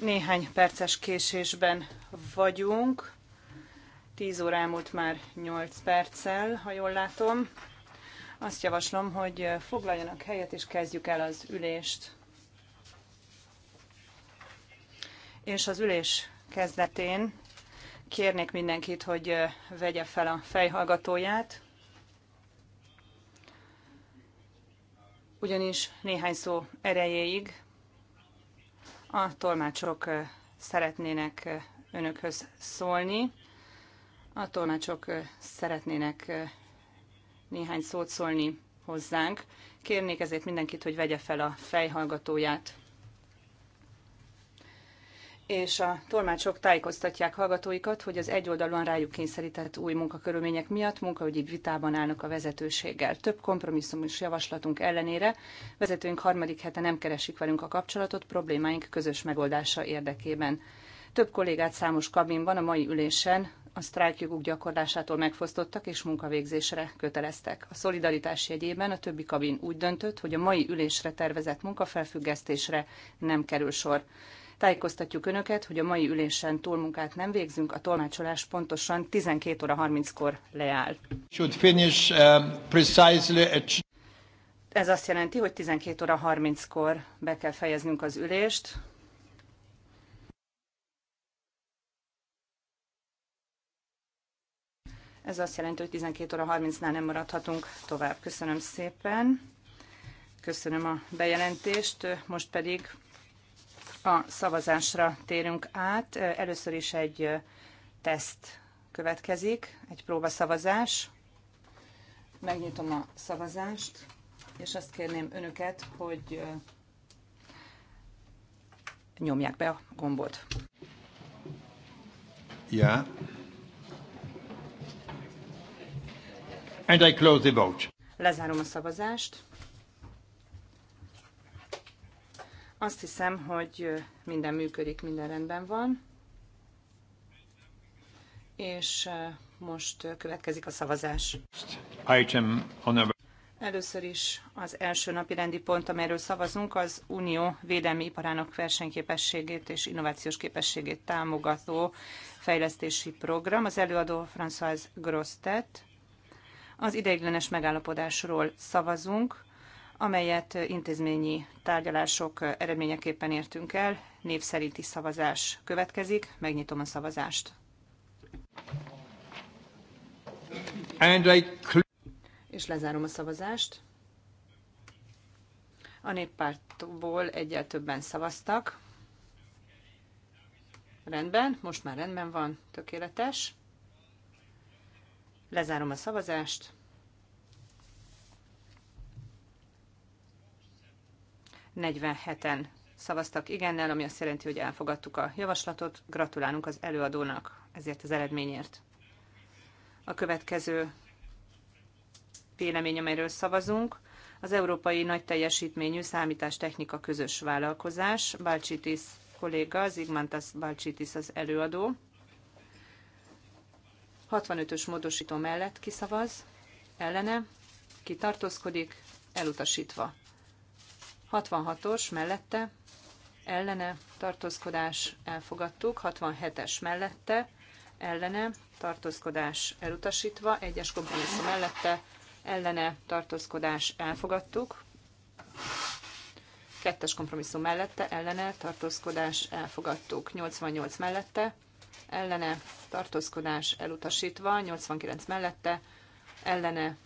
Néhány perces késésben vagyunk. 10 óra elmúlt már 8 perccel, ha jól látom. Azt javaslom, hogy foglaljanak helyet, és kezdjük el az ülést. És az ülés kezdetén kérnék mindenkit, hogy vegye fel a fejhallgatóját, ugyanis néhány szó erejéig a tolmácsok szeretnének önökhöz szólni. A tolmácsok szeretnének néhány szót szólni hozzánk. Kérnék ezért mindenkit, hogy vegye fel a fejhallgatóját és a tolmácsok tájékoztatják hallgatóikat, hogy az egyoldalúan rájuk kényszerített új munkakörülmények miatt munkaügyi vitában állnak a vezetőséggel. Több kompromisszumos javaslatunk ellenére vezetőink harmadik hete nem keresik velünk a kapcsolatot problémáink közös megoldása érdekében. Több kollégát számos kabinban a mai ülésen a sztrájkjoguk gyakorlásától megfosztottak és munkavégzésre köteleztek. A szolidaritás jegyében a többi kabin úgy döntött, hogy a mai ülésre tervezett munkafelfüggesztésre nem kerül sor. Tájékoztatjuk Önöket, hogy a mai ülésen túlmunkát nem végzünk, a tolmácsolás pontosan 12 óra 30-kor leáll. Should finish, um, precisely at... Ez azt jelenti, hogy 12 óra 30-kor be kell fejeznünk az ülést. Ez azt jelenti, hogy 12 óra 30-nál nem maradhatunk tovább. Köszönöm szépen. Köszönöm a bejelentést. Most pedig a szavazásra térünk át. Először is egy teszt következik, egy próbaszavazás. Megnyitom a szavazást, és azt kérném önöket, hogy nyomják be a gombot. Yeah. And I close the vote. Lezárom a szavazást. Azt hiszem, hogy minden működik, minden rendben van. És most következik a szavazás. Először is az első napi rendi pont, amelyről szavazunk, az Unió védelmi iparának versenyképességét és innovációs képességét támogató fejlesztési program. Az előadó François Grostet. Az ideiglenes megállapodásról szavazunk amelyet intézményi tárgyalások eredményeképpen értünk el. Név szerinti szavazás következik. Megnyitom a szavazást. And I... És lezárom a szavazást. A néppártból egyel többen szavaztak. Rendben, most már rendben van, tökéletes. Lezárom a szavazást. 47-en szavaztak igennel, ami azt jelenti, hogy elfogadtuk a javaslatot. Gratulálunk az előadónak ezért az eredményért. A következő vélemény, amelyről szavazunk, az Európai Nagy Teljesítményű Számítástechnika Közös Vállalkozás. Balcsitis kolléga, Zigmantas Balcsitis az előadó. 65-ös módosító mellett kiszavaz, ellene, kitartózkodik, elutasítva. 66-os mellette ellene tartózkodás elfogadtuk, 67-es mellette ellene tartózkodás elutasítva, egyes kompromisszum mellette ellene tartózkodás elfogadtuk, kettes kompromisszum mellette ellene tartózkodás elfogadtuk, 88 mellette ellene tartózkodás elutasítva, 89 mellette ellene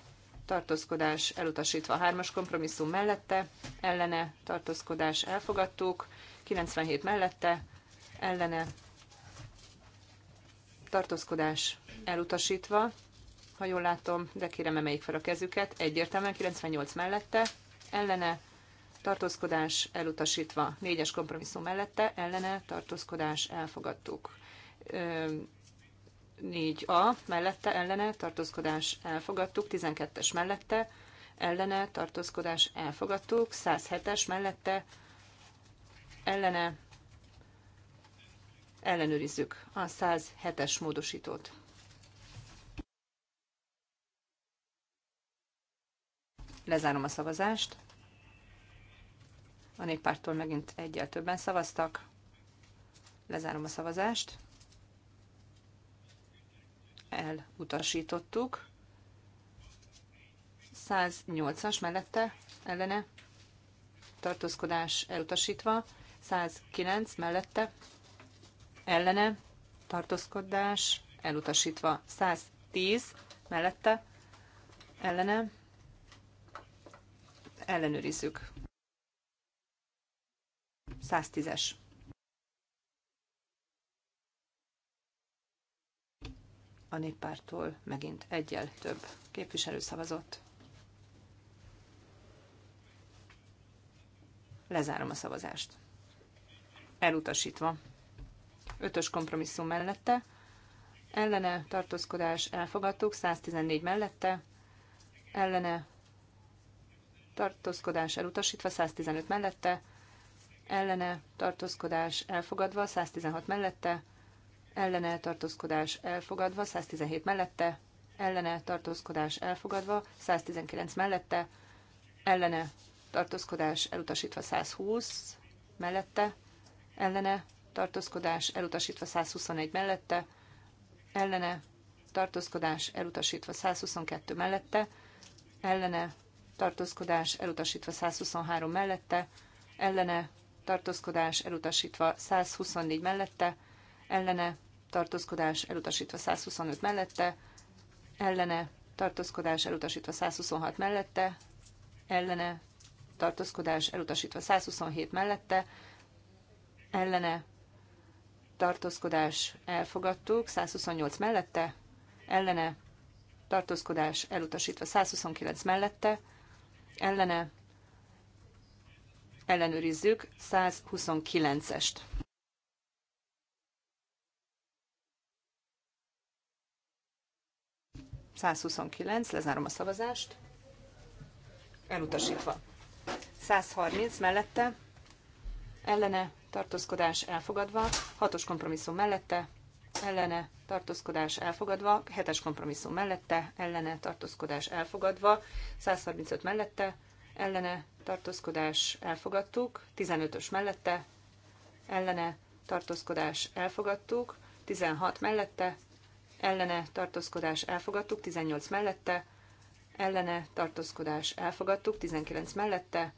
tartózkodás elutasítva. Hármas kompromisszum mellette, ellene tartózkodás elfogadtuk. 97 mellette, ellene tartózkodás elutasítva. Ha jól látom, de kérem emeljék fel a kezüket. Egyértelműen 98 mellette, ellene tartózkodás elutasítva. Négyes kompromisszum mellette, ellene tartózkodás elfogadtuk. 4A mellette ellene tartózkodás elfogadtuk, 12-es mellette ellene tartózkodás elfogadtuk, 107-es mellette ellene ellenőrizzük a 107-es módosítót. Lezárom a szavazást. A néppártól megint egyel többen szavaztak. Lezárom a szavazást elutasítottuk. 108-as mellette ellene tartózkodás elutasítva, 109 mellette ellene tartózkodás elutasítva, 110 mellette ellene ellenőrizzük. 110-es. a néppártól megint egyel több képviselő szavazott. Lezárom a szavazást. Elutasítva. Ötös kompromisszum mellette, ellene tartózkodás elfogadtuk, 114 mellette, ellene tartózkodás elutasítva, 115 mellette, ellene tartózkodás elfogadva, 116 mellette, ellene elfogadva, 117 mellette, ellene elfogadva, 119 mellette, ellene tartózkodás elutasítva 120 mellette, ellene tartózkodás elutasítva 121 mellette, ellene tartózkodás elutasítva 122 mellette, ellene tartózkodás elutasítva 123 mellette, ellene tartózkodás elutasítva 124 mellette, ellene tartózkodás elutasítva 125 mellette, ellene tartózkodás elutasítva 126 mellette, ellene tartózkodás elutasítva 127 mellette, ellene tartózkodás elfogadtuk 128 mellette, ellene tartózkodás elutasítva 129 mellette, ellene ellenőrizzük 129-est. 129, lezárom a szavazást. Elutasítva. 130 mellette, ellene tartózkodás elfogadva, 6-os kompromisszum mellette, ellene tartózkodás elfogadva, 7-es kompromisszum mellette, ellene tartózkodás elfogadva, 135 mellette, ellene tartózkodás elfogadtuk, 15-ös mellette, ellene tartózkodás elfogadtuk, 16 mellette, ellene tartózkodás elfogadtuk, 18 mellette, ellene tartózkodás elfogadtuk, 19 mellette,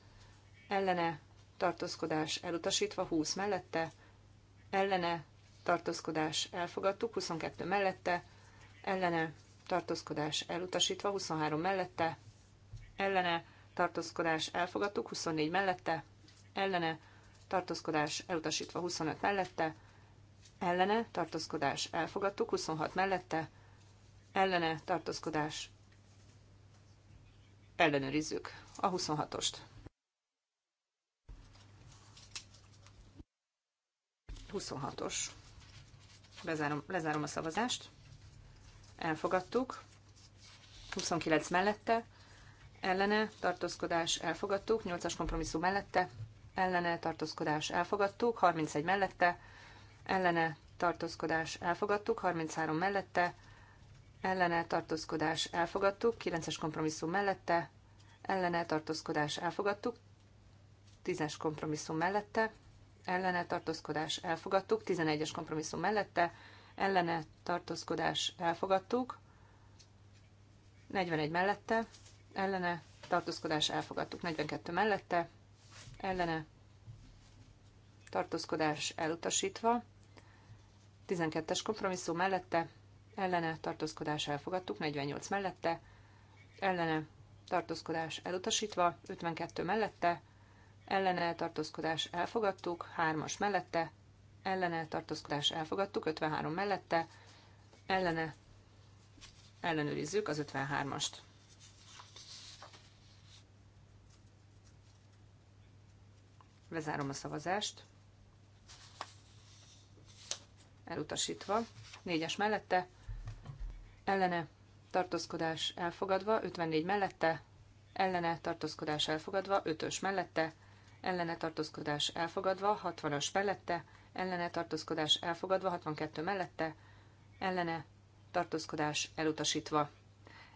ellene tartózkodás elutasítva, 20 mellette, ellene tartózkodás elfogadtuk, 22 mellette, ellene tartózkodás elutasítva, 23 mellette, ellene tartózkodás elfogadtuk, 24 mellette, ellene tartózkodás elutasítva, 25 mellette, ellene tartózkodás elfogadtuk, 26 mellette ellene tartózkodás ellenőrizzük a 26-ost. 26-os. Bezárom, lezárom a szavazást. Elfogadtuk. 29 mellette. Ellene tartózkodás elfogadtuk. 8-as kompromisszum mellette. Ellene tartózkodás elfogadtuk. 31 mellette ellene tartózkodás elfogadtuk, 33 mellette, ellene tartózkodás elfogadtuk, 9-es kompromisszum mellette, ellene tartózkodás elfogadtuk, 10-es kompromisszum mellette, ellene tartózkodás elfogadtuk, 11-es kompromisszum mellette, ellene tartózkodás elfogadtuk, 41 mellette, ellene tartózkodás elfogadtuk, 42 mellette, ellene tartózkodás elutasítva, 12-es kompromisszum mellette, ellene tartózkodás elfogadtuk, 48 mellette, ellene tartózkodás elutasítva, 52 mellette, ellene tartózkodás elfogadtuk, 3-as mellette, ellene tartózkodás elfogadtuk, 53 mellette, ellene ellenőrizzük az 53-ast. Lezárom a szavazást elutasítva, 4-es mellette, ellene tartózkodás elfogadva, 54 mellette, ellene tartózkodás elfogadva, 5-ös mellette, ellene tartózkodás elfogadva, 60-as mellette, ellene tartózkodás elfogadva, 62 mellette, ellene tartózkodás elutasítva.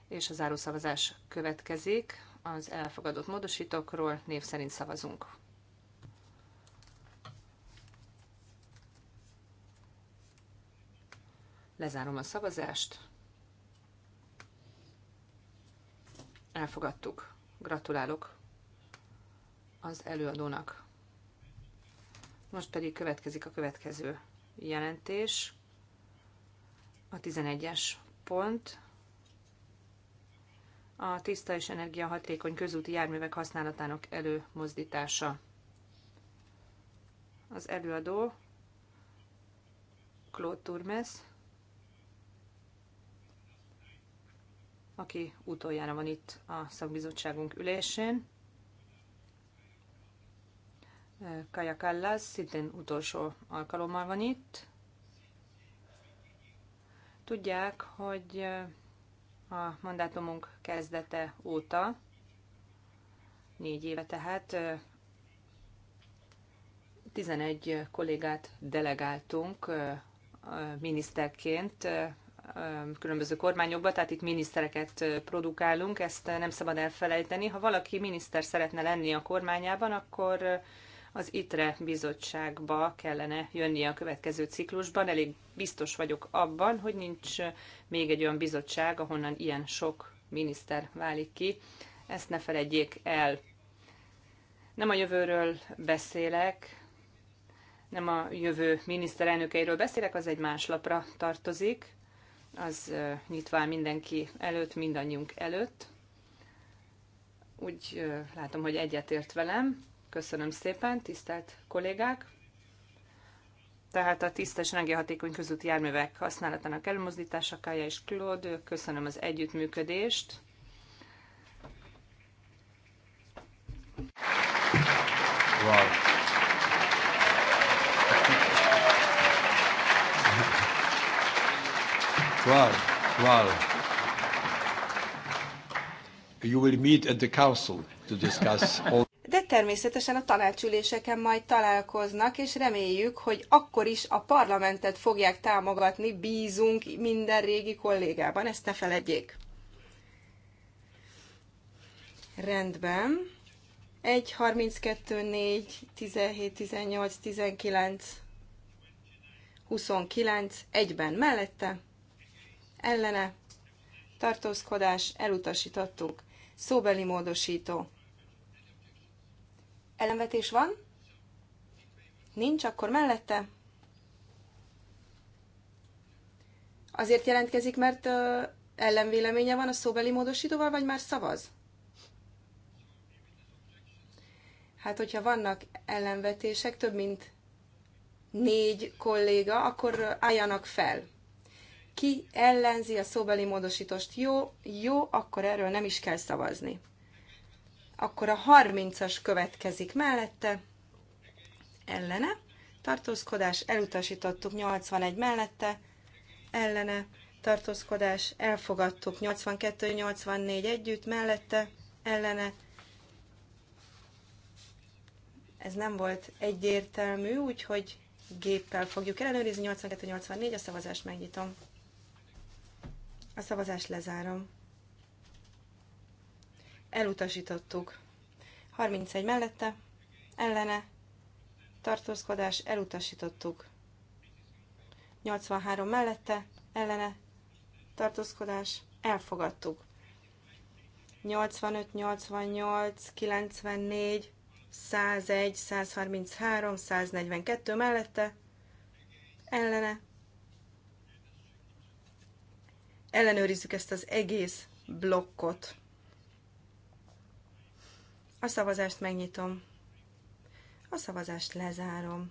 És a zárószavazás következik, az elfogadott módosítókról név szerint szavazunk. Lezárom a szavazást. Elfogadtuk. Gratulálok az előadónak. Most pedig következik a következő jelentés, a 11-es pont. A tiszta és energiahatékony közúti járművek használatának előmozdítása. Az előadó Claude Turmes. aki utoljára van itt a szakbizottságunk ülésén. Kaja Kallas szintén utolsó alkalommal van itt. Tudják, hogy a mandátumunk kezdete óta, négy éve tehát, 11 kollégát delegáltunk miniszterként különböző kormányokba, tehát itt minisztereket produkálunk, ezt nem szabad elfelejteni. Ha valaki miniszter szeretne lenni a kormányában, akkor az ITRE bizottságba kellene jönnie a következő ciklusban. Elég biztos vagyok abban, hogy nincs még egy olyan bizottság, ahonnan ilyen sok miniszter válik ki. Ezt ne felejtjék el. Nem a jövőről beszélek, nem a jövő miniszterelnökeiről beszélek, az egy más lapra tartozik az nyitván mindenki előtt, mindannyiunk előtt. Úgy látom, hogy egyetért velem. Köszönöm szépen, tisztelt kollégák! Tehát a tisztes energiahatékony közúti járművek használatának előmozdítása, Kája és Claude, köszönöm az együttműködést. Wow. Wow, wow. You will meet at the council to discuss all de természetesen a tanácsüléseken majd találkoznak, és reméljük, hogy akkor is a parlamentet fogják támogatni, bízunk minden régi kollégában, ezt ne feledjék. Rendben. 1, 32, 4, 17, 18, 19, 29, egyben mellette ellene, tartózkodás, elutasítottuk. Szóbeli módosító. Ellenvetés van? Nincs, akkor mellette? Azért jelentkezik, mert ö, ellenvéleménye van a szóbeli módosítóval, vagy már szavaz? Hát, hogyha vannak ellenvetések, több mint négy kolléga, akkor álljanak fel. Ki ellenzi a szóbeli módosítost, Jó, jó, akkor erről nem is kell szavazni. Akkor a 30-as következik mellette, ellene, tartózkodás, elutasítottuk 81 mellette, ellene, tartózkodás, elfogadtuk 82-84 együtt, mellette, ellene. Ez nem volt egyértelmű, úgyhogy géppel fogjuk ellenőrizni. 82-84, a szavazást megnyitom. A szavazást lezárom. Elutasítottuk. 31 mellette, ellene, tartózkodás, elutasítottuk. 83 mellette, ellene, tartózkodás, elfogadtuk. 85, 88, 94, 101, 133, 142 mellette, ellene, ellenőrizzük ezt az egész blokkot. A szavazást megnyitom. A szavazást lezárom.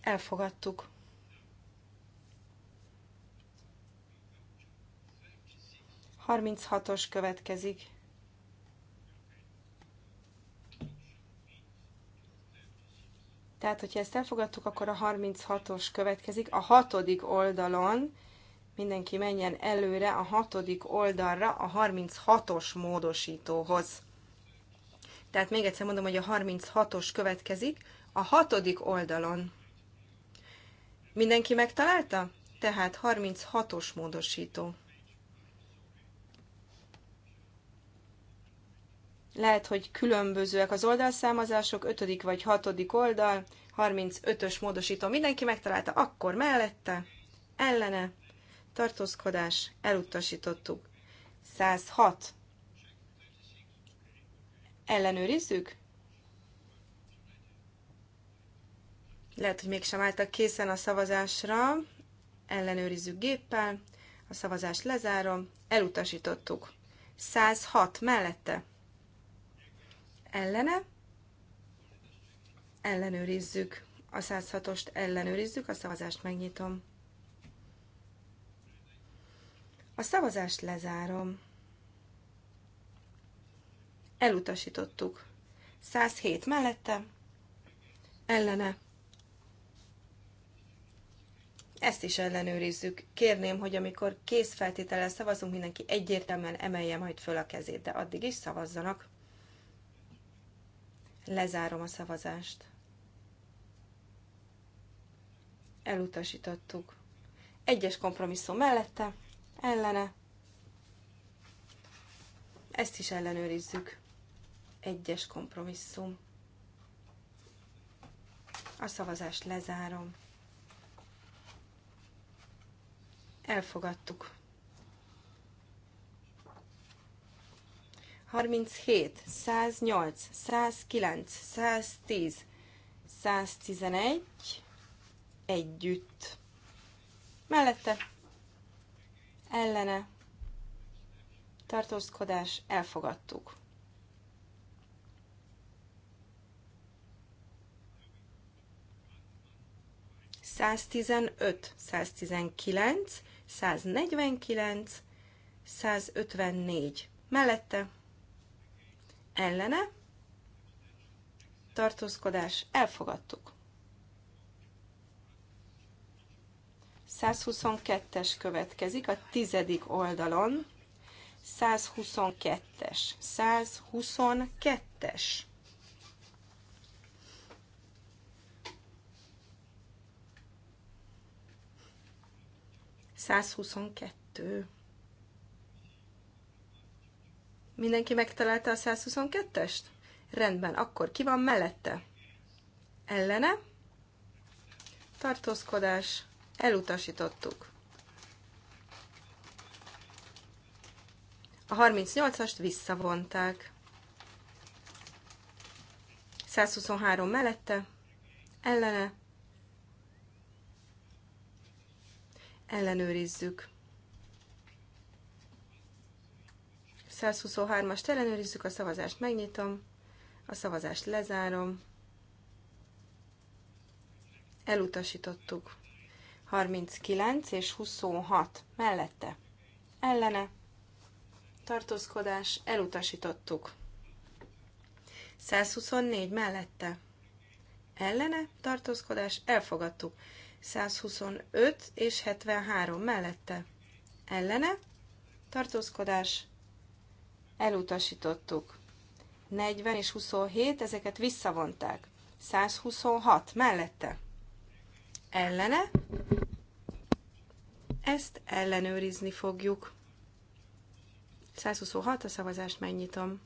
Elfogadtuk. Harminchatos következik. Tehát, hogyha ezt elfogadtuk, akkor a 36-os következik. A hatodik oldalon mindenki menjen előre a hatodik oldalra a 36-os módosítóhoz. Tehát még egyszer mondom, hogy a 36-os következik a hatodik oldalon. Mindenki megtalálta? Tehát 36-os módosító. Lehet, hogy különbözőek az oldalszámozások, ötödik vagy hatodik oldal, 35-ös módosító mindenki megtalálta, akkor mellette, ellene, tartózkodás, elutasítottuk. 106. Ellenőrizzük? Lehet, hogy mégsem álltak készen a szavazásra. Ellenőrizzük géppel. A szavazást lezárom. Elutasítottuk. 106 mellette ellene. Ellenőrizzük. A 106-ost ellenőrizzük, a szavazást megnyitom. A szavazást lezárom. Elutasítottuk. 107 mellette, ellene. Ezt is ellenőrizzük. Kérném, hogy amikor készfeltétellel szavazunk, mindenki egyértelműen emelje majd föl a kezét, de addig is szavazzanak. Lezárom a szavazást. Elutasítottuk. Egyes kompromisszum mellette, ellene. Ezt is ellenőrizzük. Egyes kompromisszum. A szavazást lezárom. Elfogadtuk. 37, 108, 109, 110, 111 együtt. Mellette ellene tartózkodás elfogadtuk. Száztizenöt, 119, 149, 154. Mellette ellene, tartózkodás, elfogadtuk. 122-es következik a tizedik oldalon. 122-es. 122-es. Százhuszonkettő. Mindenki megtalálta a 122-est? Rendben, akkor ki van mellette? Ellene? Tartózkodás. Elutasítottuk. A 38-ast visszavonták. 123 mellette, ellene, ellenőrizzük. 123-ast ellenőrizzük, a szavazást megnyitom, a szavazást lezárom, elutasítottuk. 39 és 26 mellette, ellene, tartózkodás, elutasítottuk. 124 mellette, ellene, tartózkodás, elfogadtuk. 125 és 73 mellette, ellene, tartózkodás, elutasítottuk. 40 és 27, ezeket visszavonták. 126 mellette. Ellene. Ezt ellenőrizni fogjuk. 126 a szavazást megnyitom.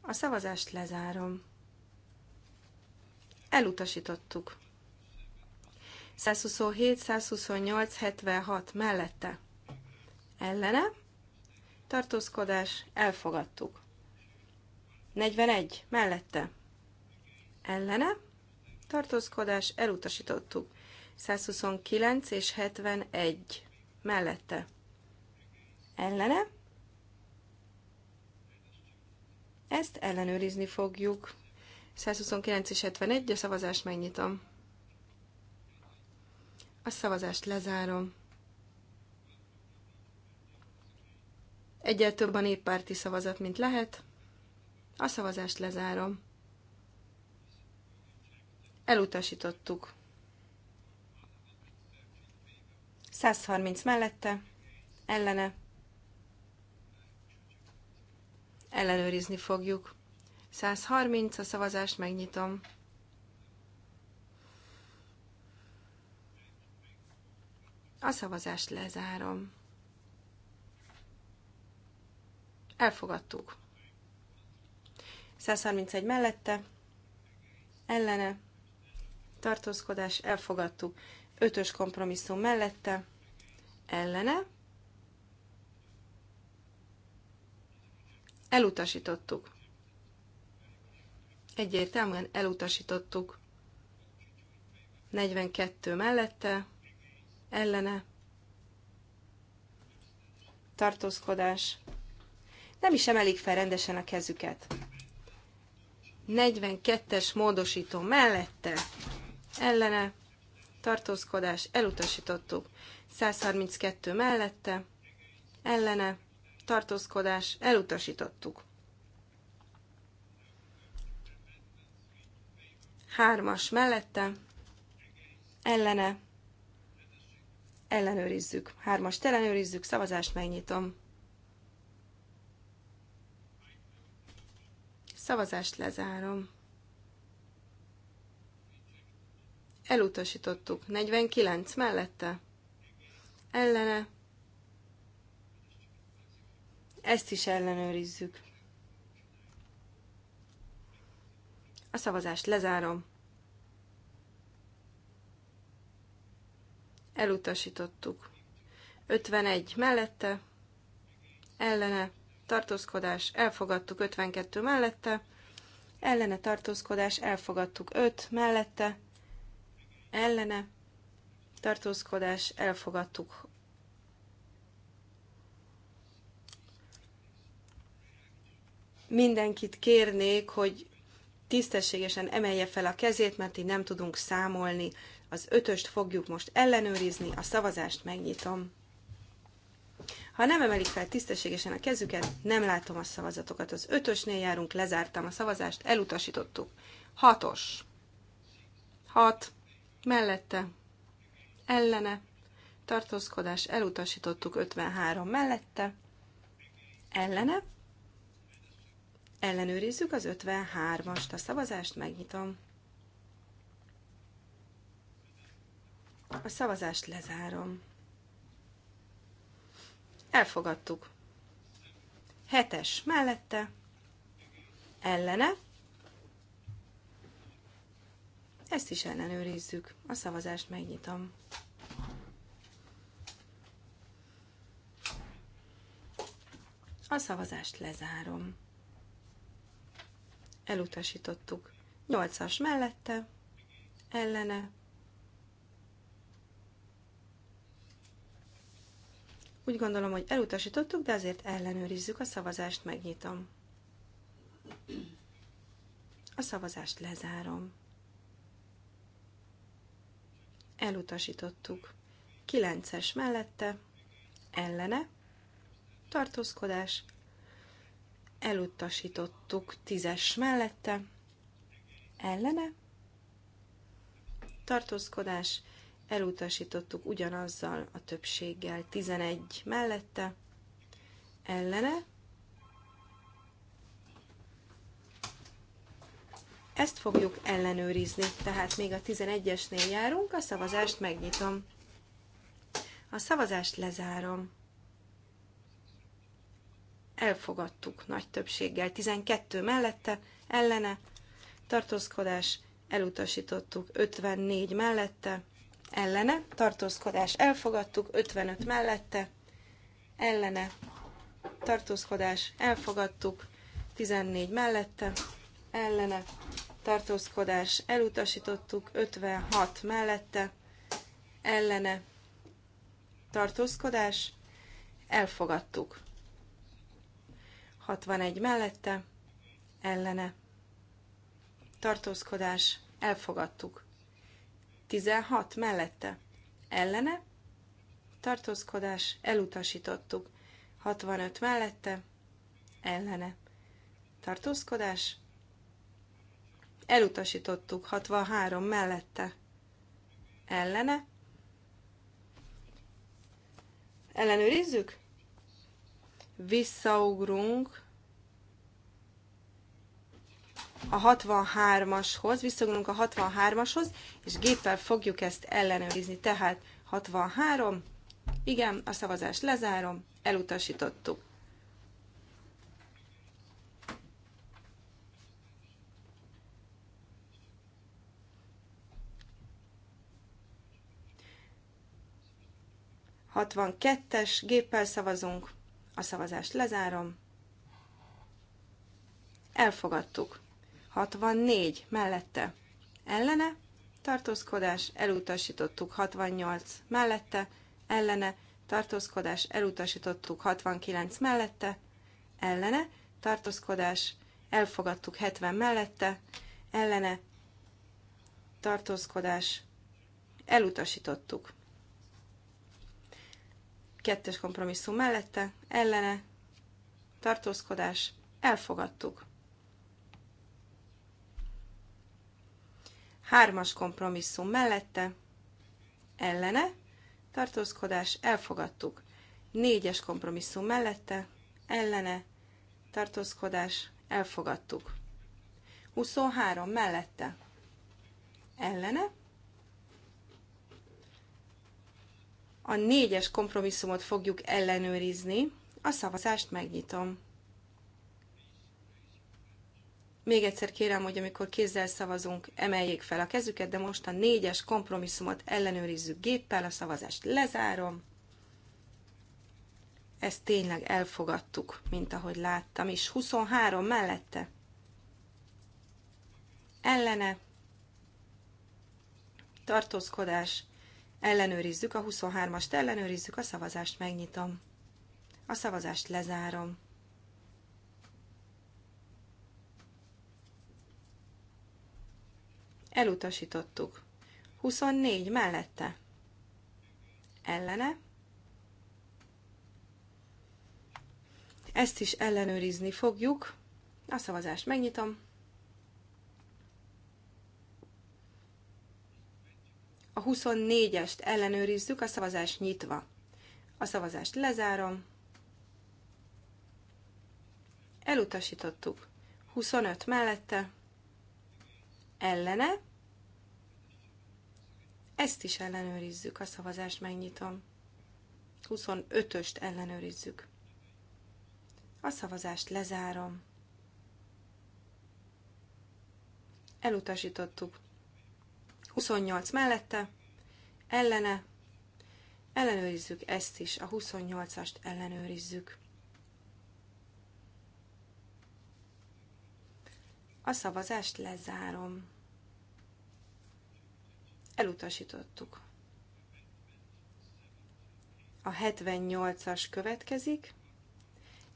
A szavazást lezárom. Elutasítottuk. 127, 128, 76 mellette. Ellene tartózkodás, elfogadtuk. 41 mellette, ellene, tartózkodás, elutasítottuk. 129 és 71 mellette, ellene, ezt ellenőrizni fogjuk. 129 és 71, a szavazást megnyitom. A szavazást lezárom. Egyel több a néppárti szavazat, mint lehet. A szavazást lezárom. Elutasítottuk. 130 mellette, ellene. Ellenőrizni fogjuk. 130, a szavazást megnyitom. A szavazást lezárom. Elfogadtuk. 131 mellette, ellene, tartózkodás, elfogadtuk. Ötös kompromisszum mellette, ellene, elutasítottuk. Egyértelműen elutasítottuk. 42 mellette, ellene, tartózkodás, nem is emelik fel rendesen a kezüket. 42-es módosító mellette, ellene, tartózkodás, elutasítottuk. 132 mellette, ellene, tartózkodás, elutasítottuk. Hármas mellette, ellene, ellenőrizzük. Hármast ellenőrizzük, szavazást megnyitom. Szavazást lezárom. Elutasítottuk. 49 mellette. Ellene. Ezt is ellenőrizzük. A szavazást lezárom. Elutasítottuk. 51 mellette. Ellene tartózkodás, elfogadtuk 52 mellette, ellene tartózkodás, elfogadtuk 5 mellette, ellene tartózkodás, elfogadtuk mindenkit kérnék, hogy tisztességesen emelje fel a kezét, mert így nem tudunk számolni. Az ötöst fogjuk most ellenőrizni, a szavazást megnyitom. Ha nem emelik fel tisztességesen a kezüket, nem látom a szavazatokat. Az ötösnél járunk, lezártam a szavazást, elutasítottuk. Hatos. Hat. Mellette. Ellene. Tartózkodás, elutasítottuk 53 mellette. Ellene. Ellenőrizzük az 53-ast. A szavazást megnyitom. A szavazást lezárom. Elfogadtuk. Hetes mellette. Ellene. Ezt is ellenőrizzük. A szavazást megnyitom. A szavazást lezárom. Elutasítottuk. Nyolcas mellette, ellene, Úgy gondolom, hogy elutasítottuk, de azért ellenőrizzük a szavazást, megnyitom. A szavazást lezárom. Elutasítottuk. 9-es mellette, ellene, tartózkodás, elutasítottuk 10-es mellette, ellene, tartózkodás, elutasítottuk ugyanazzal a többséggel 11 mellette, ellene. Ezt fogjuk ellenőrizni, tehát még a 11-esnél járunk, a szavazást megnyitom. A szavazást lezárom. Elfogadtuk nagy többséggel, 12 mellette, ellene, tartózkodás, elutasítottuk 54 mellette, ellene, tartózkodás elfogadtuk, 55 mellette, ellene, tartózkodás elfogadtuk, 14 mellette, ellene, tartózkodás elutasítottuk, 56 mellette, ellene, tartózkodás elfogadtuk, 61 mellette, ellene, tartózkodás elfogadtuk. 16 mellette. Ellene. Tartózkodás. Elutasítottuk. 65 mellette. Ellene. Tartózkodás. Elutasítottuk. 63 mellette. Ellene. Ellenőrizzük? Visszaugrunk a 63-ashoz, visszagondolunk a 63-ashoz, és géppel fogjuk ezt ellenőrizni. Tehát 63, igen, a szavazást lezárom, elutasítottuk. Hatvankettes géppel szavazunk, a szavazást lezárom, elfogadtuk. 64 mellette ellene, tartózkodás elutasítottuk 68 mellette, ellene, tartózkodás elutasítottuk 69 mellette, ellene, tartózkodás elfogadtuk 70 mellette, ellene, tartózkodás elutasítottuk. Kettes kompromisszum mellette, ellene, tartózkodás elfogadtuk. Hármas kompromisszum mellette, ellene, tartózkodás, elfogadtuk. Négyes kompromisszum mellette, ellene, tartózkodás, elfogadtuk. 23 mellette, ellene. A négyes kompromisszumot fogjuk ellenőrizni, a szavazást megnyitom. Még egyszer kérem, hogy amikor kézzel szavazunk, emeljék fel a kezüket, de most a négyes kompromisszumot ellenőrizzük géppel, a szavazást lezárom. Ezt tényleg elfogadtuk, mint ahogy láttam is. 23 mellette. Ellene. Tartózkodás. Ellenőrizzük a 23-ast, ellenőrizzük a szavazást, megnyitom. A szavazást lezárom. Elutasítottuk. 24 mellette. Ellene. Ezt is ellenőrizni fogjuk. A szavazást megnyitom. A 24-est ellenőrizzük, a szavazás nyitva. A szavazást lezárom. Elutasítottuk. 25 mellette. Ellene. Ezt is ellenőrizzük, a szavazást megnyitom. 25-öst ellenőrizzük. A szavazást lezárom. Elutasítottuk. 28 mellette, ellene, ellenőrizzük ezt is, a 28-ast ellenőrizzük. A szavazást lezárom. Elutasítottuk. A 78-as következik.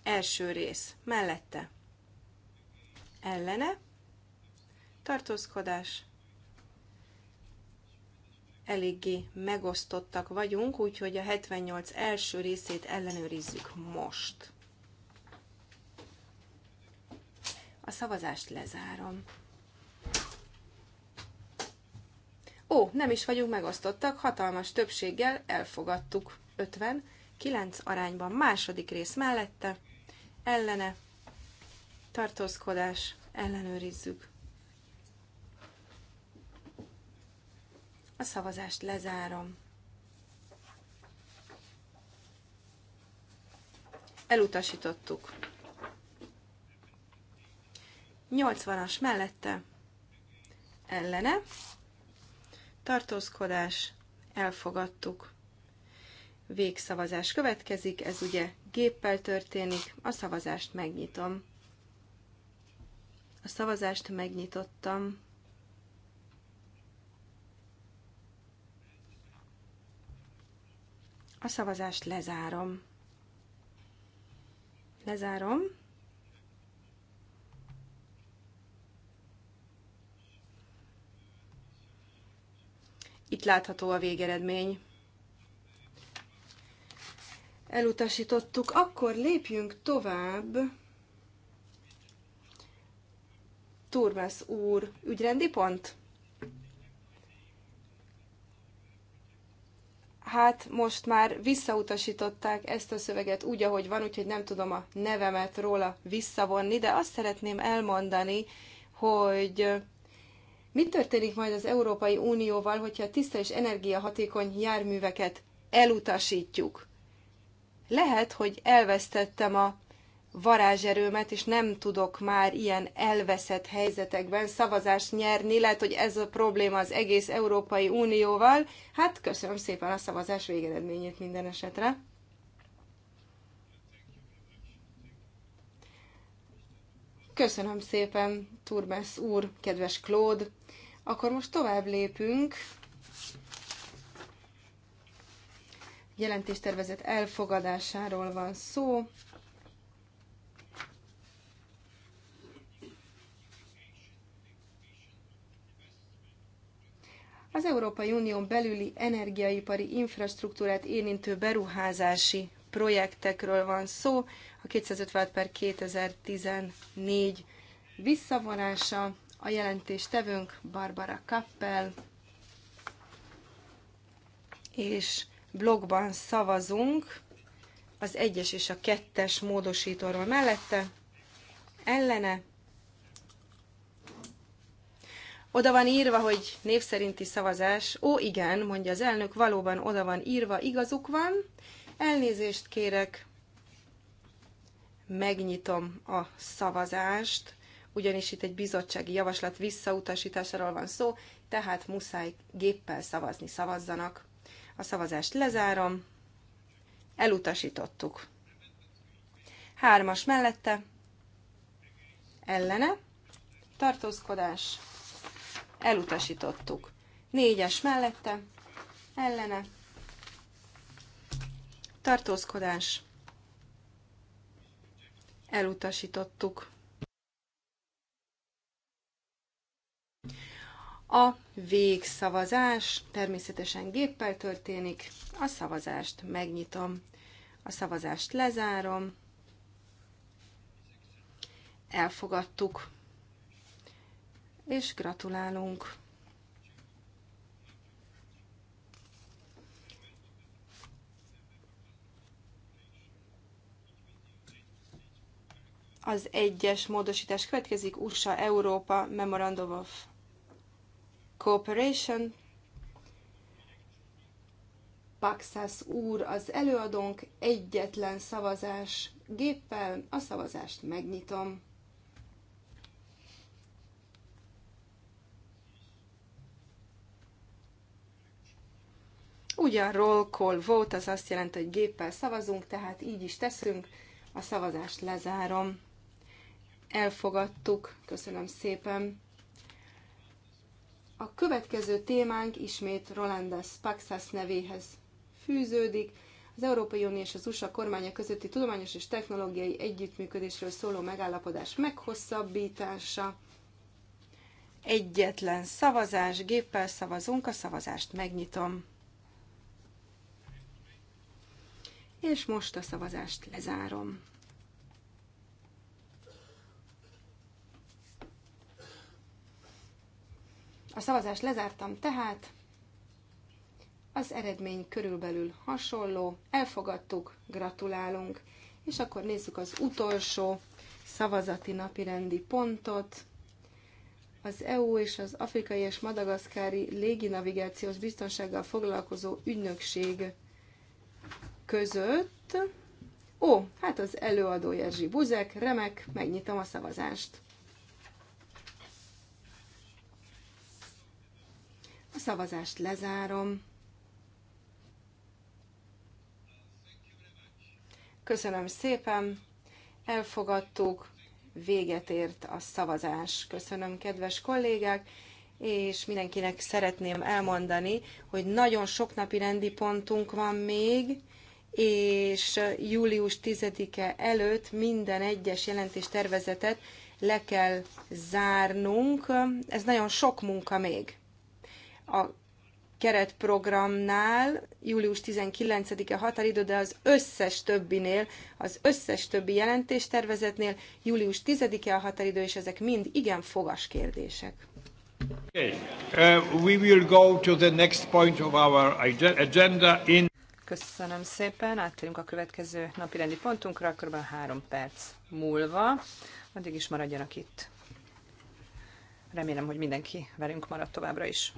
Első rész. Mellette. Ellene. Tartózkodás. Eléggé megosztottak vagyunk, úgyhogy a 78 első részét ellenőrizzük most. A szavazást lezárom. Ó, nem is vagyunk megosztottak, hatalmas többséggel elfogadtuk. 50, 9 arányban második rész mellette, ellene, tartózkodás, ellenőrizzük. A szavazást lezárom. Elutasítottuk. 80-as mellette, ellene, tartózkodás, elfogadtuk. Végszavazás következik, ez ugye géppel történik, a szavazást megnyitom. A szavazást megnyitottam. A szavazást lezárom. Lezárom. Itt látható a végeredmény. Elutasítottuk, akkor lépjünk tovább. Turvász úr, ügyrendi pont? hát most már visszautasították ezt a szöveget úgy, ahogy van, úgyhogy nem tudom a nevemet róla visszavonni, de azt szeretném elmondani, hogy mi történik majd az Európai Unióval, hogyha a tiszta és energiahatékony járműveket elutasítjuk? Lehet, hogy elvesztettem a varázserőmet, és nem tudok már ilyen elveszett helyzetekben szavazást nyerni. Lehet, hogy ez a probléma az egész Európai Unióval. Hát köszönöm szépen a szavazás végeredményét minden esetre. Köszönöm szépen, Turmes úr, kedves Claude. Akkor most tovább lépünk. Jelentéstervezet elfogadásáról van szó. az Európai Unión belüli energiaipari infrastruktúrát érintő beruházási projektekről van szó, a 250 per 2014 visszavonása a jelentéstevőnk Barbara Kappel, és blogban szavazunk az egyes és a kettes módosítóról mellette, ellene. Oda van írva, hogy név szerinti szavazás. Ó, igen, mondja az elnök, valóban oda van írva, igazuk van. Elnézést kérek, megnyitom a szavazást ugyanis itt egy bizottsági javaslat visszautasításáról van szó, tehát muszáj géppel szavazni, szavazzanak. A szavazást lezárom, elutasítottuk. Hármas mellette, ellene, tartózkodás, elutasítottuk. Négyes mellette, ellene, tartózkodás, elutasítottuk. A végszavazás természetesen géppel történik. A szavazást megnyitom, a szavazást lezárom. Elfogadtuk, és gratulálunk. az egyes módosítás következik, USA, Európa, Memorandum of Cooperation. Paxas úr az előadónk egyetlen szavazás géppel. A szavazást megnyitom. Ugyan roll call vote, az azt jelenti, hogy géppel szavazunk, tehát így is teszünk. A szavazást lezárom. Elfogadtuk. Köszönöm szépen. A következő témánk ismét Rolandas Paxas nevéhez fűződik. Az Európai Unió és az USA kormánya közötti tudományos és technológiai együttműködésről szóló megállapodás meghosszabbítása. Egyetlen szavazás, géppel szavazunk, a szavazást megnyitom. És most a szavazást lezárom. A szavazást lezártam tehát, az eredmény körülbelül hasonló, elfogadtuk, gratulálunk, és akkor nézzük az utolsó szavazati napirendi pontot. Az EU és az afrikai és madagaszkári léginavigációs biztonsággal foglalkozó ügynökség között. Ó, hát az előadó Jerzy Buzek, remek, megnyitom a szavazást. A szavazást lezárom. Köszönöm szépen, elfogadtuk, véget ért a szavazás. Köszönöm, kedves kollégák, és mindenkinek szeretném elmondani, hogy nagyon sok napi rendi pontunk van még, és július 10-e előtt minden egyes jelentés tervezetet le kell zárnunk. Ez nagyon sok munka még a keretprogramnál július 19-e határidő, de az összes többinél, az összes többi jelentéstervezetnél július 10-e a határidő, és ezek mind igen fogas kérdések. Okay. Uh, we will go to the next point of our agenda in Köszönöm szépen. Áttérünk a következő napi rendi pontunkra, kb. három perc múlva. Addig is maradjanak itt. Remélem, hogy mindenki velünk marad továbbra is.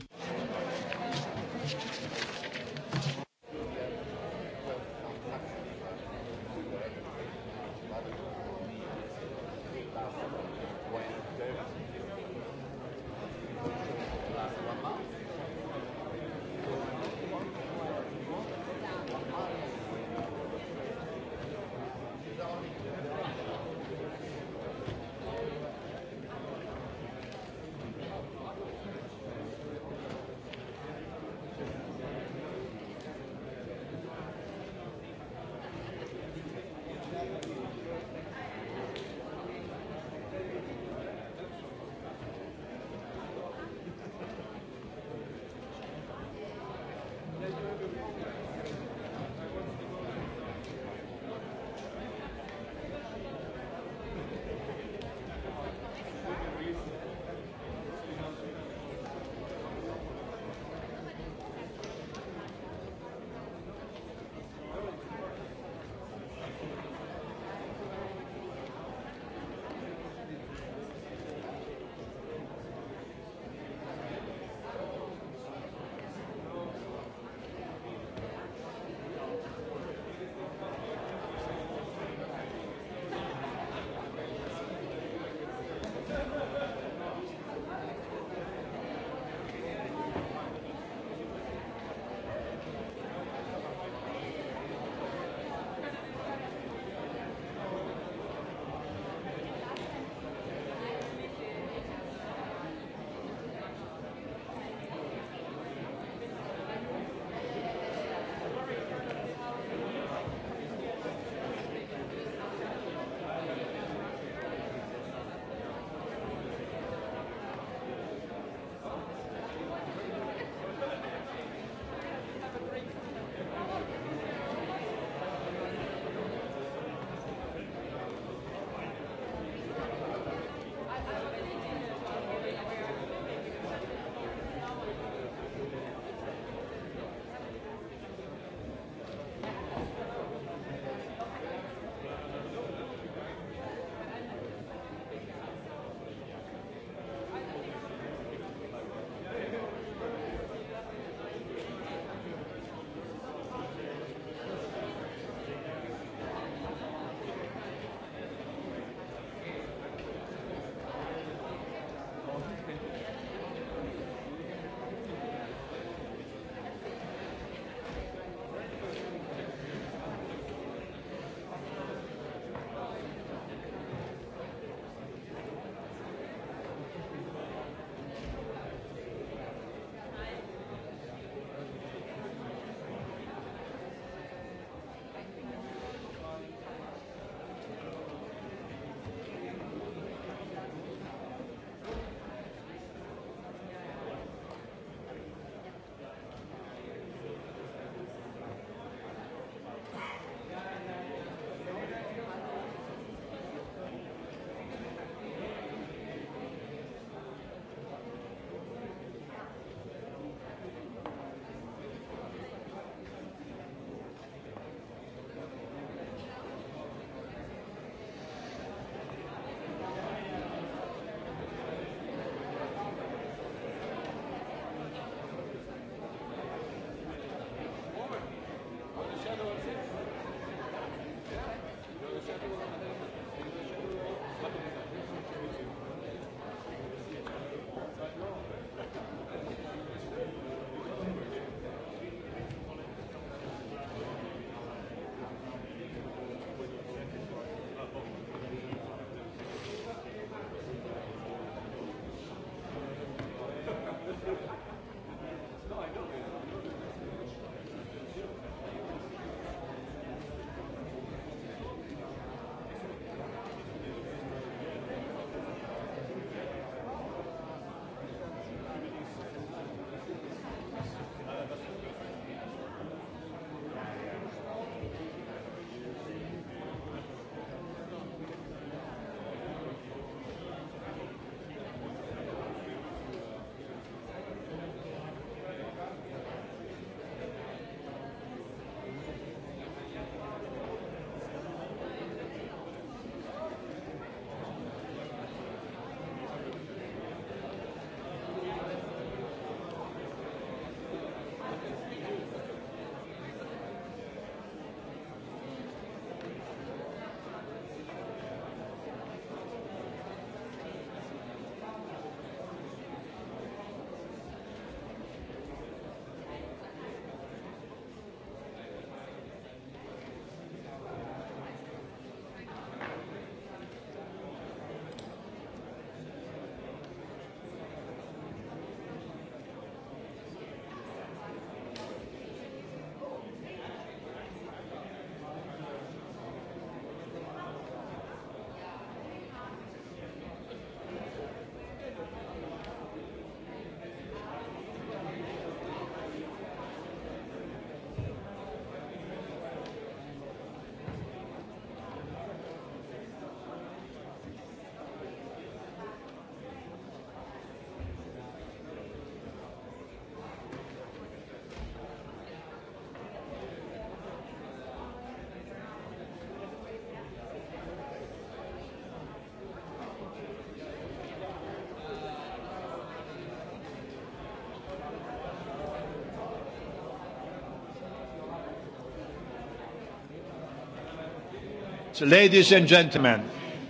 So, ladies and gentlemen,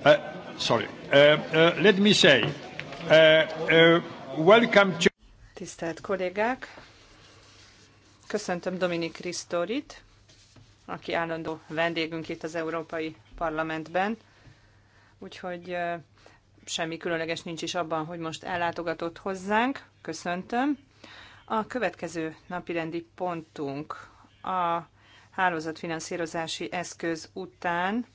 uh, sorry, uh, uh, let me say, uh, uh, welcome to... Tisztelt kollégák, köszöntöm Dominik Krisztorit, aki állandó vendégünk itt az Európai Parlamentben, úgyhogy uh, semmi különleges nincs is abban, hogy most ellátogatott hozzánk. Köszöntöm. A következő napirendi pontunk a hálózatfinanszírozási eszköz után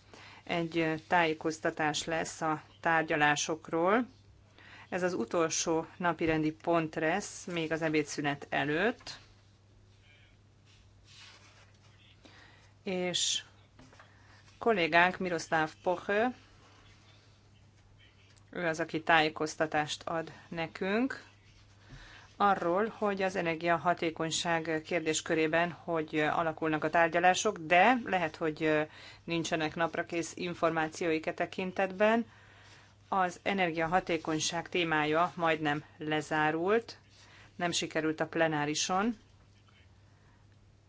egy tájékoztatás lesz a tárgyalásokról. Ez az utolsó napirendi pont lesz, még az ebédszünet előtt. És kollégánk Miroslav Poche, ő az, aki tájékoztatást ad nekünk arról, hogy az energiahatékonyság kérdéskörében, hogy alakulnak a tárgyalások, de lehet, hogy nincsenek naprakész információik e tekintetben. Az energiahatékonyság témája majdnem lezárult, nem sikerült a plenárison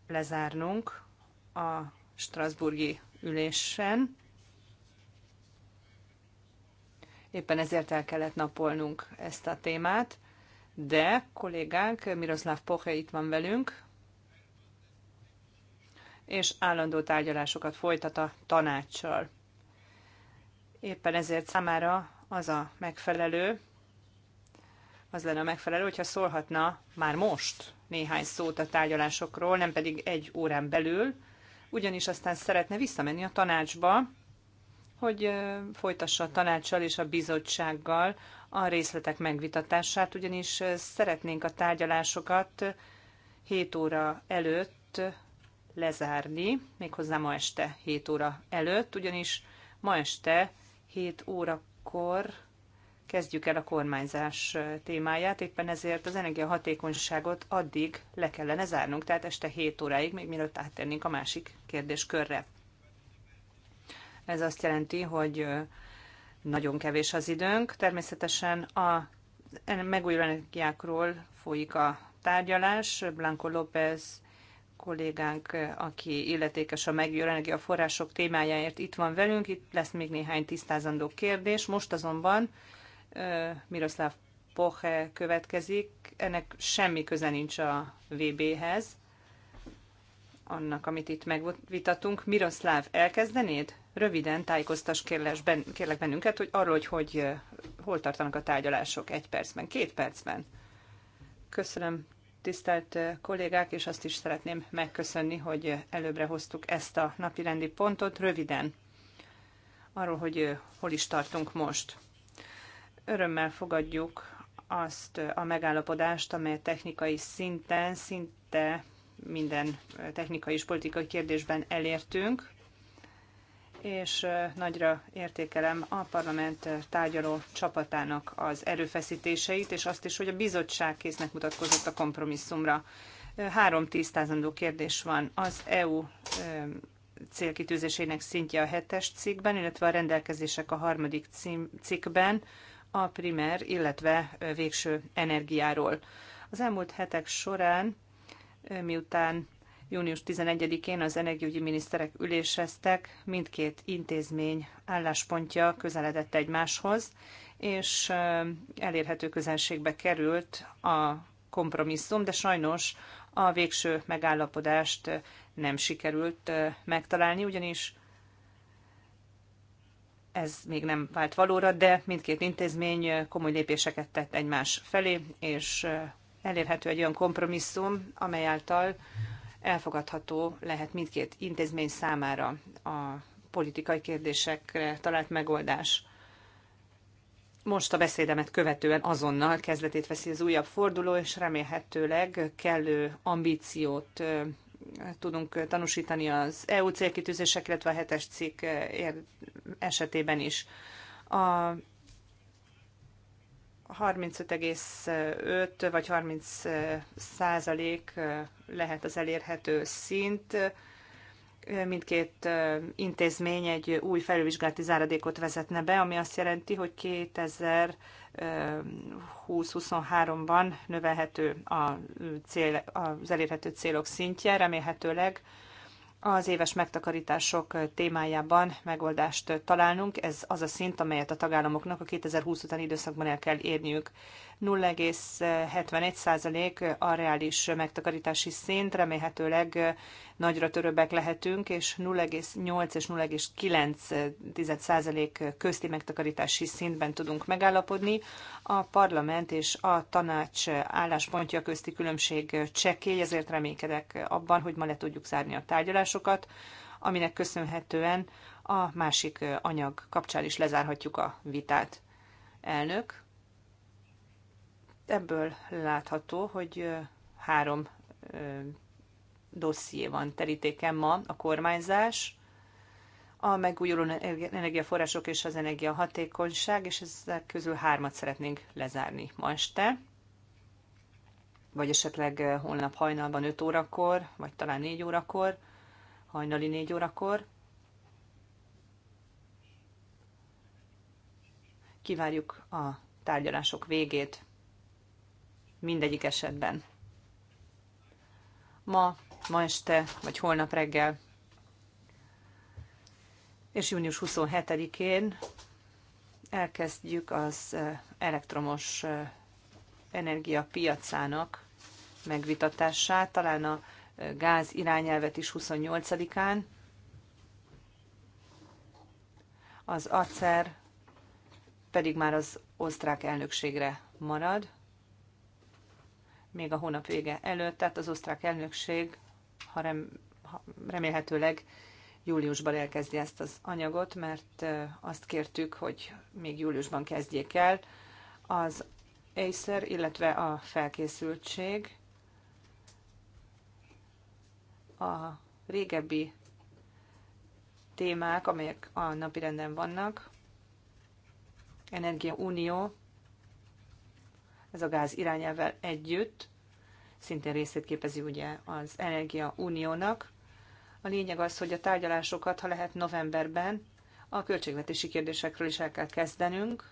lezárnunk a Strasburgi ülésen. Éppen ezért el kellett napolnunk ezt a témát de kollégánk Miroslav Poche itt van velünk, és állandó tárgyalásokat folytat a tanácssal. Éppen ezért számára az a megfelelő, az lenne a megfelelő, hogyha szólhatna már most néhány szót a tárgyalásokról, nem pedig egy órán belül, ugyanis aztán szeretne visszamenni a tanácsba, hogy folytassa a tanácssal és a bizottsággal a részletek megvitatását, ugyanis szeretnénk a tárgyalásokat 7 óra előtt lezárni, méghozzá ma este 7 óra előtt, ugyanis ma este 7 órakor kezdjük el a kormányzás témáját, éppen ezért az energiahatékonyságot addig le kellene zárnunk, tehát este 7 óráig, még mielőtt áttérnénk a másik kérdéskörre. Ez azt jelenti, hogy nagyon kevés az időnk. Természetesen a megújuló energiákról folyik a tárgyalás. Blanco López kollégánk, aki illetékes a megújuló energiaforrások témájáért itt van velünk. Itt lesz még néhány tisztázandó kérdés. Most azonban Miroslav Poche következik. Ennek semmi köze nincs a VB-hez, annak, amit itt megvitatunk. Miroslav, elkezdenéd? Röviden tájékoztas kérles, ben, kérlek bennünket, hogy arról, hogy, hogy eh, hol tartanak a tárgyalások egy percben, két percben. Köszönöm, tisztelt eh, kollégák, és azt is szeretném megköszönni, hogy eh, előbbre hoztuk ezt a napirendi pontot. Röviden arról, hogy hol is tartunk most. Örömmel fogadjuk azt a megállapodást, amely technikai szinten, szinte minden technikai és politikai kérdésben elértünk és nagyra értékelem a parlament tárgyaló csapatának az erőfeszítéseit, és azt is, hogy a bizottság késznek mutatkozott a kompromisszumra. Három tisztázandó kérdés van. Az EU célkitűzésének szintje a hetes cikkben, illetve a rendelkezések a harmadik cikkben a primer, illetve végső energiáról. Az elmúlt hetek során, miután Június 11-én az energiaügyi miniszterek üléseztek, mindkét intézmény álláspontja közeledett egymáshoz, és elérhető közelségbe került a kompromisszum, de sajnos a végső megállapodást nem sikerült megtalálni, ugyanis ez még nem vált valóra, de mindkét intézmény komoly lépéseket tett egymás felé, és elérhető egy olyan kompromisszum, amely által elfogadható lehet mindkét intézmény számára a politikai kérdésekre talált megoldás. Most a beszédemet követően azonnal kezdetét veszi az újabb forduló, és remélhetőleg kellő ambíciót tudunk tanúsítani az EU célkitűzések, illetve a hetes cikk esetében is. A 35,5 vagy 30 százalék lehet az elérhető szint. Mindkét intézmény egy új felülvizsgálati záradékot vezetne be, ami azt jelenti, hogy 2020-23-ban növelhető a cél, az elérhető célok szintje, remélhetőleg az éves megtakarítások témájában megoldást találnunk. Ez az a szint, amelyet a tagállamoknak a 2020 utáni időszakban el kell érniük. 0,71% a reális megtakarítási szint, remélhetőleg nagyra törőbbek lehetünk, és 0,8 és 0,9% közti megtakarítási szintben tudunk megállapodni. A parlament és a tanács álláspontja közti különbség csekély, ezért reménykedek abban, hogy ma le tudjuk zárni a tárgyalásokat, aminek köszönhetően a másik anyag kapcsán is lezárhatjuk a vitát. Elnök, Ebből látható, hogy három dosszié van terítéken ma, a kormányzás, a megújuló energiaforrások és az energiahatékonyság, és ezek közül hármat szeretnénk lezárni ma este, vagy esetleg holnap hajnalban 5 órakor, vagy talán 4 órakor, hajnali 4 órakor. Kivárjuk a tárgyalások végét mindegyik esetben. Ma, ma este, vagy holnap reggel, és június 27-én elkezdjük az elektromos energia piacának megvitatását, talán a gáz irányelvet is 28-án. Az acer pedig már az osztrák elnökségre marad még a hónap vége előtt, tehát az osztrák elnökség, ha, rem, ha remélhetőleg júliusban elkezdi ezt az anyagot, mert azt kértük, hogy még júliusban kezdjék el. Az ACER, illetve a felkészültség a régebbi témák, amelyek a napirenden vannak, Energia Unió, ez a gáz irányával együtt, szintén részét képezi ugye az Energia Uniónak. A lényeg az, hogy a tárgyalásokat, ha lehet novemberben, a költségvetési kérdésekről is el kell kezdenünk,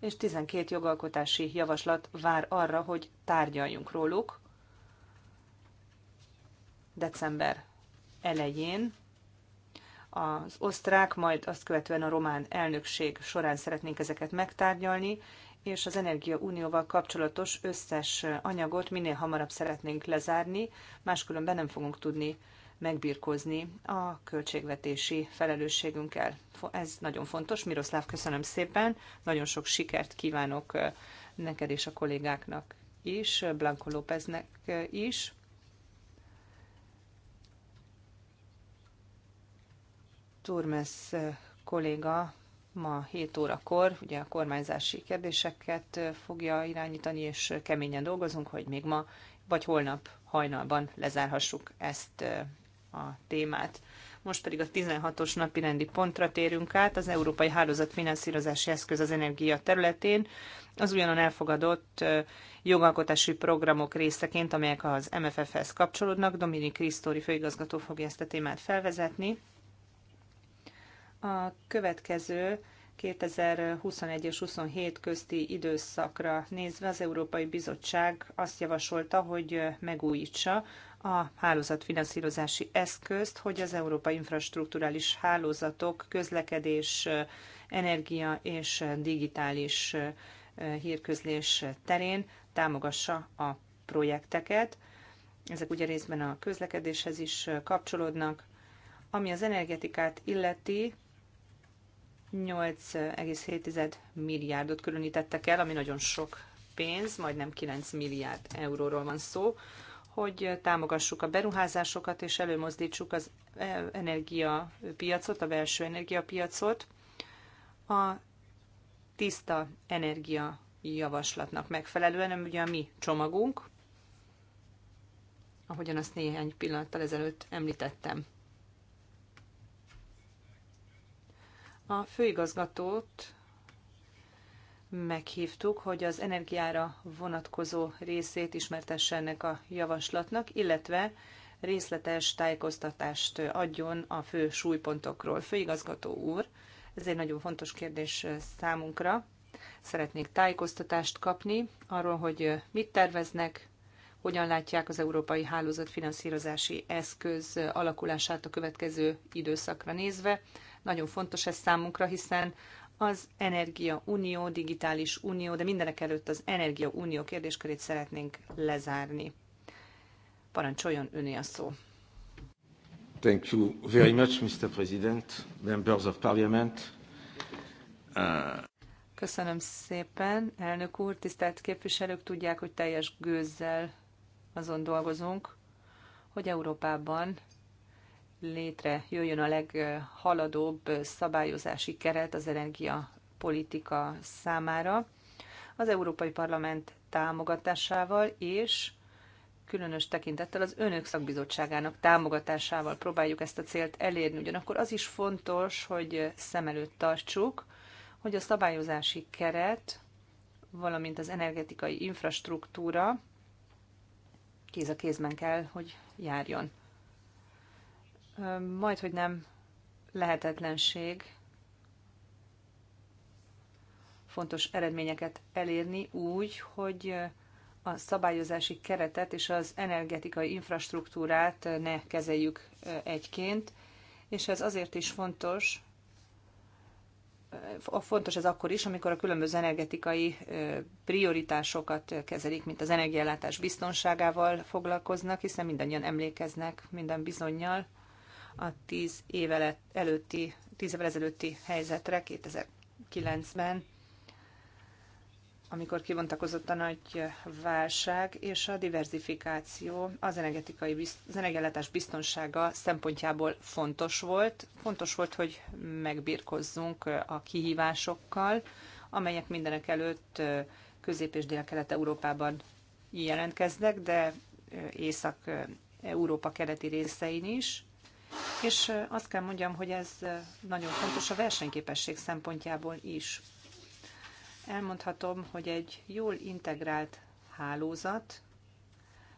és 12 jogalkotási javaslat vár arra, hogy tárgyaljunk róluk december elején, az osztrák, majd azt követően a román elnökség során szeretnénk ezeket megtárgyalni, és az Energia Unióval kapcsolatos összes anyagot minél hamarabb szeretnénk lezárni, máskülönben nem fogunk tudni megbírkozni a költségvetési felelősségünkkel. Ez nagyon fontos. Miroszláv, köszönöm szépen, nagyon sok sikert kívánok neked és a kollégáknak is, Blanco Lópeznek is. Turmes kolléga ma 7 órakor, ugye a kormányzási kérdéseket fogja irányítani, és keményen dolgozunk, hogy még ma vagy holnap hajnalban lezárhassuk ezt a témát. Most pedig a 16-os napi rendi pontra térünk át, az Európai Hálózat finanszírozási eszköz az energia területén, az ugyanon elfogadott jogalkotási programok részeként, amelyek az MFF-hez kapcsolódnak. Dominik Krisztóri főigazgató fogja ezt a témát felvezetni a következő 2021 és 27 közti időszakra nézve az Európai Bizottság azt javasolta, hogy megújítsa a hálózatfinanszírozási eszközt, hogy az európai infrastruktúrális hálózatok közlekedés, energia és digitális hírközlés terén támogassa a projekteket. Ezek ugye részben a közlekedéshez is kapcsolódnak. Ami az energetikát illeti, 8,7 milliárdot különítettek el, ami nagyon sok pénz, majdnem 9 milliárd euróról van szó, hogy támogassuk a beruházásokat és előmozdítsuk az energiapiacot, a belső energiapiacot. A tiszta energia javaslatnak megfelelően, ami ugye a mi csomagunk, ahogyan azt néhány pillanattal ezelőtt említettem. A főigazgatót meghívtuk, hogy az energiára vonatkozó részét ismertesse ennek a javaslatnak, illetve részletes tájékoztatást adjon a fő súlypontokról. Főigazgató úr, ez egy nagyon fontos kérdés számunkra. Szeretnék tájékoztatást kapni arról, hogy mit terveznek, hogyan látják az európai hálózat finanszírozási eszköz alakulását a következő időszakra nézve, nagyon fontos ez számunkra, hiszen az Energia Unió, Digitális Unió, de mindenek előtt az Energia Unió kérdéskörét szeretnénk lezárni. Parancsoljon öné a szó. Thank you very much, Mr. President, members of parliament. Uh... Köszönöm szépen, elnök úr, tisztelt képviselők, tudják, hogy teljes gőzzel azon dolgozunk, hogy Európában létre jöjjön a leghaladóbb szabályozási keret az energiapolitika számára az Európai Parlament támogatásával és különös tekintettel az önök szakbizottságának támogatásával próbáljuk ezt a célt elérni. Ugyanakkor az is fontos, hogy szem előtt tartsuk, hogy a szabályozási keret, valamint az energetikai infrastruktúra kéz a kézben kell, hogy járjon majd, hogy nem lehetetlenség fontos eredményeket elérni úgy, hogy a szabályozási keretet és az energetikai infrastruktúrát ne kezeljük egyként, és ez azért is fontos, fontos ez akkor is, amikor a különböző energetikai prioritásokat kezelik, mint az energiállátás biztonságával foglalkoznak, hiszen mindannyian emlékeznek minden bizonyal a 10 évvel előtti, 10 évvel ezelőtti helyzetre 2009-ben, amikor kivontakozott a nagy válság és a diversifikáció az, energetikai, bizt, az energiállátás biztonsága szempontjából fontos volt. Fontos volt, hogy megbírkozzunk a kihívásokkal, amelyek mindenek előtt Közép- és Dél-Kelet-Európában jelentkeznek, de Észak-Európa keleti részein is és azt kell mondjam, hogy ez nagyon fontos a versenyképesség szempontjából is. Elmondhatom, hogy egy jól integrált hálózat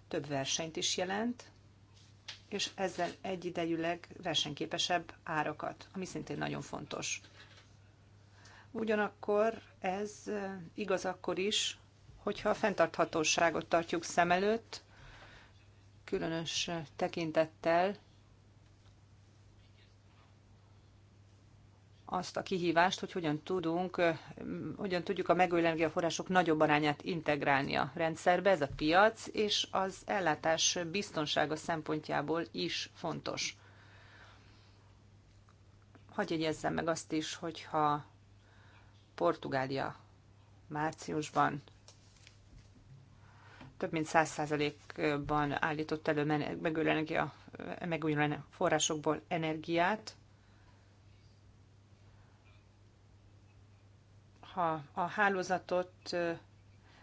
több versenyt is jelent, és ezzel egyidejűleg versenyképesebb árakat, ami szintén nagyon fontos. Ugyanakkor ez igaz akkor is, hogyha a fenntarthatóságot tartjuk szem előtt, különös tekintettel azt a kihívást, hogy hogyan tudunk, hogyan tudjuk a megújuló energiaforrások nagyobb arányát integrálni a rendszerbe, ez a piac, és az ellátás biztonsága szempontjából is fontos. Hagyj jegyezzem meg azt is, hogyha Portugália márciusban több mint 100%-ban állított elő megújuló energia, forrásokból energiát, ha a hálózatot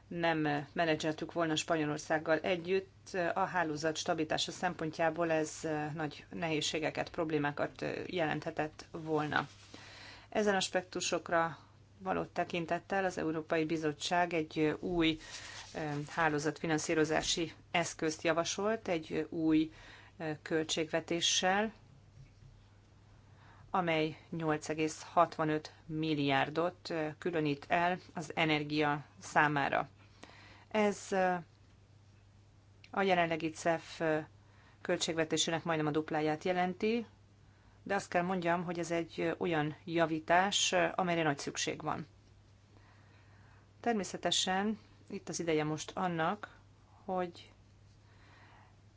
nem menedzseltük volna Spanyolországgal együtt, a hálózat stabilitása szempontjából ez nagy nehézségeket, problémákat jelenthetett volna. Ezen aspektusokra való tekintettel az Európai Bizottság egy új hálózatfinanszírozási eszközt javasolt, egy új költségvetéssel, amely 8,65 milliárdot különít el az energia számára. Ez a jelenlegi CEF költségvetésének majdnem a dupláját jelenti, de azt kell mondjam, hogy ez egy olyan javítás, amelyre nagy szükség van. Természetesen itt az ideje most annak, hogy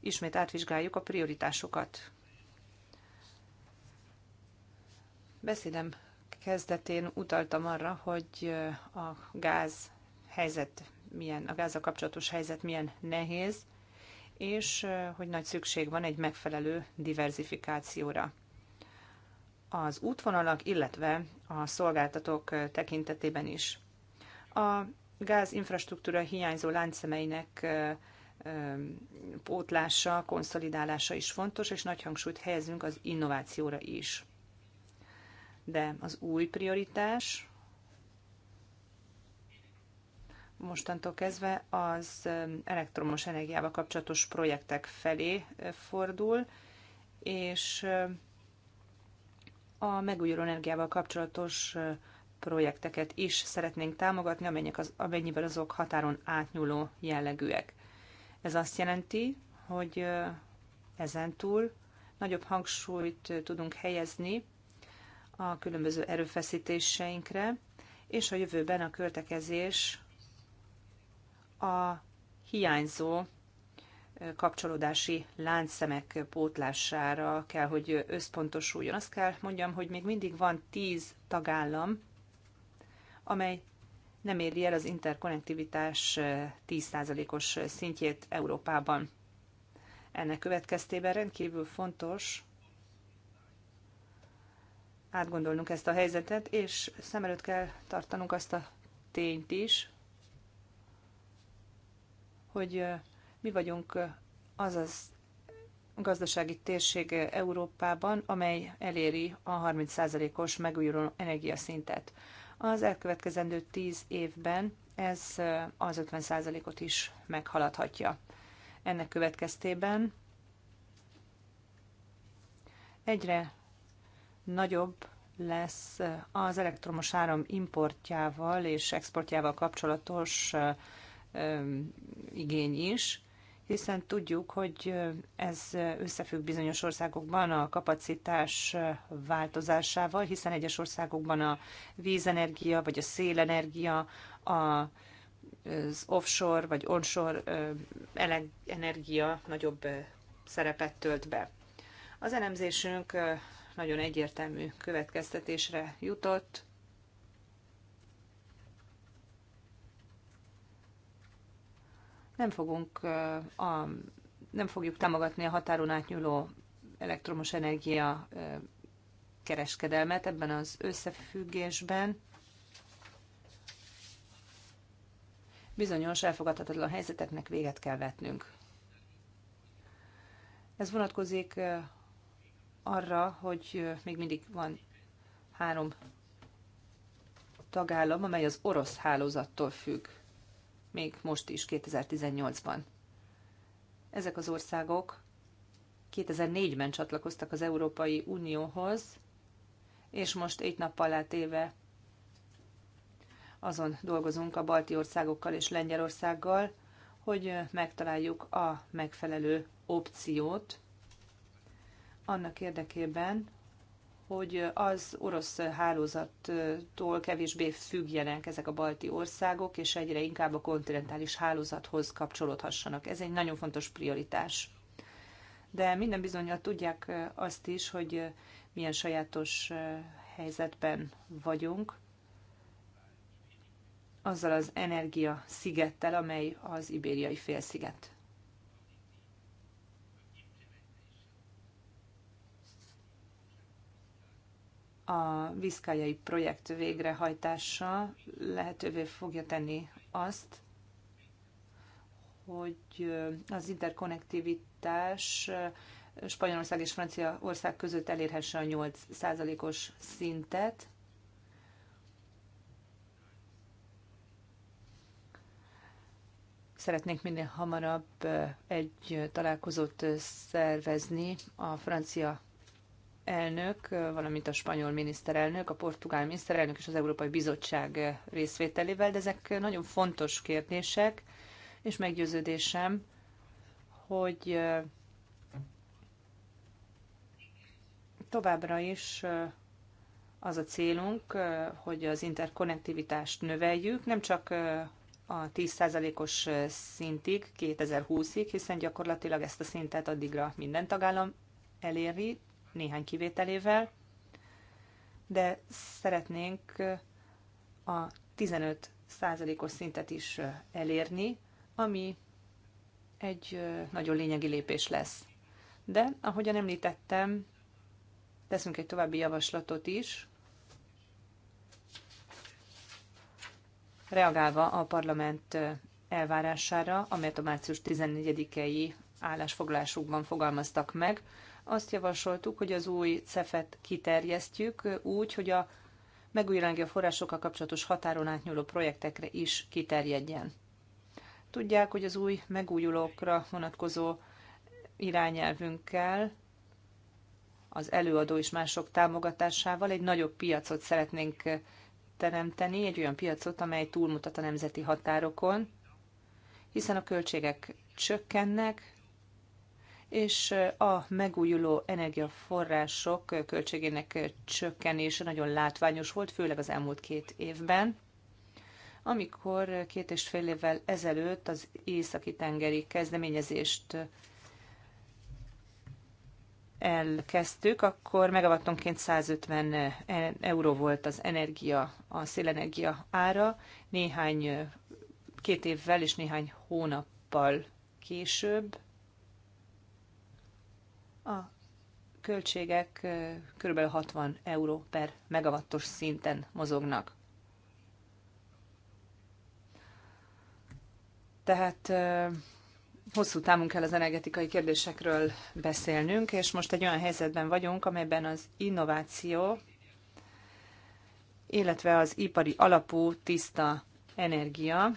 ismét átvizsgáljuk a prioritásokat. Beszédem kezdetén utaltam arra, hogy a gáz helyzet milyen, a a kapcsolatos helyzet milyen nehéz, és hogy nagy szükség van egy megfelelő diversifikációra. Az útvonalak, illetve a szolgáltatók tekintetében is. A gáz infrastruktúra hiányzó láncszemeinek pótlása, konszolidálása is fontos, és nagy hangsúlyt helyezünk az innovációra is de az új prioritás mostantól kezdve az um, elektromos energiával kapcsolatos projektek felé fordul, és a megújuló energiával kapcsolatos projekteket is szeretnénk támogatni, amennyiben azok határon átnyúló jellegűek. Ez azt jelenti, hogy ezentúl nagyobb hangsúlyt tudunk helyezni a különböző erőfeszítéseinkre, és a jövőben a költekezés a hiányzó kapcsolódási láncszemek pótlására kell, hogy összpontosuljon. Azt kell mondjam, hogy még mindig van tíz tagállam, amely nem éri el az interkonnektivitás 10%-os szintjét Európában. Ennek következtében rendkívül fontos, átgondolnunk ezt a helyzetet, és szem előtt kell tartanunk azt a tényt is, hogy mi vagyunk az az gazdasági térség Európában, amely eléri a 30%-os megújuló energiaszintet. Az elkövetkezendő 10 évben ez az 50%-ot is meghaladhatja. Ennek következtében egyre nagyobb lesz az elektromos áram importjával és exportjával kapcsolatos igény is, hiszen tudjuk, hogy ez összefügg bizonyos országokban a kapacitás változásával, hiszen egyes országokban a vízenergia vagy a szélenergia, a az offshore vagy onshore energia nagyobb szerepet tölt be. Az elemzésünk nagyon egyértelmű következtetésre jutott. Nem fogunk a, nem fogjuk támogatni a határon átnyúló elektromos energia kereskedelmet ebben az összefüggésben. Bizonyos elfogadhatatlan helyzeteknek véget kell vetnünk. Ez vonatkozik arra, hogy még mindig van három tagállam, amely az orosz hálózattól függ, még most is 2018-ban. Ezek az országok 2004-ben csatlakoztak az Európai Unióhoz, és most egy nappal éve azon dolgozunk a balti országokkal és Lengyelországgal, hogy megtaláljuk a megfelelő opciót, annak érdekében, hogy az orosz hálózattól kevésbé függjenek ezek a balti országok, és egyre inkább a kontinentális hálózathoz kapcsolódhassanak. Ez egy nagyon fontos prioritás. De minden bizonyal tudják azt is, hogy milyen sajátos helyzetben vagyunk, azzal az energia szigettel, amely az ibériai félsziget. a viszkájai projekt végrehajtása lehetővé fogja tenni azt, hogy az interkonnektivitás Spanyolország és Franciaország között elérhesse a 8%-os szintet. Szeretnénk minél hamarabb egy találkozót szervezni a francia elnök, valamint a spanyol miniszterelnök, a portugál miniszterelnök és az Európai Bizottság részvételével, de ezek nagyon fontos kérdések, és meggyőződésem, hogy továbbra is az a célunk, hogy az interkonnektivitást növeljük, nem csak a 10%-os szintig, 2020-ig, hiszen gyakorlatilag ezt a szintet addigra minden tagállam eléri, néhány kivételével, de szeretnénk a 15 százalékos szintet is elérni, ami egy nagyon lényegi lépés lesz. De, ahogyan említettem, teszünk egy további javaslatot is, reagálva a parlament elvárására, amelyet a március 14-i állásfoglalásukban fogalmaztak meg, azt javasoltuk, hogy az új CEFET kiterjesztjük úgy, hogy a megújuló forrásokkal kapcsolatos határon átnyúló projektekre is kiterjedjen. Tudják, hogy az új megújulókra vonatkozó irányelvünkkel, az előadó és mások támogatásával egy nagyobb piacot szeretnénk teremteni, egy olyan piacot, amely túlmutat a nemzeti határokon, hiszen a költségek csökkennek, és a megújuló energiaforrások költségének csökkenése nagyon látványos volt, főleg az elmúlt két évben, amikor két és fél évvel ezelőtt az északi-tengeri kezdeményezést elkezdtük, akkor megavattonként 150 e, euró volt az energia, a szélenergia ára. Néhány két évvel és néhány hónappal később a költségek kb. 60 euró per megawattos szinten mozognak. Tehát hosszú távon kell az energetikai kérdésekről beszélnünk, és most egy olyan helyzetben vagyunk, amelyben az innováció, illetve az ipari alapú tiszta energia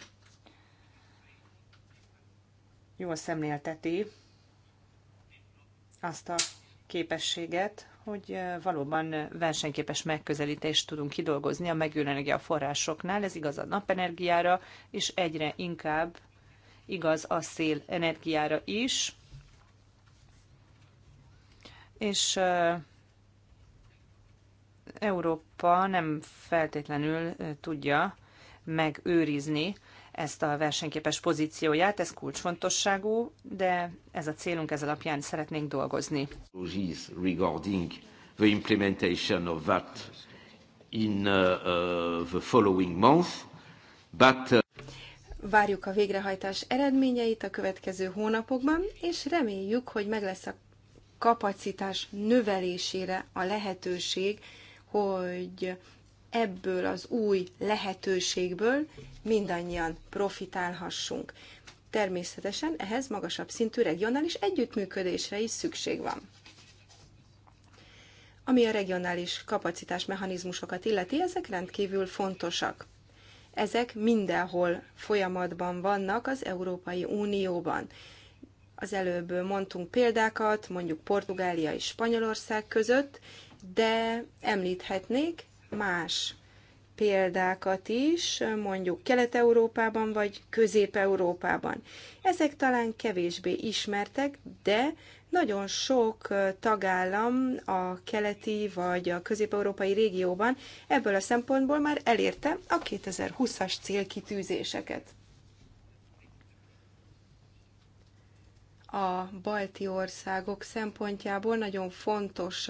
jól szemlélteti azt a képességet, hogy valóban versenyképes megközelítést tudunk kidolgozni a megújuló forrásoknál, Ez igaz a napenergiára, és egyre inkább igaz a energiára is. És Európa nem feltétlenül tudja megőrizni ezt a versenyképes pozícióját, ez kulcsfontosságú, de ez a célunk, ez alapján szeretnénk dolgozni. Regarding the implementation of that in uh, uh the following month, but uh, Várjuk a végrehajtás eredményeit a következő hónapokban, és reméljük, hogy meg lesz a kapacitás növelésére a lehetőség, hogy ebből az új lehetőségből mindannyian profitálhassunk. Természetesen ehhez magasabb szintű regionális együttműködésre is szükség van. Ami a regionális kapacitás mechanizmusokat illeti, ezek rendkívül fontosak. Ezek mindenhol folyamatban vannak az Európai Unióban. Az előbb mondtunk példákat, mondjuk Portugália és Spanyolország között, de említhetnék más példákat is, mondjuk Kelet-Európában vagy Közép-Európában. Ezek talán kevésbé ismertek, de nagyon sok tagállam a keleti vagy a közép-európai régióban ebből a szempontból már elérte a 2020-as célkitűzéseket. A balti országok szempontjából nagyon fontos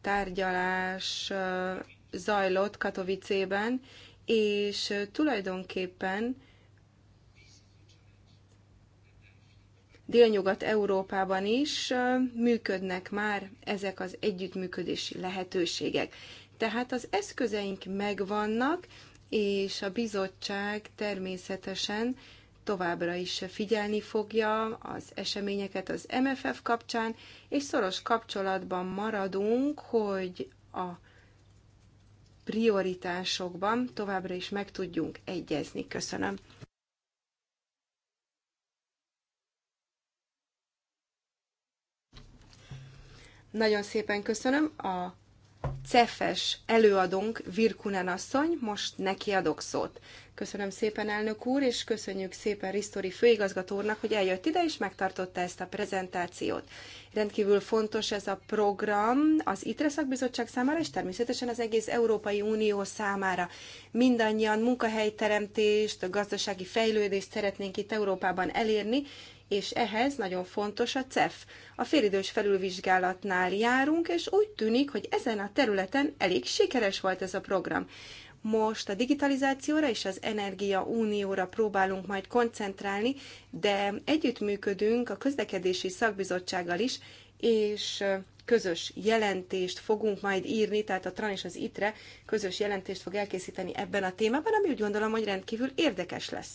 tárgyalás zajlott Katowicében, és tulajdonképpen Délnyugat-Európában is működnek már ezek az együttműködési lehetőségek. Tehát az eszközeink megvannak, és a bizottság természetesen továbbra is figyelni fogja az eseményeket az MFF kapcsán, és szoros kapcsolatban maradunk, hogy a prioritásokban továbbra is meg tudjunk egyezni. Köszönöm. Nagyon szépen köszönöm. A CEFES előadónk Virkunen asszony, most neki adok szót. Köszönöm szépen, elnök úr, és köszönjük szépen Risztori főigazgató úrnak, hogy eljött ide és megtartotta ezt a prezentációt. Rendkívül fontos ez a program az ITRE szakbizottság számára, és természetesen az egész Európai Unió számára. Mindannyian munkahelyteremtést, gazdasági fejlődést szeretnénk itt Európában elérni, és ehhez nagyon fontos a CEF. A félidős felülvizsgálatnál járunk, és úgy tűnik, hogy ezen a területen elég sikeres volt ez a program. Most a digitalizációra és az energia unióra próbálunk majd koncentrálni, de együttműködünk a közlekedési szakbizottsággal is, és közös jelentést fogunk majd írni, tehát a TRAN és az ITRE közös jelentést fog elkészíteni ebben a témában, ami úgy gondolom, hogy rendkívül érdekes lesz.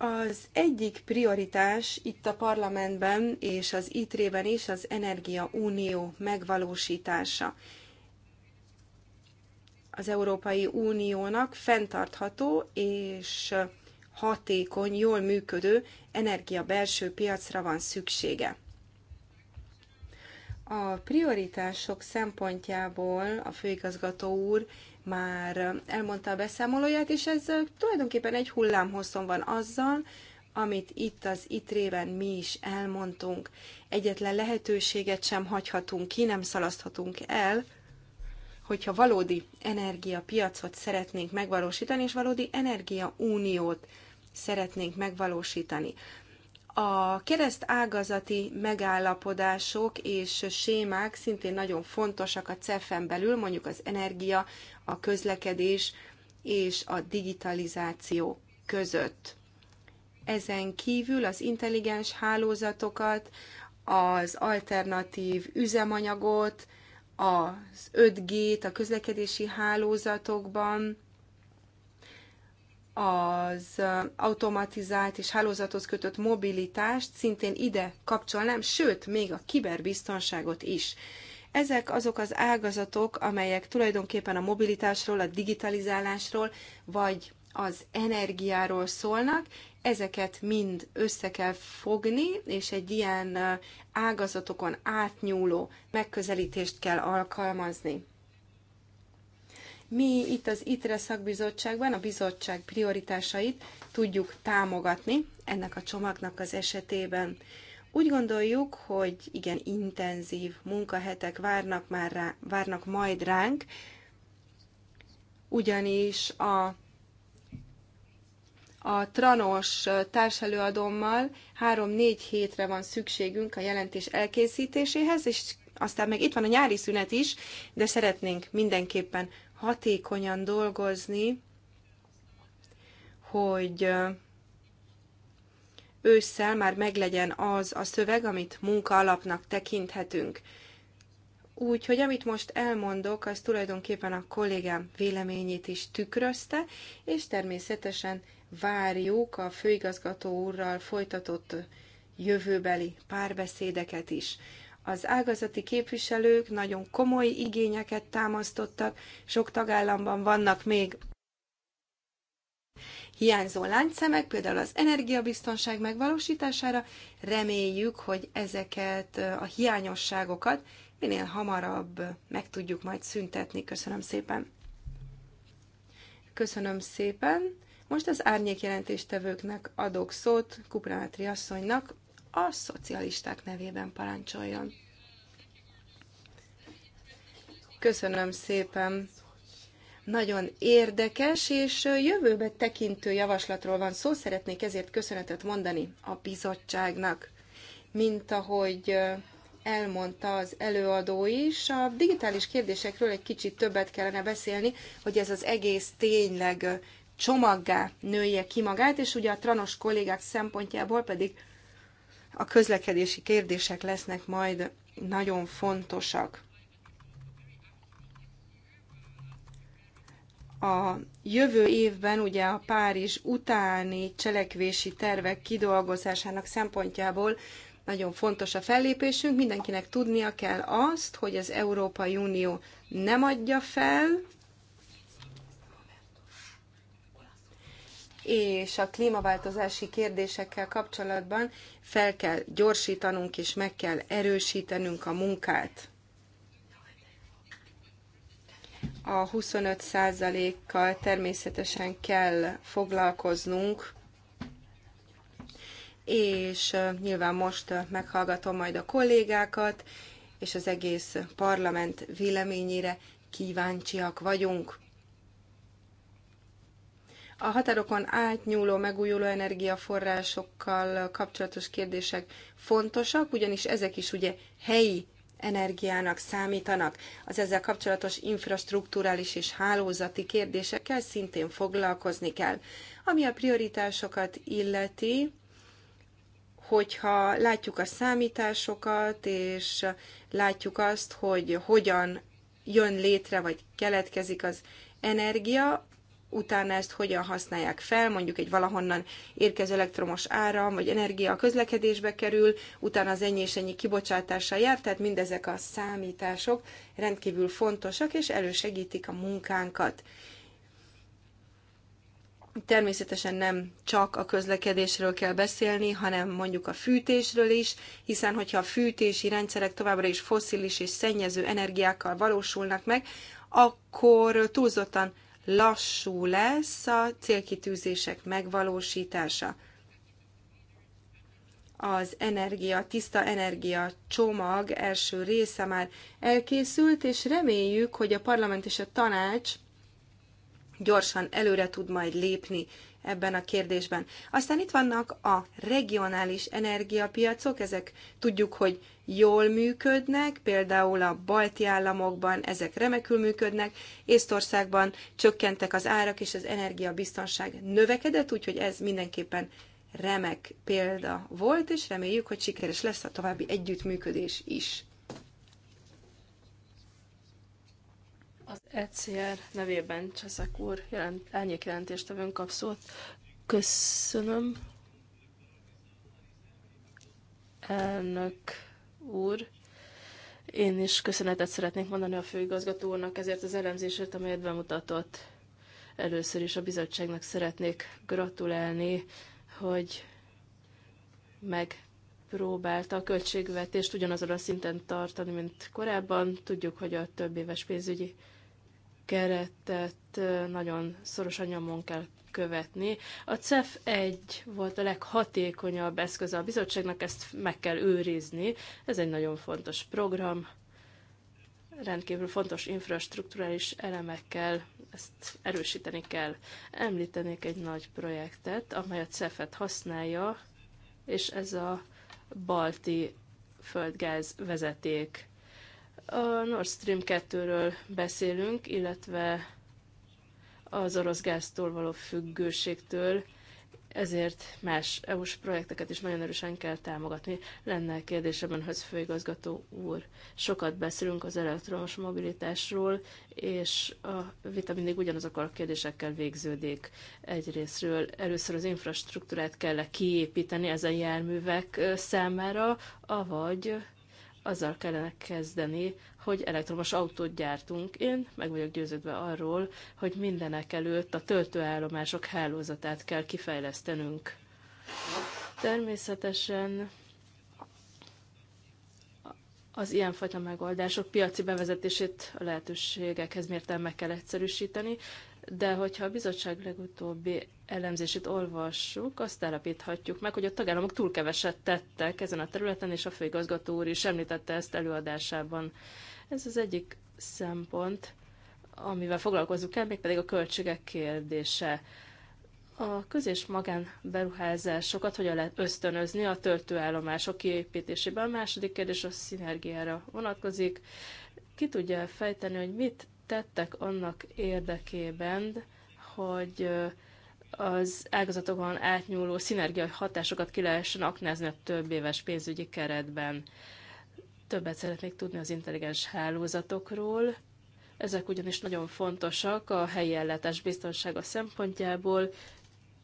Az egyik prioritás itt a parlamentben és az ITRE-ben is az Energia Unió megvalósítása. Az Európai Uniónak fenntartható és hatékony, jól működő energia belső piacra van szüksége. A prioritások szempontjából a főigazgató úr már elmondta a beszámolóját, és ez tulajdonképpen egy hullámhosszon van azzal, amit itt az itrében mi is elmondtunk. Egyetlen lehetőséget sem hagyhatunk ki, nem szalaszthatunk el, hogyha valódi energiapiacot szeretnénk megvalósítani, és valódi energiauniót szeretnénk megvalósítani. A kereszt ágazati megállapodások és sémák szintén nagyon fontosak a CEF-en belül, mondjuk az energia, a közlekedés és a digitalizáció között. Ezen kívül az intelligens hálózatokat, az alternatív üzemanyagot, az 5G-t a közlekedési hálózatokban, az automatizált és hálózathoz kötött mobilitást szintén ide kapcsolnám, sőt, még a kiberbiztonságot is. Ezek azok az ágazatok, amelyek tulajdonképpen a mobilitásról, a digitalizálásról, vagy az energiáról szólnak, ezeket mind össze kell fogni, és egy ilyen ágazatokon átnyúló megközelítést kell alkalmazni. Mi itt az ITRE szakbizottságban a bizottság prioritásait tudjuk támogatni ennek a csomagnak az esetében. Úgy gondoljuk, hogy igen, intenzív munkahetek várnak, már rá, várnak majd ránk, ugyanis a a tranos társelőadommal három-négy hétre van szükségünk a jelentés elkészítéséhez, és aztán meg itt van a nyári szünet is, de szeretnénk mindenképpen hatékonyan dolgozni, hogy ősszel már meglegyen az a szöveg, amit munka alapnak tekinthetünk. Úgyhogy amit most elmondok, az tulajdonképpen a kollégám véleményét is tükrözte, és természetesen várjuk a főigazgató úrral folytatott jövőbeli párbeszédeket is az ágazati képviselők nagyon komoly igényeket támasztottak, sok tagállamban vannak még hiányzó láncszemek, például az energiabiztonság megvalósítására. Reméljük, hogy ezeket eh, a hiányosságokat minél hamarabb meg tudjuk majd szüntetni. Köszönöm szépen! Köszönöm szépen! Most az árnyék jelentéstevőknek adok szót, Kuprántri asszonynak, a szocialisták nevében parancsoljon. Köszönöm szépen. Nagyon érdekes és jövőbe tekintő javaslatról van szó. Szeretnék ezért köszönetet mondani a bizottságnak. Mint ahogy elmondta az előadó is, a digitális kérdésekről egy kicsit többet kellene beszélni, hogy ez az egész tényleg csomaggá nője ki magát, és ugye a tranos kollégák szempontjából pedig a közlekedési kérdések lesznek majd nagyon fontosak. a jövő évben ugye a Párizs utáni cselekvési tervek kidolgozásának szempontjából nagyon fontos a fellépésünk. Mindenkinek tudnia kell azt, hogy az Európai Unió nem adja fel, és a klímaváltozási kérdésekkel kapcsolatban fel kell gyorsítanunk és meg kell erősítenünk a munkát. A 25%-kal természetesen kell foglalkoznunk, és nyilván most meghallgatom majd a kollégákat, és az egész parlament véleményére kíváncsiak vagyunk. A határokon átnyúló megújuló energiaforrásokkal kapcsolatos kérdések fontosak, ugyanis ezek is ugye helyi energiának számítanak. Az ezzel kapcsolatos infrastruktúrális és hálózati kérdésekkel szintén foglalkozni kell. Ami a prioritásokat illeti, hogyha látjuk a számításokat, és látjuk azt, hogy hogyan jön létre, vagy keletkezik az energia, utána ezt hogyan használják fel, mondjuk egy valahonnan érkező elektromos áram vagy energia a közlekedésbe kerül, utána az ennyi és ennyi kibocsátással jár, tehát mindezek a számítások rendkívül fontosak és elősegítik a munkánkat. Természetesen nem csak a közlekedésről kell beszélni, hanem mondjuk a fűtésről is, hiszen hogyha a fűtési rendszerek továbbra is foszilis és szennyező energiákkal valósulnak meg, akkor túlzottan lassú lesz a célkitűzések megvalósítása. Az energia, tiszta energia csomag első része már elkészült, és reméljük, hogy a parlament és a tanács gyorsan előre tud majd lépni ebben a kérdésben. Aztán itt vannak a regionális energiapiacok, ezek tudjuk, hogy jól működnek, például a balti államokban ezek remekül működnek, Észtországban csökkentek az árak, és az energiabiztonság növekedett, úgyhogy ez mindenképpen remek példa volt, és reméljük, hogy sikeres lesz a további együttműködés is. Az ECR nevében Cseszek úr, jelent, elnyék jelentést a kapszót. Köszönöm. Elnök úr, én is köszönetet szeretnék mondani a főigazgató úrnak ezért az elemzésért, amelyet bemutatott. Először is a bizottságnak szeretnék gratulálni, hogy próbálta a költségvetést ugyanazon a szinten tartani, mint korábban. Tudjuk, hogy a több éves pénzügyi keretet nagyon szorosan nyomon kell követni. A CEF 1 volt a leghatékonyabb eszköze a bizottságnak, ezt meg kell őrizni. Ez egy nagyon fontos program, rendkívül fontos infrastruktúrális elemekkel ezt erősíteni kell. Említenék egy nagy projektet, amely a CEF-et használja, és ez a balti földgáz vezeték. A Nord Stream 2-ről beszélünk, illetve az orosz gáztól való függőségtől, ezért más EU-s projekteket is nagyon erősen kell támogatni. Lenne kérdésem hogy főigazgató úr. Sokat beszélünk az elektromos mobilitásról, és a vita mindig ugyanazokkal a kérdésekkel végződik egyrésztről. Először az infrastruktúrát kell -e kiépíteni ezen járművek számára, avagy azzal kellene kezdeni, hogy elektromos autót gyártunk. Én meg vagyok győződve arról, hogy mindenek előtt a töltőállomások hálózatát kell kifejlesztenünk. Természetesen az ilyenfajta megoldások piaci bevezetését a lehetőségekhez mérten meg kell egyszerűsíteni, de hogyha a bizottság legutóbbi elemzését olvassuk, azt állapíthatjuk meg, hogy a tagállamok túl keveset tettek ezen a területen, és a főigazgató úr is említette ezt előadásában. Ez az egyik szempont, amivel foglalkozunk el, mégpedig a költségek kérdése. A köz- és magánberuházásokat hogyan lehet ösztönözni a töltőállomások kiépítésében? A második kérdés a szinergiára vonatkozik. Ki tudja fejteni, hogy mit tettek annak érdekében, hogy az ágazatokon átnyúló szinergiai hatásokat ki lehessen aknázni a több éves pénzügyi keretben. Többet szeretnék tudni az intelligens hálózatokról. Ezek ugyanis nagyon fontosak a helyi ellátás biztonsága szempontjából,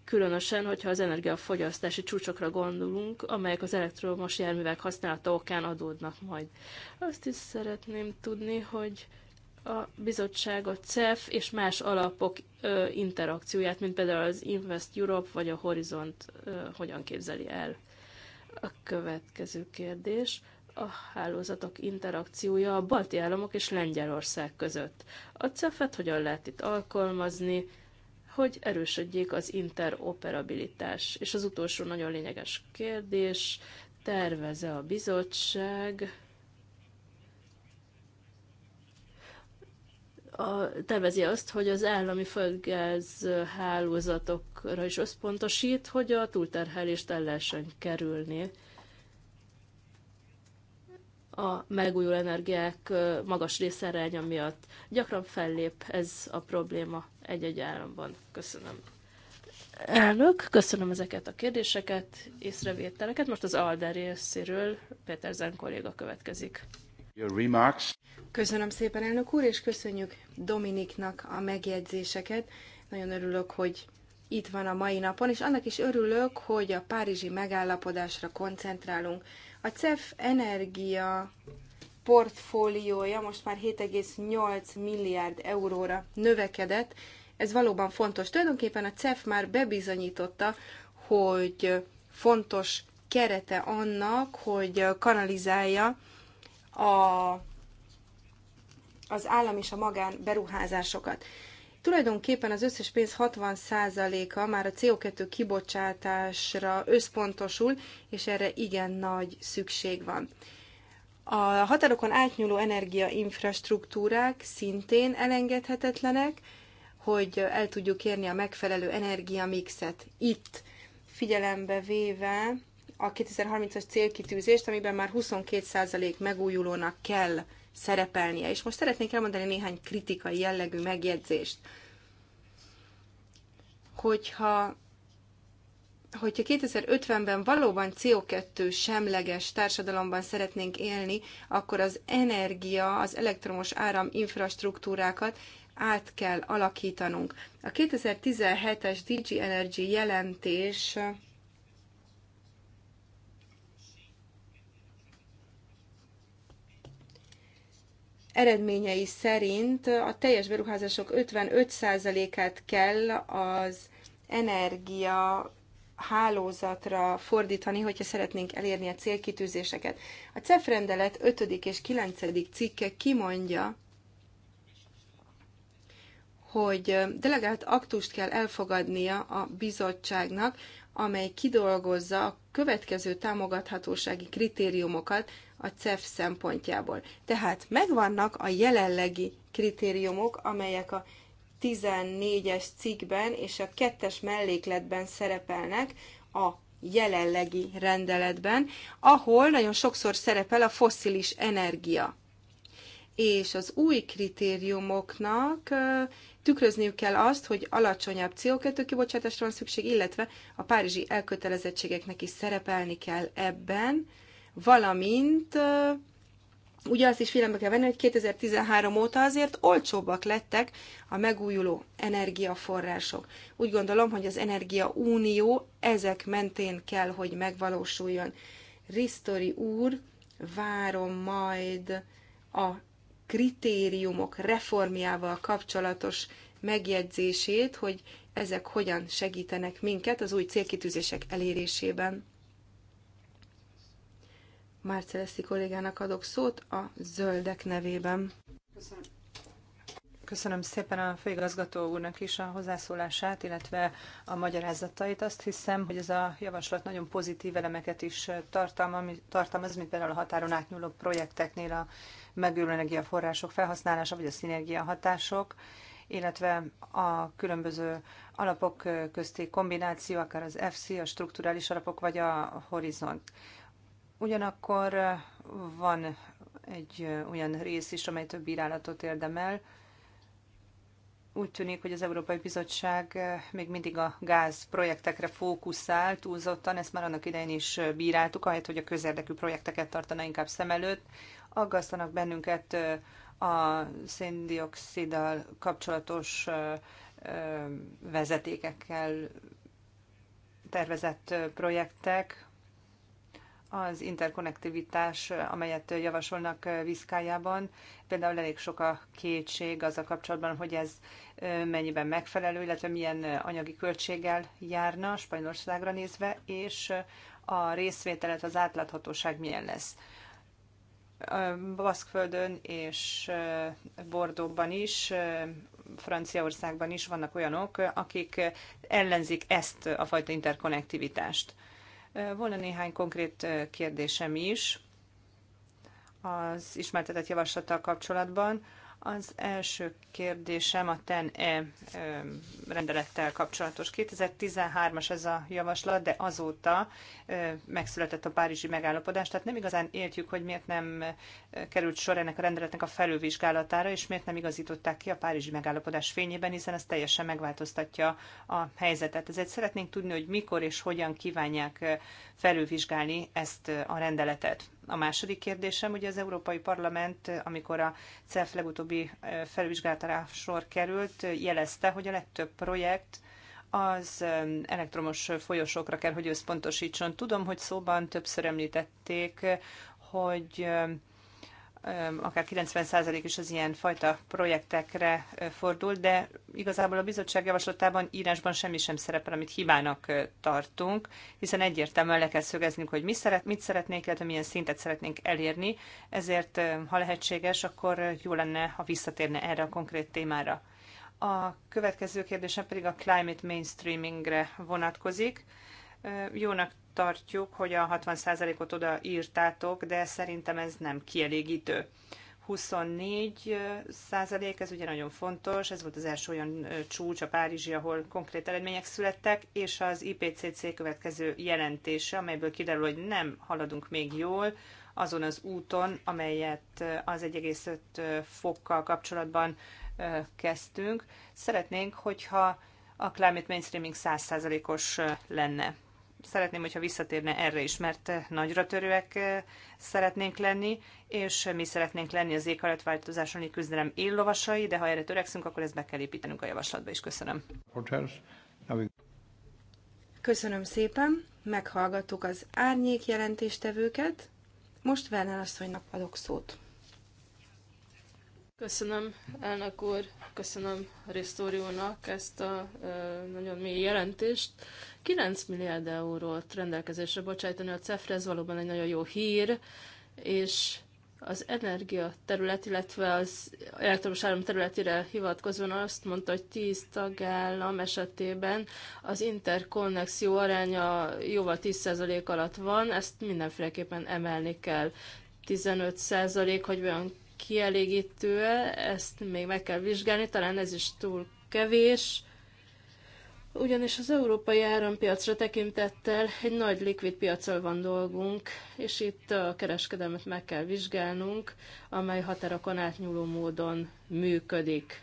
különösen, hogyha az energiafogyasztási csúcsokra gondolunk, amelyek az elektromos járművek használata okán adódnak majd. Azt is szeretném tudni, hogy a bizottság, a CEF és más alapok ö, interakcióját, mint például az Invest Europe vagy a Horizont ö, hogyan képzeli el. A következő kérdés a hálózatok interakciója a balti államok és Lengyelország között. A CEF-et hogyan lehet itt alkalmazni, hogy erősödjék az interoperabilitás. És az utolsó nagyon lényeges kérdés, terveze a bizottság a, tervezi azt, hogy az állami földgáz hálózatokra is összpontosít, hogy a túlterhelést el lehessen kerülni. A megújuló energiák magas részaránya miatt gyakran fellép ez a probléma egy-egy államban. Köszönöm. Elnök, köszönöm ezeket a kérdéseket, észrevételeket. Most az Alder részéről Péter Zen kolléga következik. Köszönöm szépen, elnök úr, és köszönjük Dominiknak a megjegyzéseket. Nagyon örülök, hogy itt van a mai napon, és annak is örülök, hogy a párizsi megállapodásra koncentrálunk. A CEF energia portfóliója most már 7,8 milliárd euróra növekedett. Ez valóban fontos. Tulajdonképpen a CEF már bebizonyította, hogy fontos kerete annak, hogy kanalizálja a, az állam és a magán beruházásokat. Tulajdonképpen az összes pénz 60%-a már a CO2 kibocsátásra összpontosul, és erre igen nagy szükség van. A határokon átnyúló energiainfrastruktúrák szintén elengedhetetlenek, hogy el tudjuk érni a megfelelő energiamixet itt, figyelembe véve a 2030-as célkitűzést, amiben már 22% megújulónak kell szerepelnie. És most szeretnék elmondani néhány kritikai jellegű megjegyzést. Hogyha hogyha 2050-ben valóban CO2 semleges társadalomban szeretnénk élni, akkor az energia, az elektromos áram infrastruktúrákat át kell alakítanunk. A 2017-es DG Energy jelentés eredményei szerint a teljes beruházások 55%-át kell az energia hálózatra fordítani, hogyha szeretnénk elérni a célkitűzéseket. A CEF rendelet 5. és 9. cikke kimondja, hogy delegált aktust kell elfogadnia a bizottságnak, amely kidolgozza a következő támogathatósági kritériumokat a CEF szempontjából. Tehát megvannak a jelenlegi kritériumok, amelyek a 14-es cikkben és a 2-es mellékletben szerepelnek a jelenlegi rendeletben, ahol nagyon sokszor szerepel a fosszilis energia. És az új kritériumoknak tükrözniük kell azt, hogy alacsonyabb CO2 kibocsátásra van szükség, illetve a párizsi elkötelezettségeknek is szerepelni kell ebben, valamint Ugye azt is figyelembe kell venni, hogy 2013 óta azért olcsóbbak lettek a megújuló energiaforrások. Úgy gondolom, hogy az Energia Unió ezek mentén kell, hogy megvalósuljon. Risztori úr, várom majd a kritériumok reformjával kapcsolatos megjegyzését, hogy ezek hogyan segítenek minket az új célkitűzések elérésében. Márceleszi kollégának adok szót a zöldek nevében. Köszönöm. Köszönöm szépen a főigazgató úrnak is a hozzászólását, illetve a magyarázatait. Azt hiszem, hogy ez a javaslat nagyon pozitív elemeket is tartalmaz, mint például a határon átnyúló projekteknél a megújuló energiaforrások felhasználása, vagy a szinergia hatások, illetve a különböző alapok közti kombináció, akár az FC, a strukturális alapok, vagy a horizont. Ugyanakkor van egy olyan rész is, amely több bírálatot érdemel. Úgy tűnik, hogy az Európai Bizottság még mindig a gáz projektekre fókuszál túlzottan, ezt már annak idején is bíráltuk, ahelyett, hogy a közérdekű projekteket tartana inkább szem előtt. Aggasztanak bennünket a széndioksziddal kapcsolatos vezetékekkel tervezett projektek, az interkonnektivitás, amelyet javasolnak Viszkájában. Például elég sok a kétség az a kapcsolatban, hogy ez mennyiben megfelelő, illetve milyen anyagi költséggel járna Spanyolországra nézve, és a részvételet, az átláthatóság milyen lesz. Baszkföldön és Bordóban is, Franciaországban is vannak olyanok, akik ellenzik ezt a fajta interkonnektivitást. Volna néhány konkrét kérdésem is az ismertetett javaslattal kapcsolatban. Az első kérdésem a TEN-E rendelettel kapcsolatos. 2013-as ez a javaslat, de azóta megszületett a Párizsi megállapodás, tehát nem igazán értjük, hogy miért nem került sor ennek a rendeletnek a felülvizsgálatára, és miért nem igazították ki a Párizsi megállapodás fényében, hiszen ez teljesen megváltoztatja a helyzetet. Ezért szeretnénk tudni, hogy mikor és hogyan kívánják felülvizsgálni ezt a rendeletet. A második kérdésem, ugye az Európai Parlament, amikor a CEF legutóbbi felvizsgálatára sor került, jelezte, hogy a legtöbb projekt az elektromos folyosókra kell, hogy összpontosítson. Tudom, hogy szóban többször említették, hogy akár 90% is az ilyen fajta projektekre fordul, de igazából a bizottság javaslatában írásban semmi sem szerepel, amit hibának tartunk, hiszen egyértelműen le kell szögeznünk, hogy mi szeret, mit szeretnénk, illetve milyen szintet szeretnénk elérni, ezért ha lehetséges, akkor jó lenne, ha visszatérne erre a konkrét témára. A következő kérdésem pedig a climate mainstreamingre vonatkozik. Jónak tartjuk, hogy a 60%-ot oda írtátok, de szerintem ez nem kielégítő. 24 százalék, ez ugye nagyon fontos, ez volt az első olyan csúcs a Párizsi, ahol konkrét eredmények születtek, és az IPCC következő jelentése, amelyből kiderül, hogy nem haladunk még jól azon az úton, amelyet az 1,5 fokkal kapcsolatban kezdtünk. Szeretnénk, hogyha a climate mainstreaming 100%-os lenne szeretném, hogyha visszatérne erre is, mert nagyra törőek eh, szeretnénk lenni, és mi szeretnénk lenni az éghajlatváltozásoni küzdelem éllovasai, de ha erre törekszünk, akkor ezt be kell építenünk a javaslatba is. Köszönöm. Köszönöm szépen, meghallgattuk az árnyék jelentéstevőket, most Werner asszonynak adok szót. Köszönöm, elnök úr, köszönöm Risztóri ezt a nagyon mély jelentést. 9 milliárd eurót rendelkezésre bocsájtani a CEFRE, ez valóban egy nagyon jó hír, és az energia terület, illetve az elektromos áram területére hivatkozóan azt mondta, hogy 10 tagállam esetében az interkonnexió aránya jóval 10% alatt van, ezt mindenféleképpen emelni kell. 15% hogy olyan kielégítő -e, ezt még meg kell vizsgálni, talán ez is túl kevés. Ugyanis az európai árampiacra tekintettel egy nagy likvid piacsal van dolgunk, és itt a kereskedelmet meg kell vizsgálnunk, amely határokon átnyúló módon működik.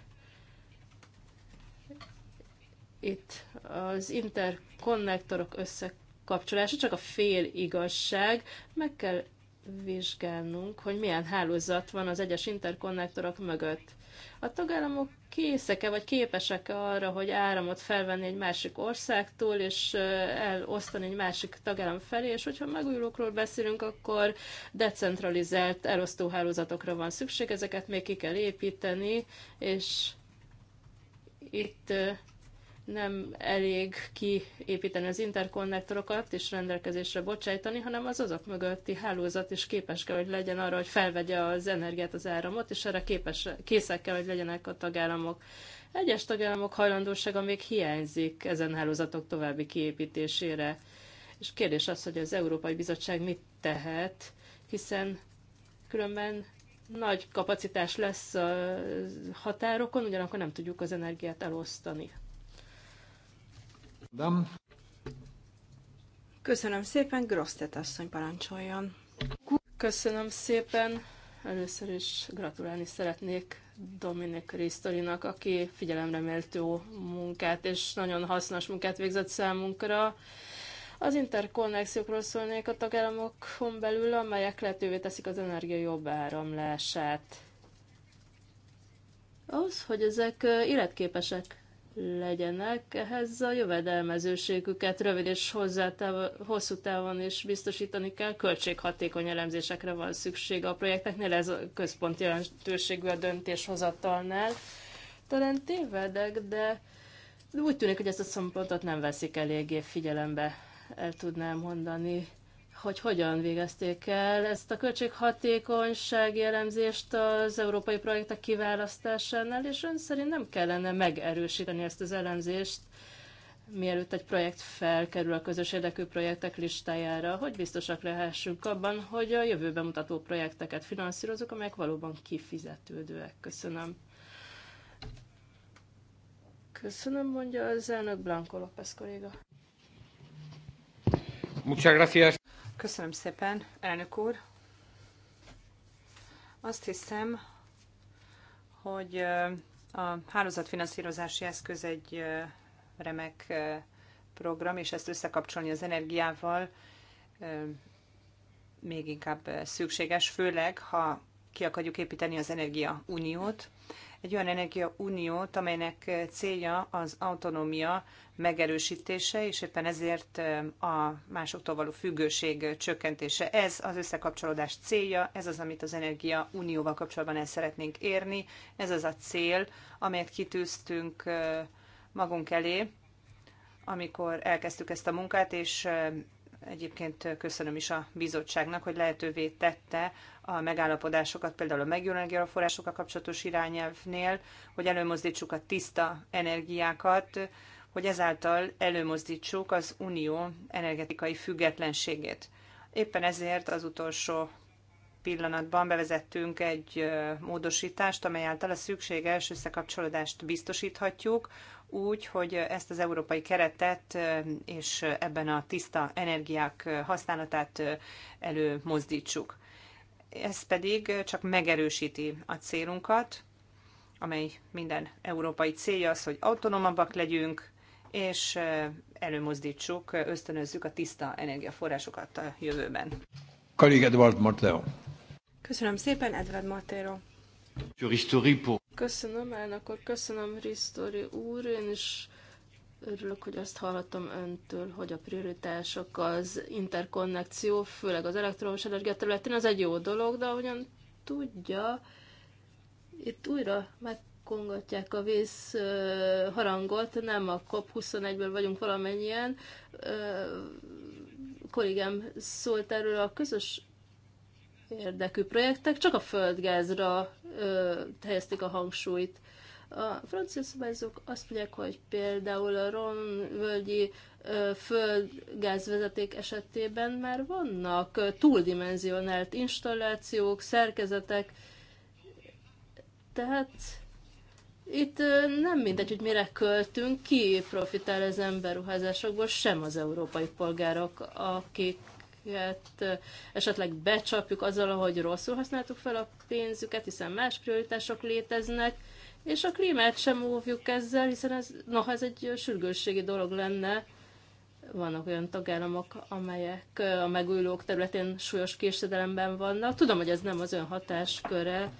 Itt az interkonnektorok összekapcsolása csak a fél igazság, meg kell vizsgálnunk, hogy milyen hálózat van az egyes interkonnektorok mögött. A tagállamok készek-e vagy képesek-e arra, hogy áramot felvenni egy másik országtól, és elosztani egy másik tagállam felé, és hogyha megújulókról beszélünk, akkor decentralizált elosztóhálózatokra van szükség, ezeket még ki kell építeni, és itt nem elég kiépíteni az interkonnektorokat és rendelkezésre bocsájtani, hanem az azok mögötti hálózat is képes kell, hogy legyen arra, hogy felvegye az energiát, az áramot, és erre képes, készek kell, hogy legyenek a tagállamok. Egyes tagállamok hajlandósága még hiányzik ezen hálózatok további kiépítésére. És kérdés az, hogy az Európai Bizottság mit tehet, hiszen különben nagy kapacitás lesz a határokon, ugyanakkor nem tudjuk az energiát elosztani. Köszönöm szépen, Grosztet asszony parancsoljon. Köszönöm szépen. Először is gratulálni szeretnék Dominik Krisztolinak, aki figyelemre méltó munkát és nagyon hasznos munkát végzett számunkra. Az interkonnexiókról szólnék a tagállamokon belül, amelyek lehetővé teszik az energia jobb áramlását. Az, hogy ezek életképesek legyenek, ehhez a jövedelmezőségüket rövid és hosszú távon is biztosítani kell, költséghatékony elemzésekre van szükség a projekteknél, ez a központi jelentőségű a döntéshozatalnál. Talán tévedek, de úgy tűnik, hogy ezt a szempontot nem veszik eléggé figyelembe, el tudnám mondani hogy hogyan végezték el ezt a költséghatékonyság elemzést az európai projektek kiválasztásánál, és ön szerint nem kellene megerősíteni ezt az elemzést, mielőtt egy projekt felkerül a közös érdekű projektek listájára, hogy biztosak lehessünk abban, hogy a jövőben mutató projekteket finanszírozunk, amelyek valóban kifizetődőek. Köszönöm. Köszönöm, mondja az elnök Blanco López kolléga. Muchas gracias. Köszönöm szépen, elnök úr. Azt hiszem, hogy a hálózatfinanszírozási eszköz egy remek program, és ezt összekapcsolni az energiával még inkább szükséges, főleg ha ki akarjuk építeni az energiauniót, egy olyan energiauniót, amelynek célja az autonómia megerősítése, és éppen ezért a másoktól való függőség csökkentése. Ez az összekapcsolódás célja, ez az, amit az Energia Unióval kapcsolatban el szeretnénk érni, ez az a cél, amelyet kitűztünk magunk elé, amikor elkezdtük ezt a munkát, és Egyébként köszönöm is a bizottságnak, hogy lehetővé tette a megállapodásokat, például a megújuló energiaforrásokkal kapcsolatos irányelvnél, hogy előmozdítsuk a tiszta energiákat, hogy ezáltal előmozdítsuk az unió energetikai függetlenségét. Éppen ezért az utolsó pillanatban bevezettünk egy módosítást, amely által a szükséges összekapcsolódást biztosíthatjuk, úgy, hogy ezt az európai keretet és ebben a tiszta energiák használatát előmozdítsuk. Ez pedig csak megerősíti a célunkat, amely minden európai célja az, hogy autonómabbak legyünk, és előmozdítsuk, ösztönözzük a tiszta energiaforrásokat a jövőben. Karig Edward Marteo. Köszönöm szépen, Edvard Matero. Köszönöm, elnök úr, köszönöm, Ristori úr. Én is örülök, hogy azt hallottam öntől, hogy a prioritások az interkonnekció, főleg az elektromos energia területén, az egy jó dolog, de ahogyan tudja, itt újra megkongatják a vész harangot, nem a COP21-ből vagyunk valamennyien. Kollégám szólt erről a közös érdekű projektek, csak a földgázra ö, helyezték a hangsúlyt. A francia szabályzók azt mondják, hogy például a romvölgyi földgázvezeték esetében már vannak túldimenzionált installációk, szerkezetek, tehát itt nem mindegy, hogy mire költünk, ki profitál az emberuházásokból, sem az európai polgárok, akik ezeket esetleg becsapjuk azzal, hogy rosszul használtuk fel a pénzüket, hiszen más prioritások léteznek, és a klímát sem óvjuk ezzel, hiszen ez, noha ez egy sürgősségi dolog lenne, vannak olyan tagállamok, amelyek a megújulók területén súlyos késedelemben vannak. Tudom, hogy ez nem az ön hatásköre,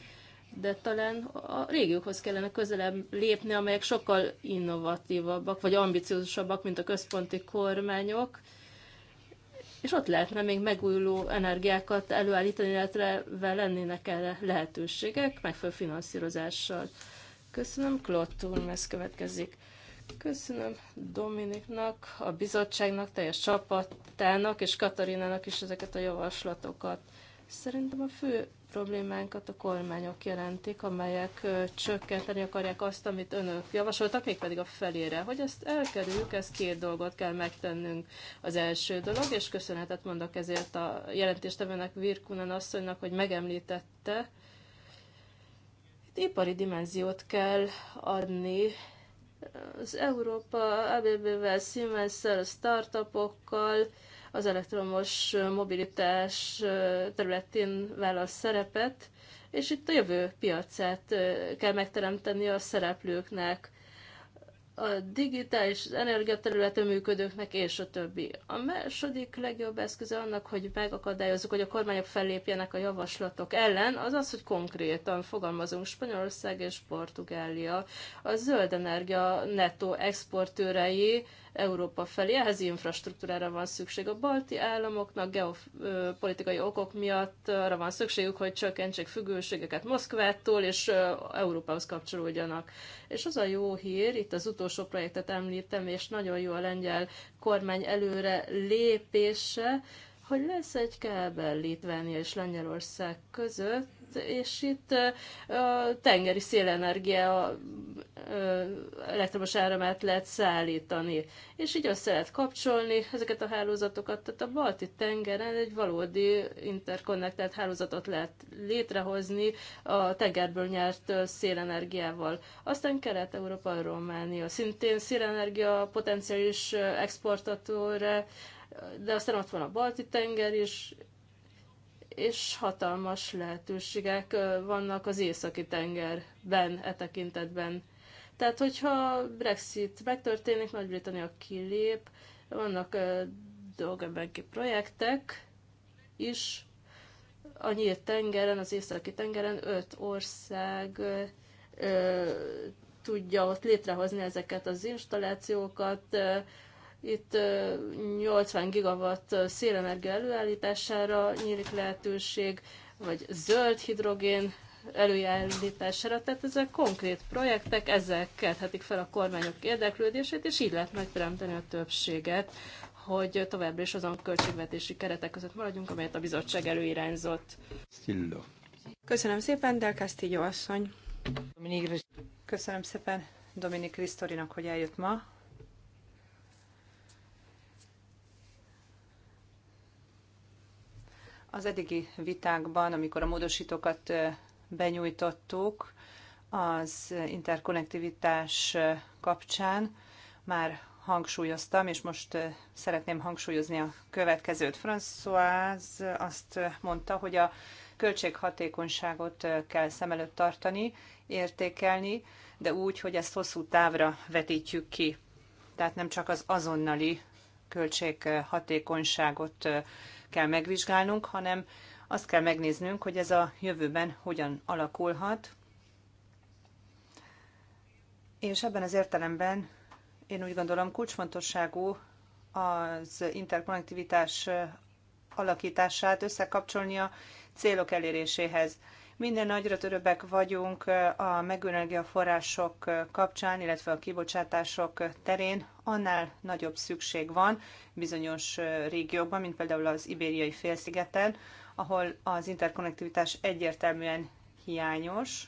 de talán a régiókhoz kellene közelebb lépni, amelyek sokkal innovatívabbak, vagy ambiciózusabbak, mint a központi kormányok, és ott lehetne még megújuló energiákat előállítani, illetve lennének erre lehetőségek, megfelelő finanszírozással. Köszönöm, Klott úr, ez következik. Köszönöm Dominiknak, a bizottságnak, teljes csapatának és Katarinának is ezeket a javaslatokat. Szerintem a fő problémánkat a kormányok jelentik, amelyek csökkenteni akarják azt, amit önök javasoltak, mégpedig a felére. Hogy ezt elkerüljük, ez két dolgot kell megtennünk. Az első dolog, és köszönetet mondok ezért a jelentéstevőnek Virkunen asszonynak, hogy megemlítette, ipari dimenziót kell adni az Európa, ABB-vel, Siemens-szel, startupokkal, az elektromos mobilitás területén vállal szerepet, és itt a jövő piacát kell megteremteni a szereplőknek, a digitális energiaterületen működőknek és a többi. A második legjobb eszköze annak, hogy megakadályozzuk, hogy a kormányok fellépjenek a javaslatok ellen, az az, hogy konkrétan fogalmazunk Spanyolország és Portugália. A zöld energia netto exportőrei Európa felé. Ehhez infrastruktúrára van szükség. A balti államoknak geopolitikai okok miatt arra van szükségük, hogy csökkentsék függőségeket Moszkvától, és Európához kapcsolódjanak. És az a jó hír, itt az utolsó projektet említem, és nagyon jó a lengyel kormány előre lépése, hogy lesz egy kábel Litvánia és Lengyelország között, és itt a tengeri szélenergia elektromos áramát lehet szállítani, és így össze lehet kapcsolni ezeket a hálózatokat, tehát a balti tengeren egy valódi interkonnektált hálózatot lehet létrehozni a tengerből nyert szélenergiával. Aztán Kelet-Európa, Románia szintén szélenergia potenciális exportatóra, de aztán ott van a Balti tenger is, és hatalmas lehetőségek vannak az északi tengerben e tekintetben. Tehát, hogyha Brexit megtörténik, Nagy-Britannia kilép, vannak dolgembenki projektek is, a nyílt tengeren, az északi tengeren öt ország tudja ott létrehozni ezeket az installációkat, itt 80 gigawatt szélenergia előállítására nyílik lehetőség, vagy zöld hidrogén előállítására. Tehát ezek konkrét projektek, ezek kelthetik fel a kormányok érdeklődését, és így lehet megteremteni a többséget, hogy továbbra is azon költségvetési keretek között maradjunk, amelyet a bizottság előirányzott. Stillo. Köszönöm szépen, Del Castillo asszony. Köszönöm szépen Dominik Risztorinak, hogy eljött ma. Az eddigi vitákban, amikor a módosítókat benyújtottuk az interkonnektivitás kapcsán, már hangsúlyoztam, és most szeretném hangsúlyozni a következőt. François azt mondta, hogy a költséghatékonyságot kell szem előtt tartani, értékelni, de úgy, hogy ezt hosszú távra vetítjük ki. Tehát nem csak az azonnali költséghatékonyságot kell megvizsgálnunk, hanem azt kell megnéznünk, hogy ez a jövőben hogyan alakulhat. És ebben az értelemben én úgy gondolom kulcsfontosságú az interkonnektivitás alakítását összekapcsolni a célok eléréséhez. Minden nagyra törőbbek vagyunk a a források kapcsán, illetve a kibocsátások terén, annál nagyobb szükség van bizonyos régiókban, mint például az ibériai félszigeten, ahol az interkonnektivitás egyértelműen hiányos.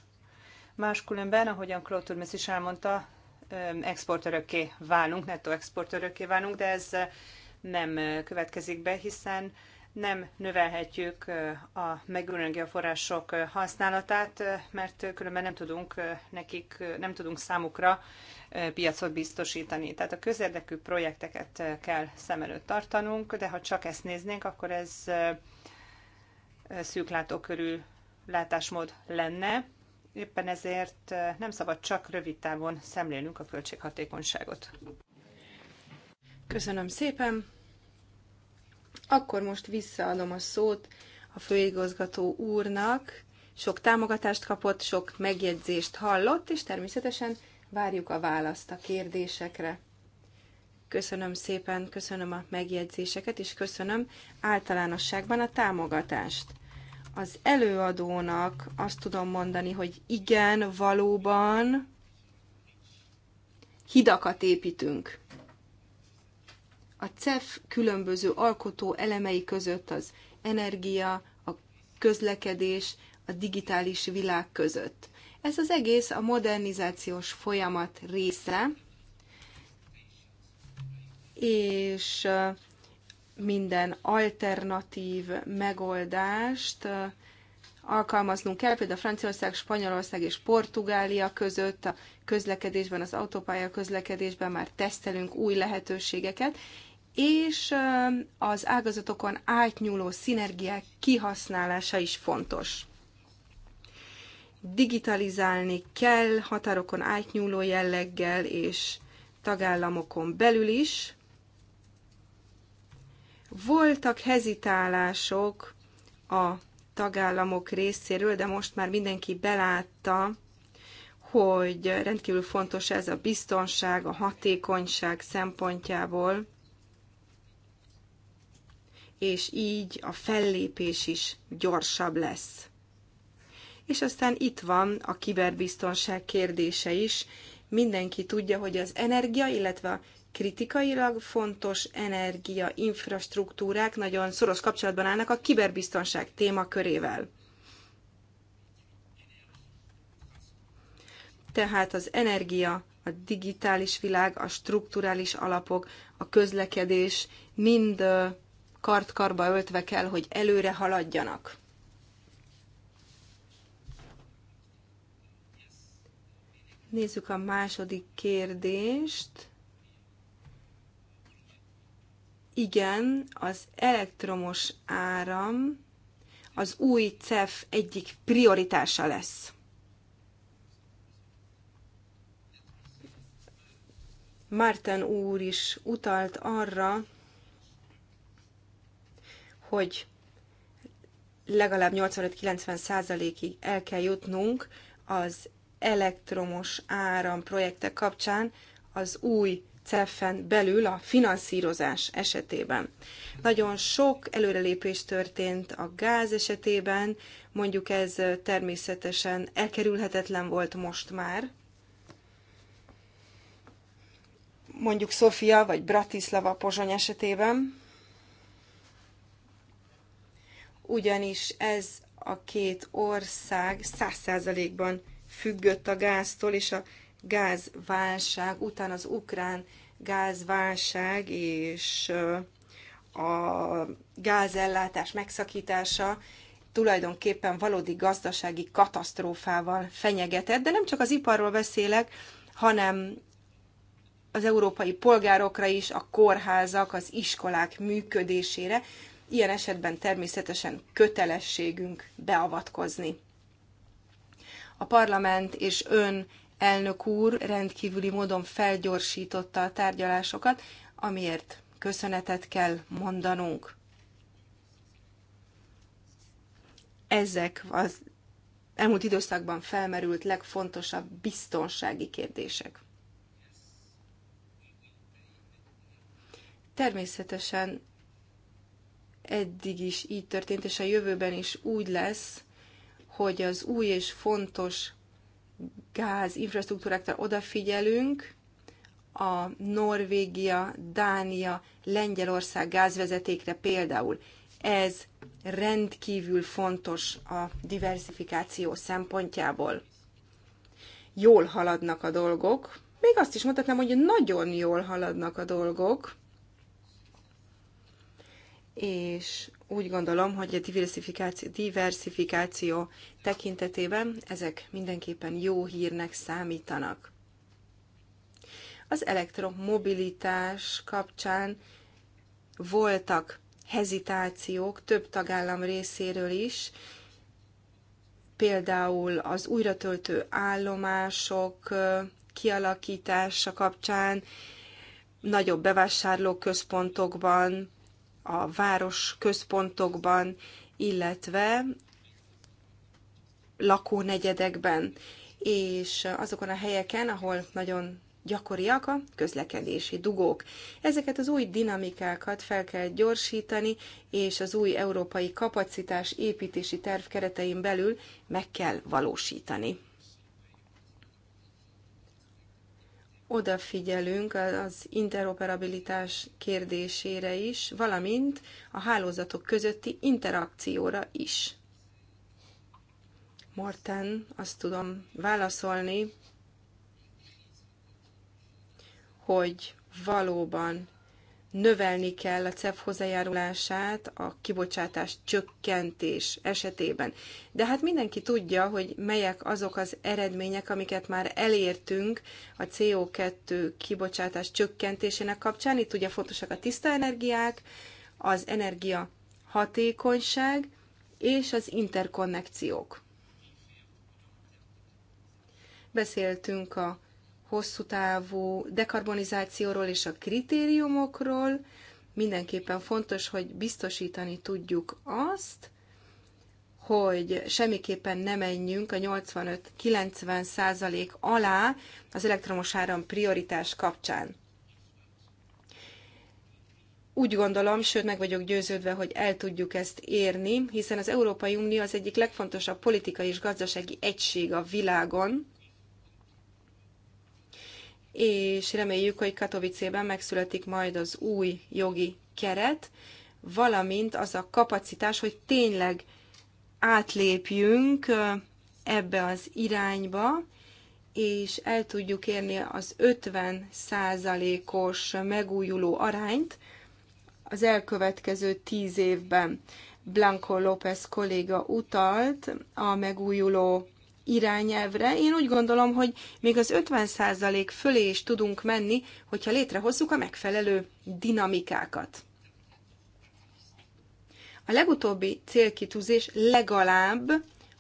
Máskülönben, ahogyan Claude Turmes is elmondta, exportörökké válunk, nettó exportörökké válunk, de ez nem következik be, hiszen nem növelhetjük a megújuló energiaforrások használatát, mert különben nem tudunk nekik, nem tudunk számukra piacot biztosítani. Tehát a közérdekű projekteket kell szem előtt tartanunk, de ha csak ezt néznénk, akkor ez szűklátókörű látásmód lenne. Éppen ezért nem szabad csak rövid távon szemlélnünk a költséghatékonyságot. Köszönöm szépen! Akkor most visszaadom a szót a főigazgató úrnak. Sok támogatást kapott, sok megjegyzést hallott, és természetesen várjuk a választ a kérdésekre. Köszönöm szépen, köszönöm a megjegyzéseket, és köszönöm általánosságban a támogatást. Az előadónak azt tudom mondani, hogy igen, valóban hidakat építünk a CEF különböző alkotó elemei között az energia, a közlekedés, a digitális világ között. Ez az egész a modernizációs folyamat része, és minden alternatív megoldást alkalmaznunk kell, például Franciaország, Spanyolország és Portugália között a közlekedésben, az autópálya közlekedésben már tesztelünk új lehetőségeket, és az ágazatokon átnyúló szinergiák kihasználása is fontos. Digitalizálni kell határokon átnyúló jelleggel és tagállamokon belül is. Voltak hezitálások a tagállamok részéről, de most már mindenki belátta, hogy rendkívül fontos ez a biztonság, a hatékonyság szempontjából és így a fellépés is gyorsabb lesz. És aztán itt van a kiberbiztonság kérdése is. Mindenki tudja, hogy az energia, illetve a kritikailag fontos energia infrastruktúrák nagyon szoros kapcsolatban állnak a kiberbiztonság témakörével. Tehát az energia, a digitális világ, a strukturális alapok, a közlekedés mind kart-karba öltve kell, hogy előre haladjanak. Nézzük a második kérdést. Igen, az elektromos áram az új CEF egyik prioritása lesz. Márten úr is utalt arra, hogy legalább 85-90 százalékig el kell jutnunk az elektromos áram projektek kapcsán az új cef belül a finanszírozás esetében. Nagyon sok előrelépés történt a gáz esetében, mondjuk ez természetesen elkerülhetetlen volt most már. Mondjuk Sofia vagy Bratislava Pozsony esetében ugyanis ez a két ország száz százalékban függött a gáztól, és a gázválság után az ukrán gázválság és a gázellátás megszakítása tulajdonképpen valódi gazdasági katasztrófával fenyegetett, de nem csak az iparról beszélek, hanem az európai polgárokra is, a kórházak, az iskolák működésére, Ilyen esetben természetesen kötelességünk beavatkozni. A parlament és ön elnök úr rendkívüli módon felgyorsította a tárgyalásokat, amiért köszönetet kell mondanunk. Ezek az elmúlt időszakban felmerült legfontosabb biztonsági kérdések. Természetesen eddig is így történt, és a jövőben is úgy lesz, hogy az új és fontos gáz infrastruktúrákra odafigyelünk, a Norvégia, Dánia, Lengyelország gázvezetékre például. Ez rendkívül fontos a diversifikáció szempontjából. Jól haladnak a dolgok, még azt is mondhatnám, hogy nagyon jól haladnak a dolgok, és úgy gondolom, hogy a diversifikáció, diversifikáció tekintetében ezek mindenképpen jó hírnek számítanak. Az elektromobilitás kapcsán voltak hezitációk több tagállam részéről is, például az újratöltő állomások kialakítása kapcsán, nagyobb bevásárlóközpontokban, a város központokban, illetve lakónegyedekben, és azokon a helyeken, ahol nagyon gyakoriak a közlekedési dugók. Ezeket az új dinamikákat fel kell gyorsítani, és az új európai kapacitás építési terv keretein belül meg kell valósítani. odafigyelünk az interoperabilitás kérdésére is, valamint a hálózatok közötti interakcióra is. Morten, azt tudom válaszolni, hogy valóban növelni kell a CEF hozzájárulását a kibocsátás csökkentés esetében. De hát mindenki tudja, hogy melyek azok az eredmények, amiket már elértünk a CO2 kibocsátás csökkentésének kapcsán. Itt ugye fontosak a tiszta energiák, az energia hatékonyság és az interkonnekciók. Beszéltünk a hosszú távú dekarbonizációról és a kritériumokról. Mindenképpen fontos, hogy biztosítani tudjuk azt, hogy semmiképpen ne menjünk a 85-90 százalék alá az elektromos áram prioritás kapcsán. Úgy gondolom, sőt meg vagyok győződve, hogy el tudjuk ezt érni, hiszen az Európai Unió az egyik legfontosabb politikai és gazdasági egység a világon, és reméljük, hogy Katowicében megszületik majd az új jogi keret, valamint az a kapacitás, hogy tényleg átlépjünk ebbe az irányba, és el tudjuk érni az 50 százalékos megújuló arányt az elkövetkező 10 évben. Blanco López kolléga utalt a megújuló irányelvre. Én úgy gondolom, hogy még az 50% fölé is tudunk menni, hogyha létrehozzuk a megfelelő dinamikákat. A legutóbbi célkitűzés legalább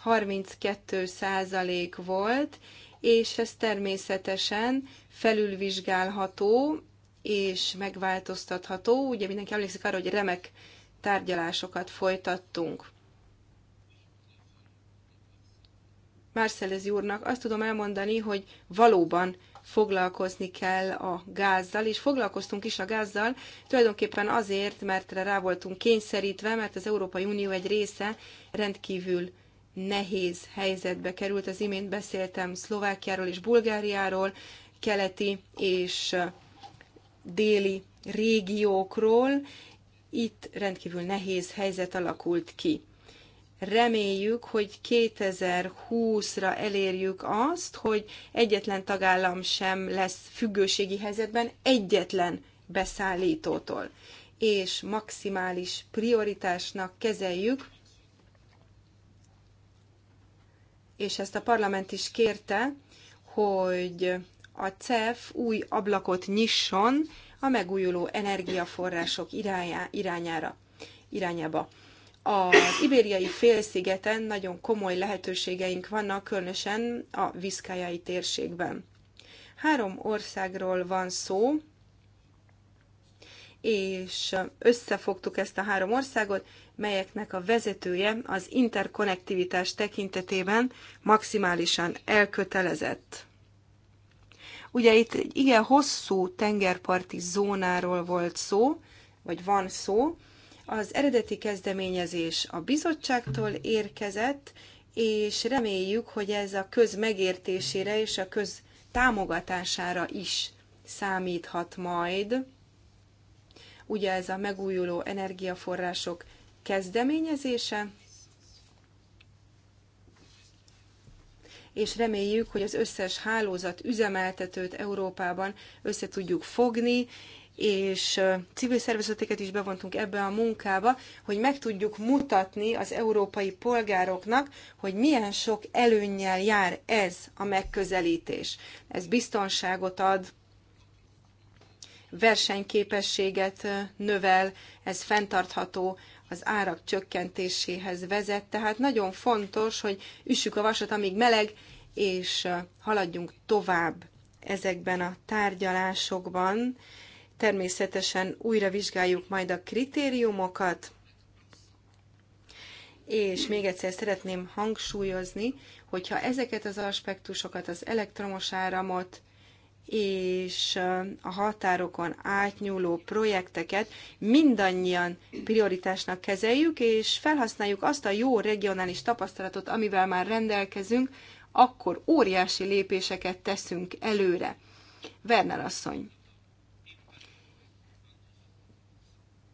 32% volt, és ez természetesen felülvizsgálható és megváltoztatható. Ugye mindenki emlékszik arra, hogy remek tárgyalásokat folytattunk. Márcelez úrnak azt tudom elmondani, hogy valóban foglalkozni kell a gázzal, és foglalkoztunk is a gázzal, tulajdonképpen azért, mert rá voltunk kényszerítve, mert az Európai Unió egy része rendkívül nehéz helyzetbe került. Az imént beszéltem Szlovákiáról és Bulgáriáról, keleti és déli régiókról. Itt rendkívül nehéz helyzet alakult ki. Reméljük, hogy 2020-ra elérjük azt, hogy egyetlen tagállam sem lesz függőségi helyzetben egyetlen beszállítótól, és maximális prioritásnak kezeljük, és ezt a parlament is kérte, hogy a CEF új ablakot nyisson a megújuló energiaforrások irányá, irányára, irányába az ibériai félszigeten nagyon komoly lehetőségeink vannak, különösen a viszkájai térségben. Három országról van szó, és összefogtuk ezt a három országot, melyeknek a vezetője az interkonnektivitás tekintetében maximálisan elkötelezett. Ugye itt egy igen hosszú tengerparti zónáról volt szó, vagy van szó, az eredeti kezdeményezés a bizottságtól érkezett, és reméljük, hogy ez a köz megértésére és a köz támogatására is számíthat majd. Ugye ez a megújuló energiaforrások kezdeményezése, és reméljük, hogy az összes hálózat üzemeltetőt Európában össze tudjuk fogni, és civil szervezeteket is bevontunk ebbe a munkába, hogy meg tudjuk mutatni az európai polgároknak, hogy milyen sok előnnyel jár ez a megközelítés. Ez biztonságot ad, versenyképességet növel, ez fenntartható, az árak csökkentéséhez vezet, tehát nagyon fontos, hogy üssük a vasat, amíg meleg, és haladjunk tovább ezekben a tárgyalásokban Természetesen újra vizsgáljuk majd a kritériumokat, és még egyszer szeretném hangsúlyozni, hogyha ezeket az aspektusokat, az elektromos áramot és a határokon átnyúló projekteket mindannyian prioritásnak kezeljük, és felhasználjuk azt a jó regionális tapasztalatot, amivel már rendelkezünk, akkor óriási lépéseket teszünk előre. Werner asszony.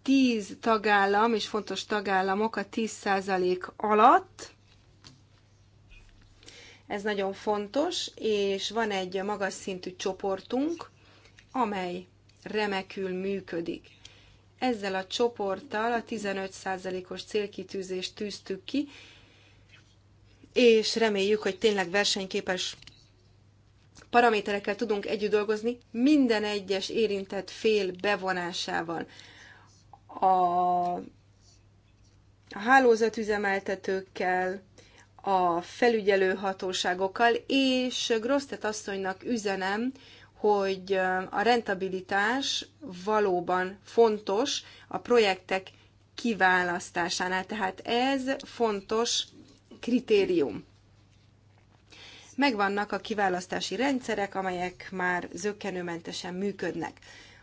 10 tagállam és fontos tagállamok a 10% alatt. Ez nagyon fontos, és van egy magas szintű csoportunk, amely remekül működik. Ezzel a csoporttal a 15%-os célkitűzést tűztük ki, és reméljük, hogy tényleg versenyképes paraméterekkel tudunk együtt dolgozni minden egyes érintett fél bevonásával a hálózatüzemeltetőkkel, a felügyelő hatóságokkal, és Grosztet asszonynak üzenem, hogy a rentabilitás valóban fontos a projektek kiválasztásánál, tehát ez fontos kritérium. Megvannak a kiválasztási rendszerek, amelyek már zöggenőmentesen működnek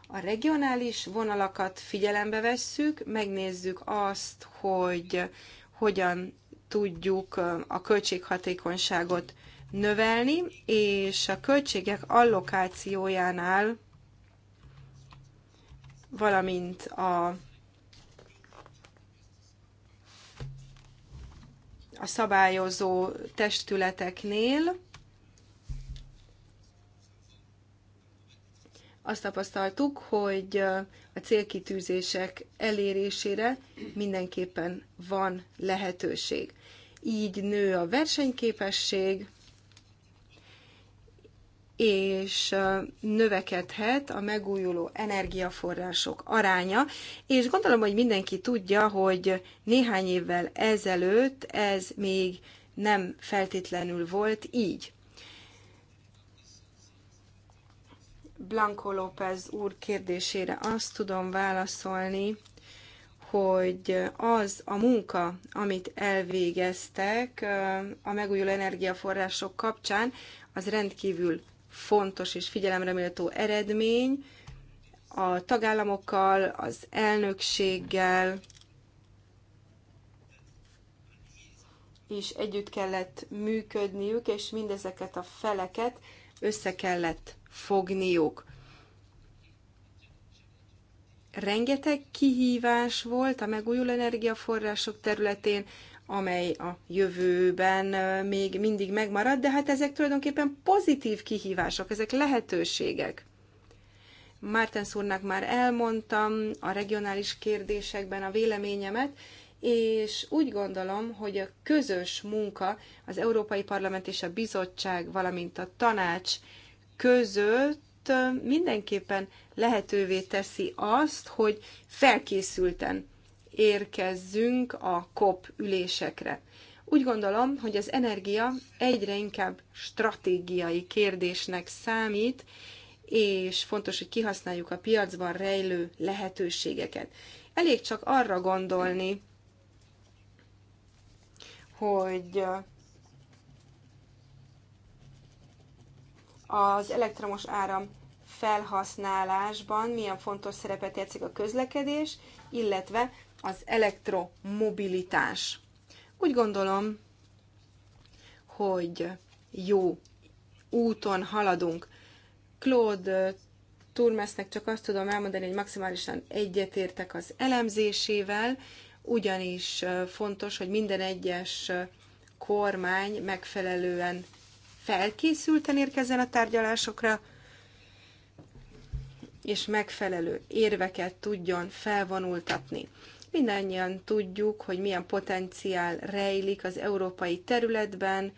a regionális vonalakat figyelembe vesszük, megnézzük azt, hogy hogyan tudjuk a költséghatékonyságot növelni, és a költségek allokációjánál, valamint a a szabályozó testületeknél azt tapasztaltuk, hogy a célkitűzések elérésére mindenképpen van lehetőség. Így nő a versenyképesség, és növekedhet a megújuló energiaforrások aránya, és gondolom, hogy mindenki tudja, hogy néhány évvel ezelőtt ez még nem feltétlenül volt így. Blanco López úr kérdésére azt tudom válaszolni, hogy az a munka, amit elvégeztek a megújuló energiaforrások kapcsán, az rendkívül fontos és figyelemre méltó eredmény a tagállamokkal, az elnökséggel, is együtt kellett működniük, és mindezeket a feleket össze kellett fogniuk. Rengeteg kihívás volt a megújuló energiaforrások területén, amely a jövőben még mindig megmarad, de hát ezek tulajdonképpen pozitív kihívások, ezek lehetőségek. Márten úrnak már elmondtam a regionális kérdésekben a véleményemet, és úgy gondolom, hogy a közös munka az Európai Parlament és a Bizottság, valamint a tanács között mindenképpen lehetővé teszi azt, hogy felkészülten érkezzünk a COP ülésekre. Úgy gondolom, hogy az energia egyre inkább stratégiai kérdésnek számít, és fontos, hogy kihasználjuk a piacban rejlő lehetőségeket. Elég csak arra gondolni, hogy az elektromos áram felhasználásban milyen fontos szerepet játszik a közlekedés, illetve az elektromobilitás. Úgy gondolom, hogy jó úton haladunk. Claude Turmesnek csak azt tudom elmondani, hogy maximálisan egyetértek az elemzésével, ugyanis fontos, hogy minden egyes kormány megfelelően felkészülten érkezzen a tárgyalásokra, és megfelelő érveket tudjon felvonultatni. Mindennyian tudjuk, hogy milyen potenciál rejlik az európai területben,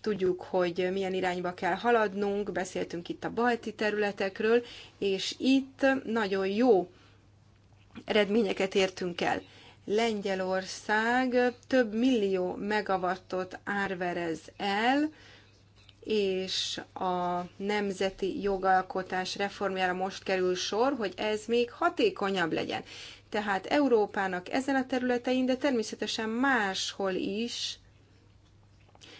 tudjuk, hogy milyen irányba kell haladnunk, beszéltünk itt a balti területekről, és itt nagyon jó eredményeket értünk el. Lengyelország több millió megavattot árverez el, és a nemzeti jogalkotás reformjára most kerül sor, hogy ez még hatékonyabb legyen. Tehát Európának ezen a területein, de természetesen máshol is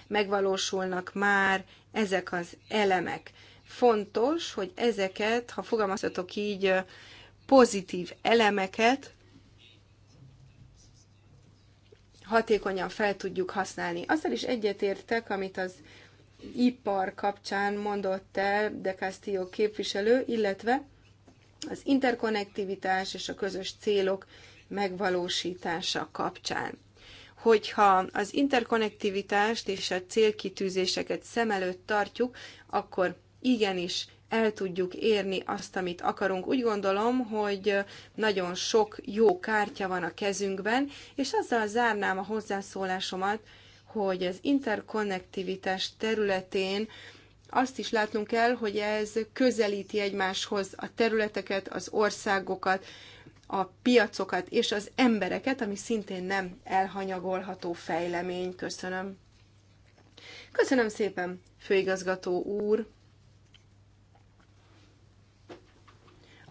megvalósulnak már ezek az elemek. Fontos, hogy ezeket, ha fogalmazhatok így, pozitív elemeket hatékonyan fel tudjuk használni. Azzal is egyetértek, amit az ipar kapcsán mondott el de Castillo képviselő, illetve az interkonnektivitás és a közös célok megvalósítása kapcsán. Hogyha az interkonnektivitást és a célkitűzéseket szem előtt tartjuk, akkor igenis el tudjuk érni azt, amit akarunk. Úgy gondolom, hogy nagyon sok jó kártya van a kezünkben, és azzal zárnám a hozzászólásomat, hogy az interkonnektivitás területén azt is látnunk kell, hogy ez közelíti egymáshoz a területeket, az országokat, a piacokat és az embereket, ami szintén nem elhanyagolható fejlemény. Köszönöm. Köszönöm szépen, főigazgató úr.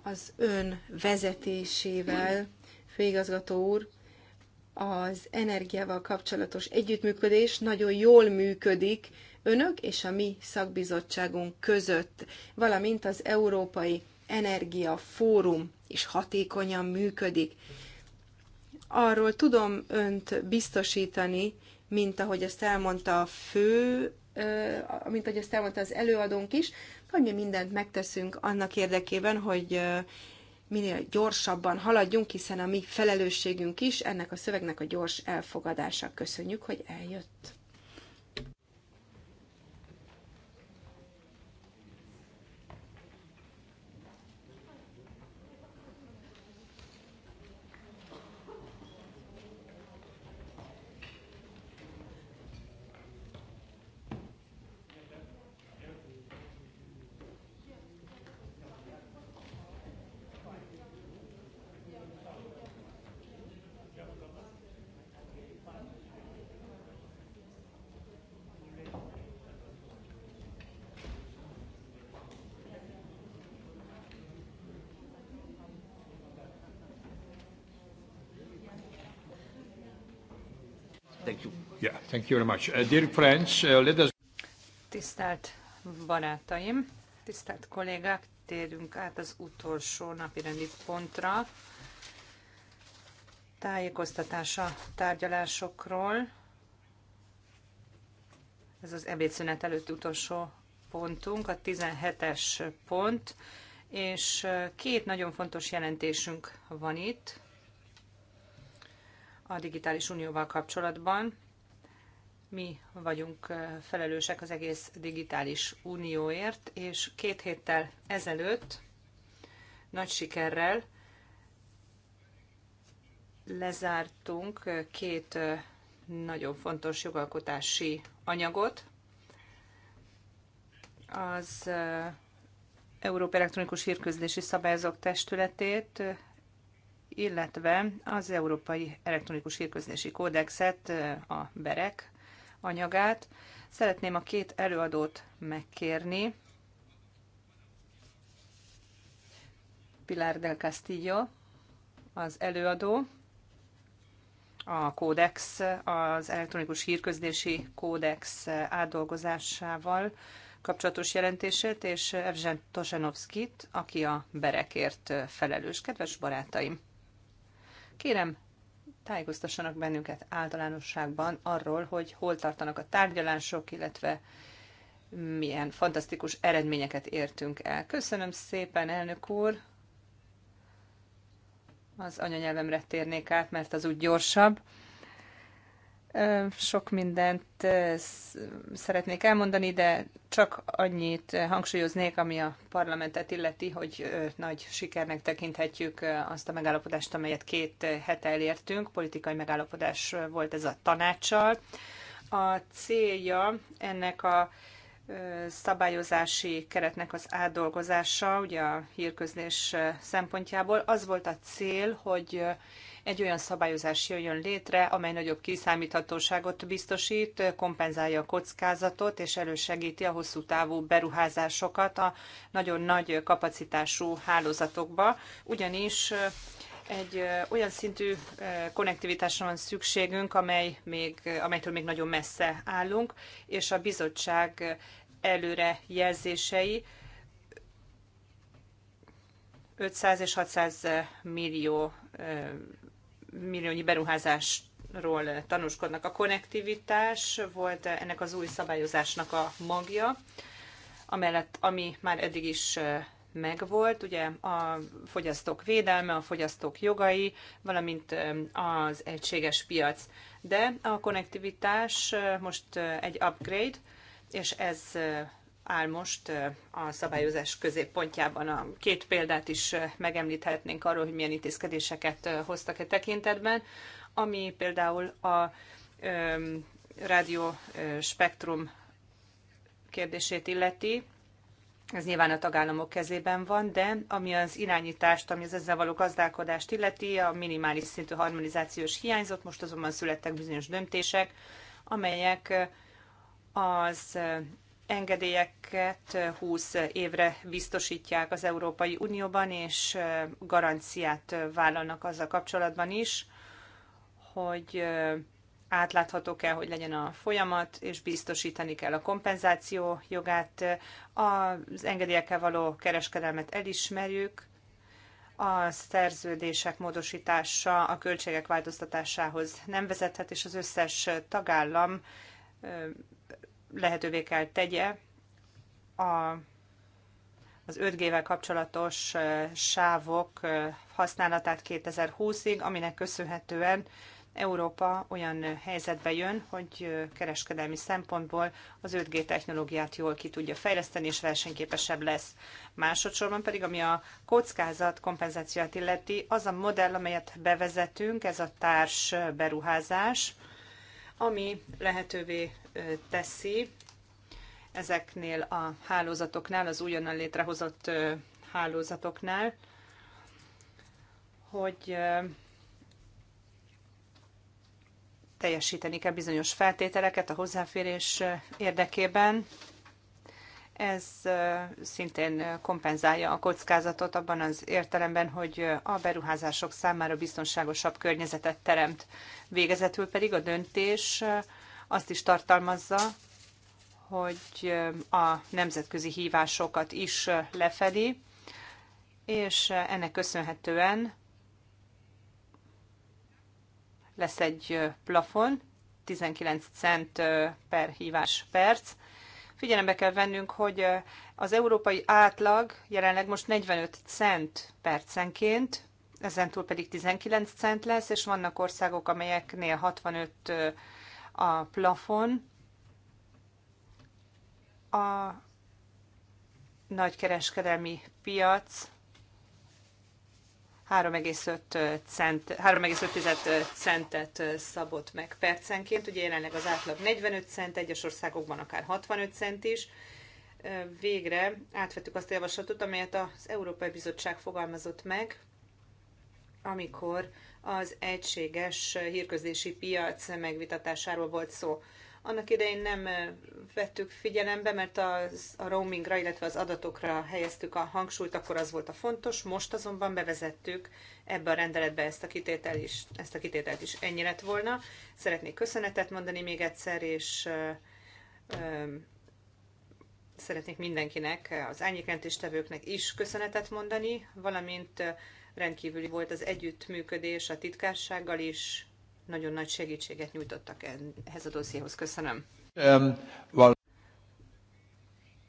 Az ön vezetésével, főigazgató úr, az energiával kapcsolatos együttműködés nagyon jól működik önök és a mi szakbizottságunk között, valamint az Európai Energia Fórum is hatékonyan működik. Arról tudom önt biztosítani, mint ahogy azt elmondta a fő, mint ahogy azt elmondta az előadónk is, hogy mi mindent megteszünk annak érdekében, hogy minél gyorsabban haladjunk, hiszen a mi felelősségünk is ennek a szövegnek a gyors elfogadása. Köszönjük, hogy eljött! Thank you. Yeah, thank you very much. Uh, dear friends, uh, let us... Tisztelt barátaim, tisztelt kollégák, térünk át az utolsó napirendi pontra. Tájékoztatása tárgyalásokról. Ez az ebédszünet előtt utolsó pontunk, a 17-es pont, és uh, két nagyon fontos jelentésünk van itt a digitális unióval kapcsolatban. Mi vagyunk felelősek az egész digitális unióért, és két héttel ezelőtt nagy sikerrel lezártunk két nagyon fontos jogalkotási anyagot. Az Európa Elektronikus Hírközlési Szabályozók Testületét illetve az Európai Elektronikus Hírközlési Kódexet, a BEREK anyagát. Szeretném a két előadót megkérni. Pilar del Castillo, az előadó, a kódex, az elektronikus hírközlési kódex átdolgozásával kapcsolatos jelentését, és Evzsen Tosenovskit, aki a berekért felelős. Kedves barátaim! Kérem, tájékoztassanak bennünket általánosságban arról, hogy hol tartanak a tárgyalások, illetve milyen fantasztikus eredményeket értünk el. Köszönöm szépen, elnök úr! Az anyanyelvemre térnék át, mert az úgy gyorsabb. Sok mindent szeretnék elmondani, de csak annyit hangsúlyoznék, ami a parlamentet illeti, hogy nagy sikernek tekinthetjük azt a megállapodást, amelyet két hete elértünk. Politikai megállapodás volt ez a tanácssal. A célja ennek a szabályozási keretnek az átdolgozása, ugye a hírközlés szempontjából. Az volt a cél, hogy egy olyan szabályozás jöjjön létre, amely nagyobb kiszámíthatóságot biztosít, kompenzálja a kockázatot és elősegíti a hosszú távú beruházásokat a nagyon nagy kapacitású hálózatokba, ugyanis egy olyan szintű konnektivitásra van szükségünk, amely még, amelytől még nagyon messze állunk, és a bizottság előre jelzései 500 és 600 millió milliónyi beruházásról tanúskodnak. A konnektivitás volt ennek az új szabályozásnak a magja, amellett, ami már eddig is megvolt, ugye a fogyasztók védelme, a fogyasztók jogai, valamint az egységes piac. De a konnektivitás most egy upgrade, és ez áll most a szabályozás középpontjában. A két példát is megemlíthetnénk arról, hogy milyen intézkedéseket hoztak e tekintetben, ami például a rádió spektrum kérdését illeti, ez nyilván a tagállamok kezében van, de ami az irányítást, ami az ezzel való gazdálkodást illeti, a minimális szintű harmonizációs hiányzott, most azonban születtek bizonyos döntések, amelyek az engedélyeket 20 évre biztosítják az Európai Unióban, és garanciát vállalnak azzal kapcsolatban is, hogy átlátható kell, hogy legyen a folyamat, és biztosítani kell a kompenzáció jogát, az engedélyekkel való kereskedelmet elismerjük, a szerződések módosítása a költségek változtatásához nem vezethet, és az összes tagállam lehetővé kell tegye a az 5G-vel kapcsolatos sávok használatát 2020-ig, aminek köszönhetően Európa olyan helyzetbe jön, hogy kereskedelmi szempontból az 5G technológiát jól ki tudja fejleszteni, és versenyképesebb lesz. Másodszorban pedig, ami a kockázat kompenzációt illeti, az a modell, amelyet bevezetünk, ez a társ beruházás, ami lehetővé teszi ezeknél a hálózatoknál, az újonnan létrehozott hálózatoknál, hogy teljesíteni kell bizonyos feltételeket a hozzáférés érdekében, ez szintén kompenzálja a kockázatot abban az értelemben, hogy a beruházások számára biztonságosabb környezetet teremt. Végezetül pedig a döntés azt is tartalmazza, hogy a nemzetközi hívásokat is lefedi, és ennek köszönhetően lesz egy plafon, 19 cent per hívás perc, Figyelembe kell vennünk, hogy az európai átlag jelenleg most 45 cent percenként, ezen túl pedig 19 cent lesz, és vannak országok, amelyeknél 65 a plafon. A nagykereskedelmi piac 3,5 cent, 3,5 centet szabott meg percenként, ugye jelenleg az átlag 45 cent, egyes országokban akár 65 cent is. Végre átvettük azt a javaslatot, amelyet az Európai Bizottság fogalmazott meg, amikor az egységes hírközlési piac megvitatásáról volt szó. Annak idején nem vettük figyelembe, mert az, a roamingra, illetve az adatokra helyeztük a hangsúlyt, akkor az volt a fontos, most azonban bevezettük ebbe a rendeletbe ezt a, kitétel is, ezt a kitételt is. Ennyi lett volna. Szeretnék köszönetet mondani még egyszer, és ö, ö, szeretnék mindenkinek, az árnyékentéstevőknek is köszönetet mondani, valamint rendkívüli volt az együttműködés a titkársággal is, nagyon nagy segítséget nyújtottak ehhez a dossziéhoz. Köszönöm. Um, well.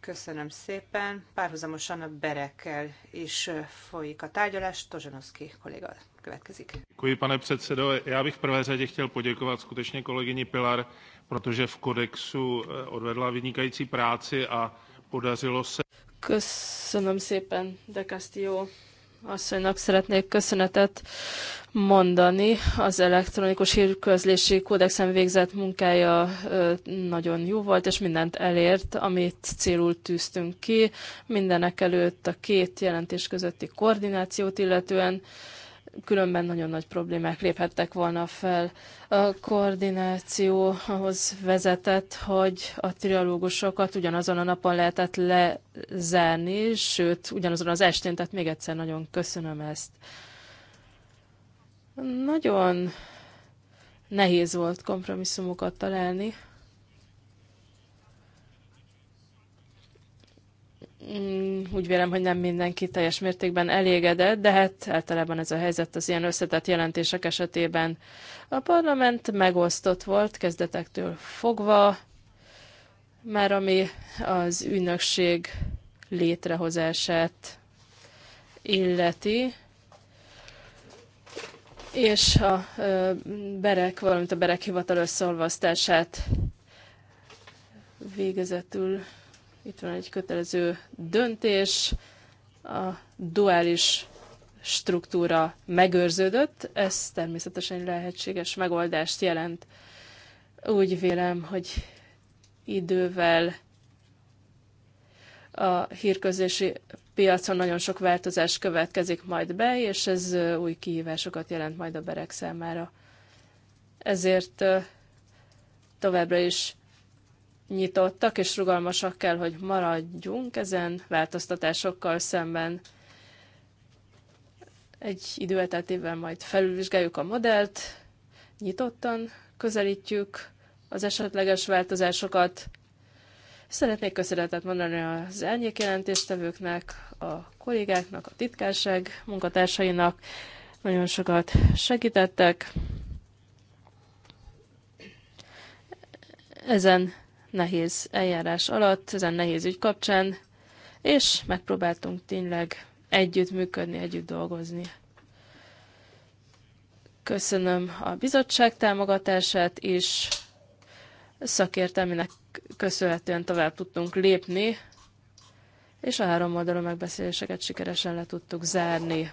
Köszönöm szépen. Párhuzamosan a berekkel is folyik a tárgyalás. Tozsanoszki kolléga következik. Děkuji, pane předsedo. Já bych v prvé řadě chtěl poděkovat skutečně kolegyni Pilar, protože v kodexu eh, odvedla vynikající práci a podařilo se. Köszönöm szépen, de Castillo asszonynak szeretnék köszönetet mondani. Az elektronikus hírközlési kódexen végzett munkája nagyon jó volt, és mindent elért, amit célul tűztünk ki. Mindenek előtt a két jelentés közötti koordinációt illetően, különben nagyon nagy problémák léphettek volna fel. A koordináció ahhoz vezetett, hogy a trialógusokat ugyanazon a napon lehetett lezárni, sőt, ugyanazon az estén, tehát még egyszer nagyon köszönöm ezt. Nagyon nehéz volt kompromisszumokat találni. Mm, úgy vélem, hogy nem mindenki teljes mértékben elégedett, de hát általában ez a helyzet az ilyen összetett jelentések esetében. A parlament megosztott volt kezdetektől fogva, már ami az ünnökség létrehozását illeti, és a berek, valamint a berek hivatal összeolvasztását végezetül itt van egy kötelező döntés, a duális struktúra megőrződött, ez természetesen lehetséges megoldást jelent. Úgy vélem, hogy idővel a hírközlési piacon nagyon sok változás következik majd be, és ez új kihívásokat jelent majd a berek számára. Ezért továbbra is nyitottak és rugalmasak kell, hogy maradjunk ezen változtatásokkal szemben. Egy idő elteltével majd felülvizsgáljuk a modellt, nyitottan közelítjük az esetleges változásokat. Szeretnék köszönetet mondani az elnyék jelentéstevőknek, a kollégáknak, a titkárság munkatársainak. Nagyon sokat segítettek. Ezen nehéz eljárás alatt, ezen nehéz ügy kapcsán, és megpróbáltunk tényleg együtt működni, együtt dolgozni. Köszönöm a bizottság támogatását is, szakértelmének köszönhetően tovább tudtunk lépni, és a három oldalú megbeszéléseket sikeresen le tudtuk zárni.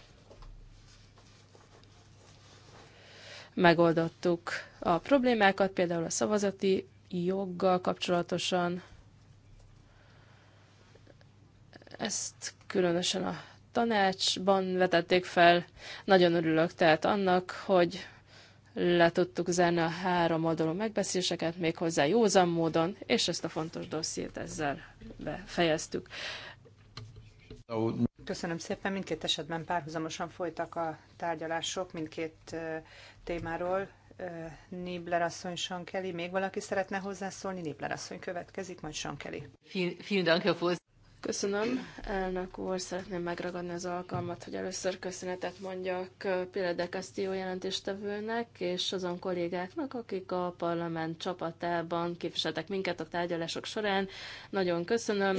Megoldottuk a problémákat, például a szavazati joggal kapcsolatosan. Ezt különösen a tanácsban vetették fel. Nagyon örülök tehát annak, hogy le tudtuk zárni a három oldalú megbeszéléseket méghozzá józan módon, és ezt a fontos dossziét ezzel befejeztük. Köszönöm szépen, mindkét esetben párhuzamosan folytak a tárgyalások mindkét témáról, Nibler asszony, Sankeli. Még valaki szeretne hozzászólni? Nibler asszony következik, majd Sankeli. Vielen Köszönöm. Elnök úr, szeretném megragadni az alkalmat, hogy először köszönetet mondjak például de Castillo jelentéstevőnek és azon kollégáknak, akik a parlament csapatában képviseltek minket a tárgyalások során. Nagyon köszönöm.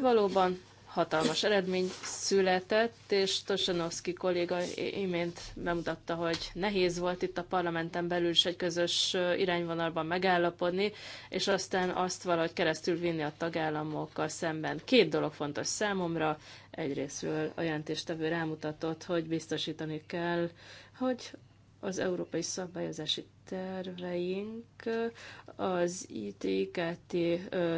Valóban hatalmas eredmény született, és Tosanowski kolléga imént bemutatta, hogy nehéz volt itt a parlamenten belül is egy közös irányvonalban megállapodni, és aztán azt valahogy keresztül vinni a tagállamokkal szemben. Két dolog fontos számomra. Egyrésztről a jelentéstevő rámutatott, hogy biztosítani kell, hogy az európai szabályozási terveink az ITKT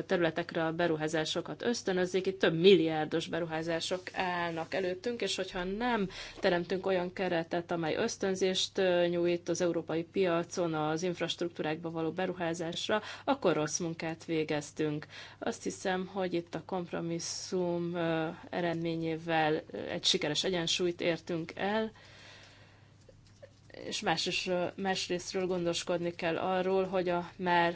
területekre a beruházásokat ösztönözzék. Itt több milliárdos beruházások állnak előttünk, és hogyha nem teremtünk olyan keretet, amely ösztönzést nyújt az európai piacon az infrastruktúrákba való beruházásra, akkor rossz munkát végeztünk. Azt hiszem, hogy itt a kompromisszum eredményével egy sikeres egyensúlyt értünk el, és más is, másrésztről gondoskodni kell arról, hogy a már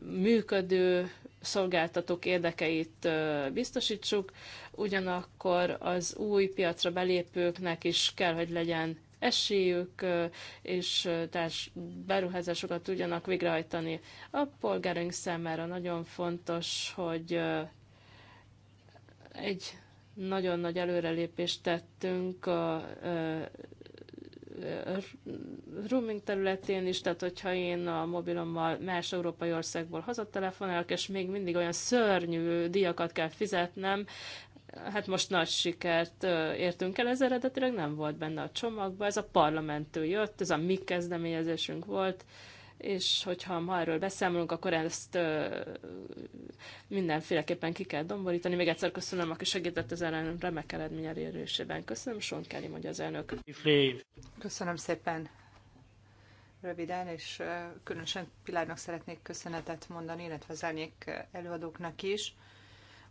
működő szolgáltatók érdekeit biztosítsuk, ugyanakkor az új piacra belépőknek is kell, hogy legyen esélyük, és társ beruházásokat tudjanak végrehajtani. A polgárunk számára nagyon fontos, hogy egy nagyon nagy előrelépést tettünk a roaming területén is, tehát hogyha én a mobilommal más európai országból hazatelefonálok, és még mindig olyan szörnyű díjakat kell fizetnem, hát most nagy sikert értünk el, ez eredetileg nem volt benne a csomagban, ez a parlamenttől jött, ez a mi kezdeményezésünk volt, és hogyha ma erről beszámolunk, akkor ezt ö, mindenféleképpen ki kell domborítani. Még egyszer köszönöm, aki segített az ellen remek eredmény elérésében. Köszönöm, Sean Kelly, mondja az elnök. Köszönöm szépen röviden, és különösen Pilárnak szeretnék köszönetet mondani, illetve az előadóknak is,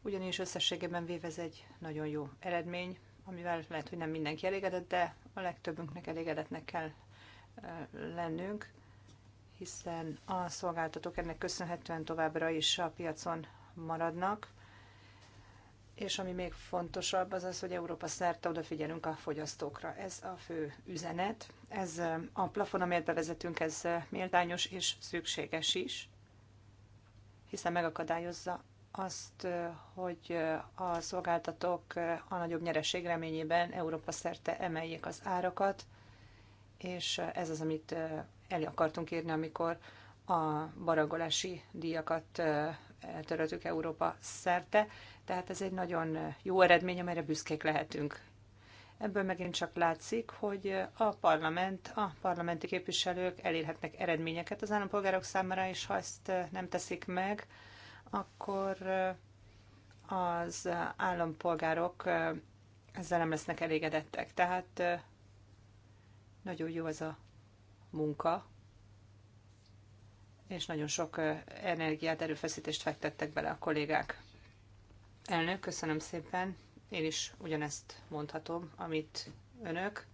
ugyanis összességében véve ez egy nagyon jó eredmény, amivel lehet, hogy nem mindenki elégedett, de a legtöbbünknek elégedettnek kell lennünk hiszen a szolgáltatók ennek köszönhetően továbbra is a piacon maradnak, és ami még fontosabb, az az, hogy Európa szerte odafigyelünk a fogyasztókra. Ez a fő üzenet. Ez a plafon, amelyet bevezetünk, ez méltányos és szükséges is, hiszen megakadályozza azt, hogy a szolgáltatók a nagyobb nyereség reményében Európa szerte emeljék az árakat, és ez az, amit el akartunk érni, amikor a baragolási díjakat eltöröltük Európa szerte, tehát ez egy nagyon jó eredmény, amelyre büszkék lehetünk. Ebből megint csak látszik, hogy a parlament, a parlamenti képviselők elérhetnek eredményeket az állampolgárok számára, és ha ezt nem teszik meg, akkor az állampolgárok ezzel nem lesznek elégedettek. Tehát nagyon jó az a munka, és nagyon sok energiát, erőfeszítést fektettek bele a kollégák. Elnök, köszönöm szépen. Én is ugyanezt mondhatom, amit önök.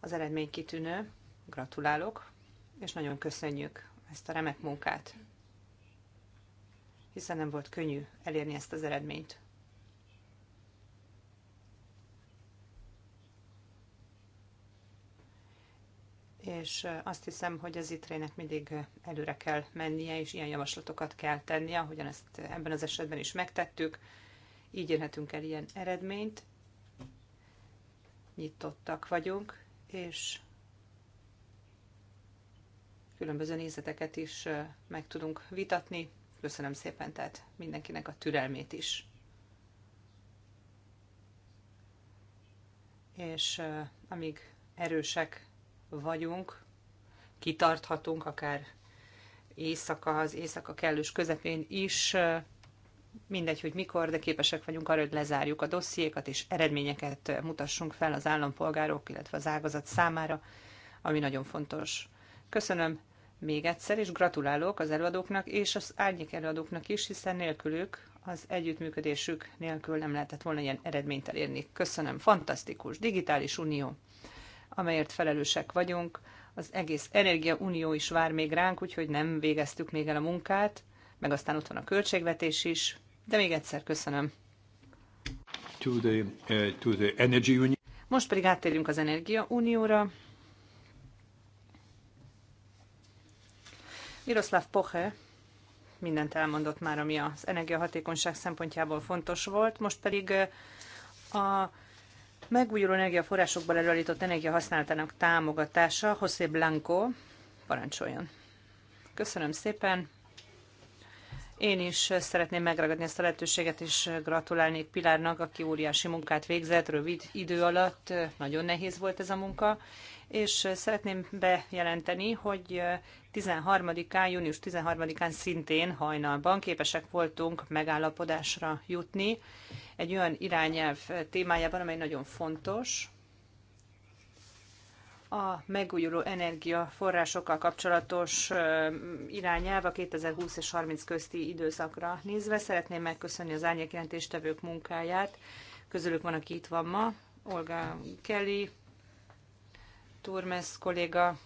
Az eredmény kitűnő. Gratulálok, és nagyon köszönjük ezt a remek munkát, hiszen nem volt könnyű elérni ezt az eredményt. és azt hiszem, hogy az itrének mindig előre kell mennie, és ilyen javaslatokat kell tennie, ahogyan ezt ebben az esetben is megtettük. Így érhetünk el ilyen eredményt. Nyitottak vagyunk, és különböző nézeteket is meg tudunk vitatni. Köszönöm szépen tehát mindenkinek a türelmét is. És amíg erősek vagyunk, kitarthatunk akár éjszaka, az éjszaka kellős közepén is, mindegy, hogy mikor, de képesek vagyunk arra, hogy lezárjuk a dossziékat, és eredményeket mutassunk fel az állampolgárok, illetve az ágazat számára, ami nagyon fontos. Köszönöm még egyszer, és gratulálok az előadóknak és az árnyék előadóknak is, hiszen nélkülük, az együttműködésük nélkül nem lehetett volna ilyen eredményt elérni. Köszönöm, fantasztikus, digitális unió amelyért felelősek vagyunk. Az egész Energia Unió is vár még ránk, úgyhogy nem végeztük még el a munkát, meg aztán ott van a költségvetés is, de még egyszer köszönöm. To the, uh, to the Energy Union. Most pedig áttérjünk az Energia Unióra. Miroslav Poche mindent elmondott már, ami az energiahatékonyság szempontjából fontos volt, most pedig eh, a megújuló energiaforrásokból előállított energiahasználatának támogatása. José Blanco, parancsoljon. Köszönöm szépen. Én is szeretném megragadni ezt a lehetőséget, és gratulálni Pilárnak, aki óriási munkát végzett rövid idő alatt. Nagyon nehéz volt ez a munka, és szeretném bejelenteni, hogy 13-án, június 13-án szintén hajnalban képesek voltunk megállapodásra jutni egy olyan irányelv témájában, amely nagyon fontos, a megújuló energiaforrásokkal kapcsolatos irányelv a 2020 és 30 közti időszakra nézve. Szeretném megköszönni az árnyékjelentéstevők munkáját. Közülük van, aki itt van ma, Olga Kelly, Turmes kolléga.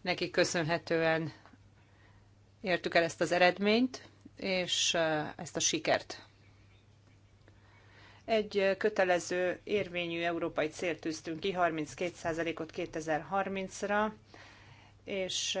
Nekik köszönhetően értük el ezt az eredményt, és ezt a sikert. Egy kötelező érvényű európai célt tűztünk ki, 32%-ot 2030-ra, és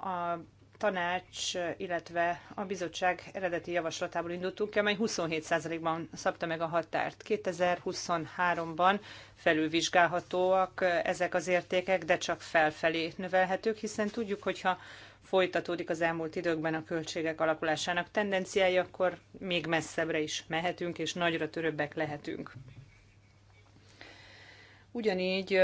a tanács, illetve a bizottság eredeti javaslatából indultunk ki, amely 27%-ban szabta meg a határt. 2023-ban felülvizsgálhatóak ezek az értékek, de csak felfelé növelhetők, hiszen tudjuk, hogyha folytatódik az elmúlt időkben a költségek alakulásának tendenciája, akkor még messzebbre is mehetünk, és nagyra törőbbek lehetünk. Ugyanígy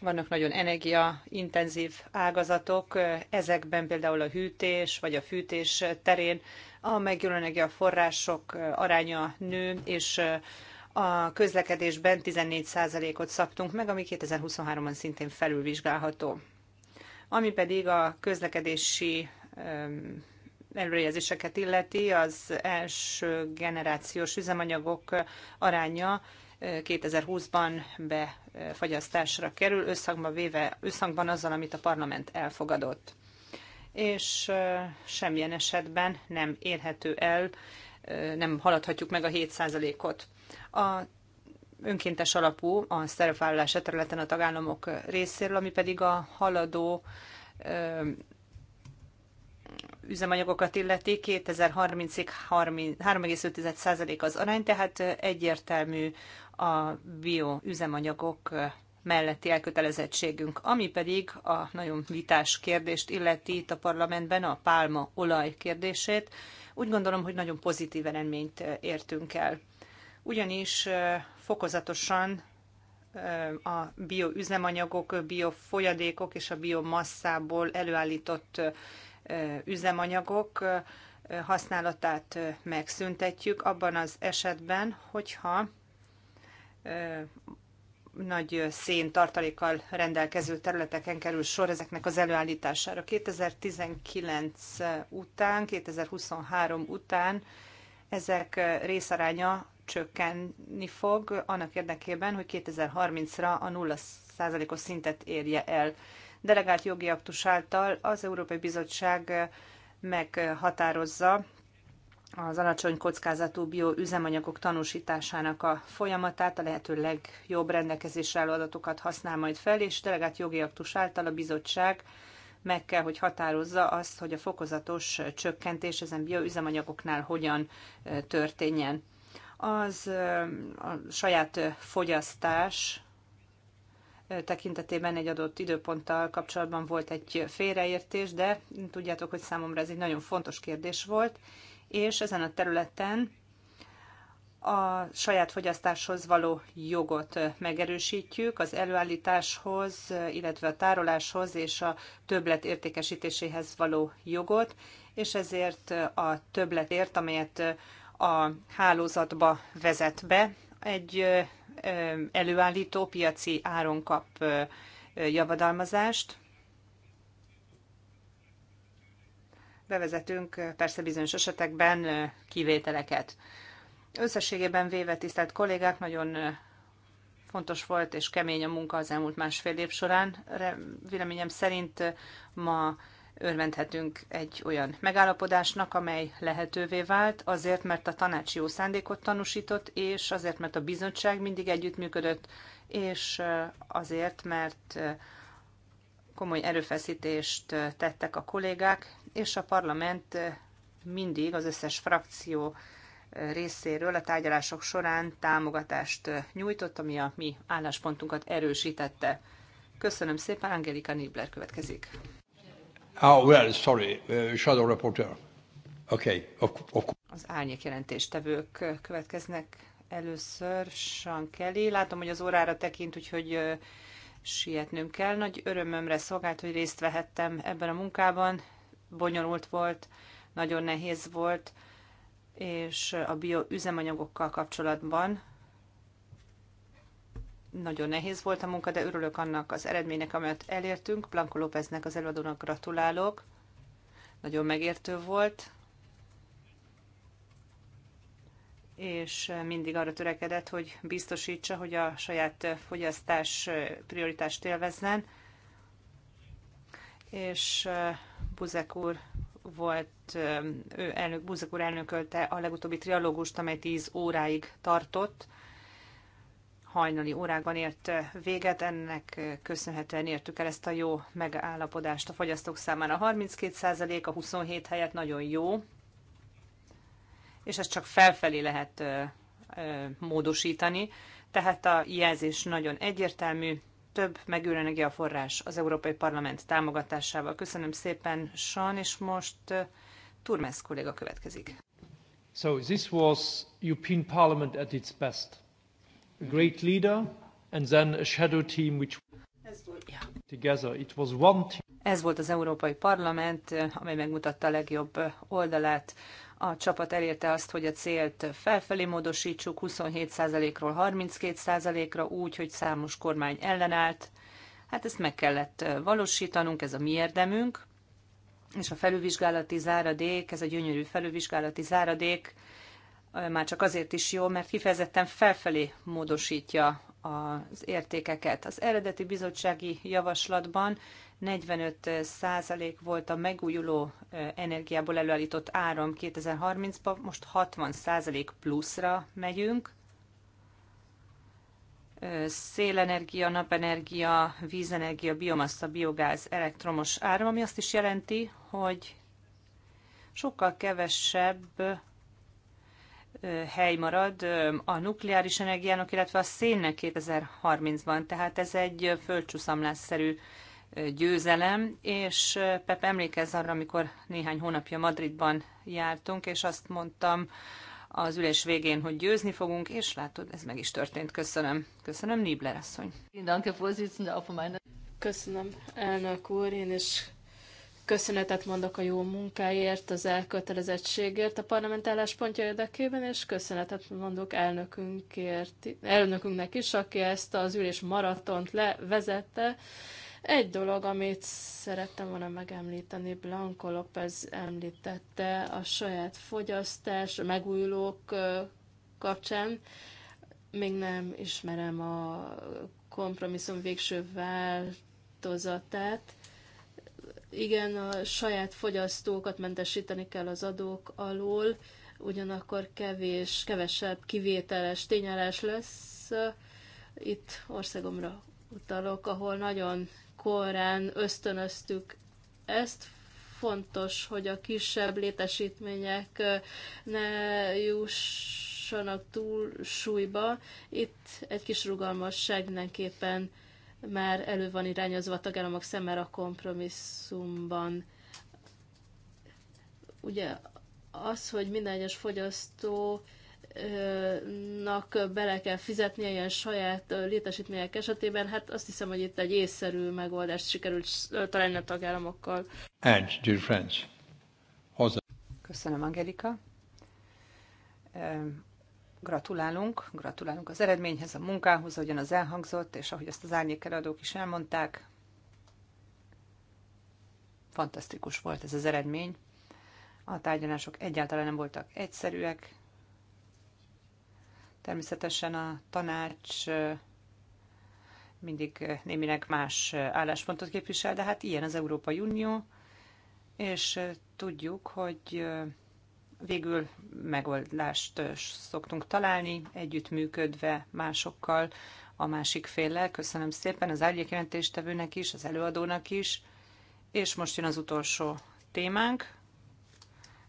vannak nagyon energiaintenzív ágazatok, ezekben például a hűtés vagy a fűtés terén a a energiaforrások aránya nő, és a közlekedésben 14%-ot szabtunk meg, ami 2023-ban szintén felülvizsgálható. Ami pedig a közlekedési előrejelzéseket illeti, az első generációs üzemanyagok aránya 2020-ban eh, befagyasztásra kerül, összhangban véve, összhangban azzal, amit a parlament elfogadott. És eh, semmilyen esetben nem érhető el, eh, nem haladhatjuk meg a 7%-ot. A önkéntes alapú a szerepvállalása területen a tagállamok részéről, ami pedig a haladó üzemanyagokat illeti, 2030-ig 3,5% az arány, tehát egyértelmű a bioüzemanyagok melletti elkötelezettségünk, ami pedig a nagyon vitás kérdést illeti itt a parlamentben, a pálma olaj kérdését. Úgy gondolom, hogy nagyon pozitív eredményt értünk el. Ugyanis fokozatosan a bioüzemanyagok, biofolyadékok és a biomasszából előállított üzemanyagok használatát megszüntetjük abban az esetben, hogyha nagy szén tartalékkal rendelkező területeken kerül sor ezeknek az előállítására. 2019 után, 2023 után ezek részaránya csökkenni fog annak érdekében, hogy 2030-ra a 0%-os szintet érje el. Delegált jogi aktus által az Európai Bizottság meghatározza az alacsony kockázatú bioüzemanyagok tanúsításának a folyamatát, a lehető legjobb rendelkezésre álló adatokat használ majd fel, és delegált jogi aktus által a bizottság meg kell, hogy határozza azt, hogy a fokozatos csökkentés ezen bioüzemanyagoknál hogyan történjen az a saját fogyasztás tekintetében egy adott időponttal kapcsolatban volt egy félreértés, de tudjátok, hogy számomra ez egy nagyon fontos kérdés volt, és ezen a területen a saját fogyasztáshoz való jogot megerősítjük, az előállításhoz, illetve a tároláshoz és a többlet értékesítéséhez való jogot, és ezért a többletért, amelyet a hálózatba vezet be, egy előállító piaci áron kap javadalmazást. Bevezetünk persze bizonyos esetekben kivételeket. Összességében véve, tisztelt kollégák, nagyon fontos volt és kemény a munka az elmúlt másfél év során. Véleményem szerint ma örvendhetünk egy olyan megállapodásnak, amely lehetővé vált, azért, mert a tanács jó szándékot tanúsított, és azért, mert a bizottság mindig együttműködött, és azért, mert komoly erőfeszítést tettek a kollégák, és a parlament mindig az összes frakció részéről a tárgyalások során támogatást nyújtott, ami a mi álláspontunkat erősítette. Köszönöm szépen, Angelika Nibler következik. Oh, well, sorry, uh, shadow reporter. Okay, of, of... Az árnyék jelentéstevők következnek először. Sean Kelly. Látom, hogy az órára tekint, úgyhogy sietnünk kell. Nagy örömömre szolgált, hogy részt vehettem ebben a munkában. Bonyolult volt, nagyon nehéz volt, és a bioüzemanyagokkal kapcsolatban nagyon nehéz volt a munka, de örülök annak az eredménynek, amelyet elértünk. Blanco Lópeznek, az előadónak gratulálok. Nagyon megértő volt. és mindig arra törekedett, hogy biztosítsa, hogy a saját fogyasztás prioritást élvezzen. És Buzek úr volt, ő elnök, Buzek úr elnökölte a legutóbbi trialógust, amely 10 óráig tartott, hajnali órákban ért véget, ennek köszönhetően értük el ezt a jó megállapodást a fogyasztók számára. 32% a 27 helyett nagyon jó, és ezt csak felfelé lehet módosítani, tehát a jelzés nagyon egyértelmű, több a forrás az Európai Parlament támogatásával. Köszönöm szépen, Sean, és most Turmes kolléga következik. So this was European Parliament at its best great leader, and then a shadow team which together. It was one team. Ez volt az Európai Parlament, amely megmutatta a legjobb oldalát. A csapat elérte azt, hogy a célt felfelé módosítsuk 27%-ról 32%-ra úgy, hogy számos kormány ellenállt. Hát ezt meg kellett valósítanunk, ez a mi érdemünk. És a felülvizsgálati záradék, ez a gyönyörű felülvizsgálati záradék, már csak azért is jó, mert kifejezetten felfelé módosítja az értékeket. Az eredeti bizottsági javaslatban 45 százalék volt a megújuló energiából előállított áram 2030-ban, most 60 százalék pluszra megyünk. Szélenergia, napenergia, vízenergia, biomassa, biogáz, elektromos áram, ami azt is jelenti, hogy sokkal kevesebb hely marad a nukleáris energiának, illetve a szénnek 2030-ban. Tehát ez egy földcsúszamlásszerű győzelem, és Pep emlékez arra, amikor néhány hónapja Madridban jártunk, és azt mondtam az ülés végén, hogy győzni fogunk, és látod, ez meg is történt. Köszönöm. Köszönöm, Nibler asszony. Köszönöm, elnök úr, én is Köszönetet mondok a jó munkáért, az elkötelezettségért a parlament álláspontja érdekében, és köszönetet mondok elnökünkért, elnökünknek is, aki ezt az ülés maratont levezette. Egy dolog, amit szerettem volna megemlíteni, Blanco López említette a saját fogyasztás, megújulók kapcsán. Még nem ismerem a kompromisszum végső változatát, igen, a saját fogyasztókat mentesíteni kell az adók alól, ugyanakkor kevés, kevesebb kivételes tényállás lesz. Itt országomra utalok, ahol nagyon korán ösztönöztük ezt, fontos, hogy a kisebb létesítmények ne jussanak túl súlyba. Itt egy kis rugalmasság mindenképpen már elő van irányozva a tagállamok szemmel a kompromisszumban. Ugye az, hogy minden egyes fogyasztó nak bele kell fizetnie ilyen saját létesítmények esetében, hát azt hiszem, hogy itt egy észszerű megoldást sikerült találni a tagállamokkal. And, dear friends, Köszönöm, Angelika. Gratulálunk, gratulálunk az eredményhez, a munkához, ahogyan az elhangzott, és ahogy ezt az árnyékeladók is elmondták. Fantasztikus volt ez az eredmény. A tárgyalások egyáltalán nem voltak egyszerűek. Természetesen a tanács mindig némileg más álláspontot képvisel, de hát ilyen az Európai Unió, és tudjuk, hogy Végül megoldást szoktunk találni, együttműködve másokkal, a másik féllel. Köszönöm szépen az árnyékjelentéstevőnek is, az előadónak is. És most jön az utolsó témánk.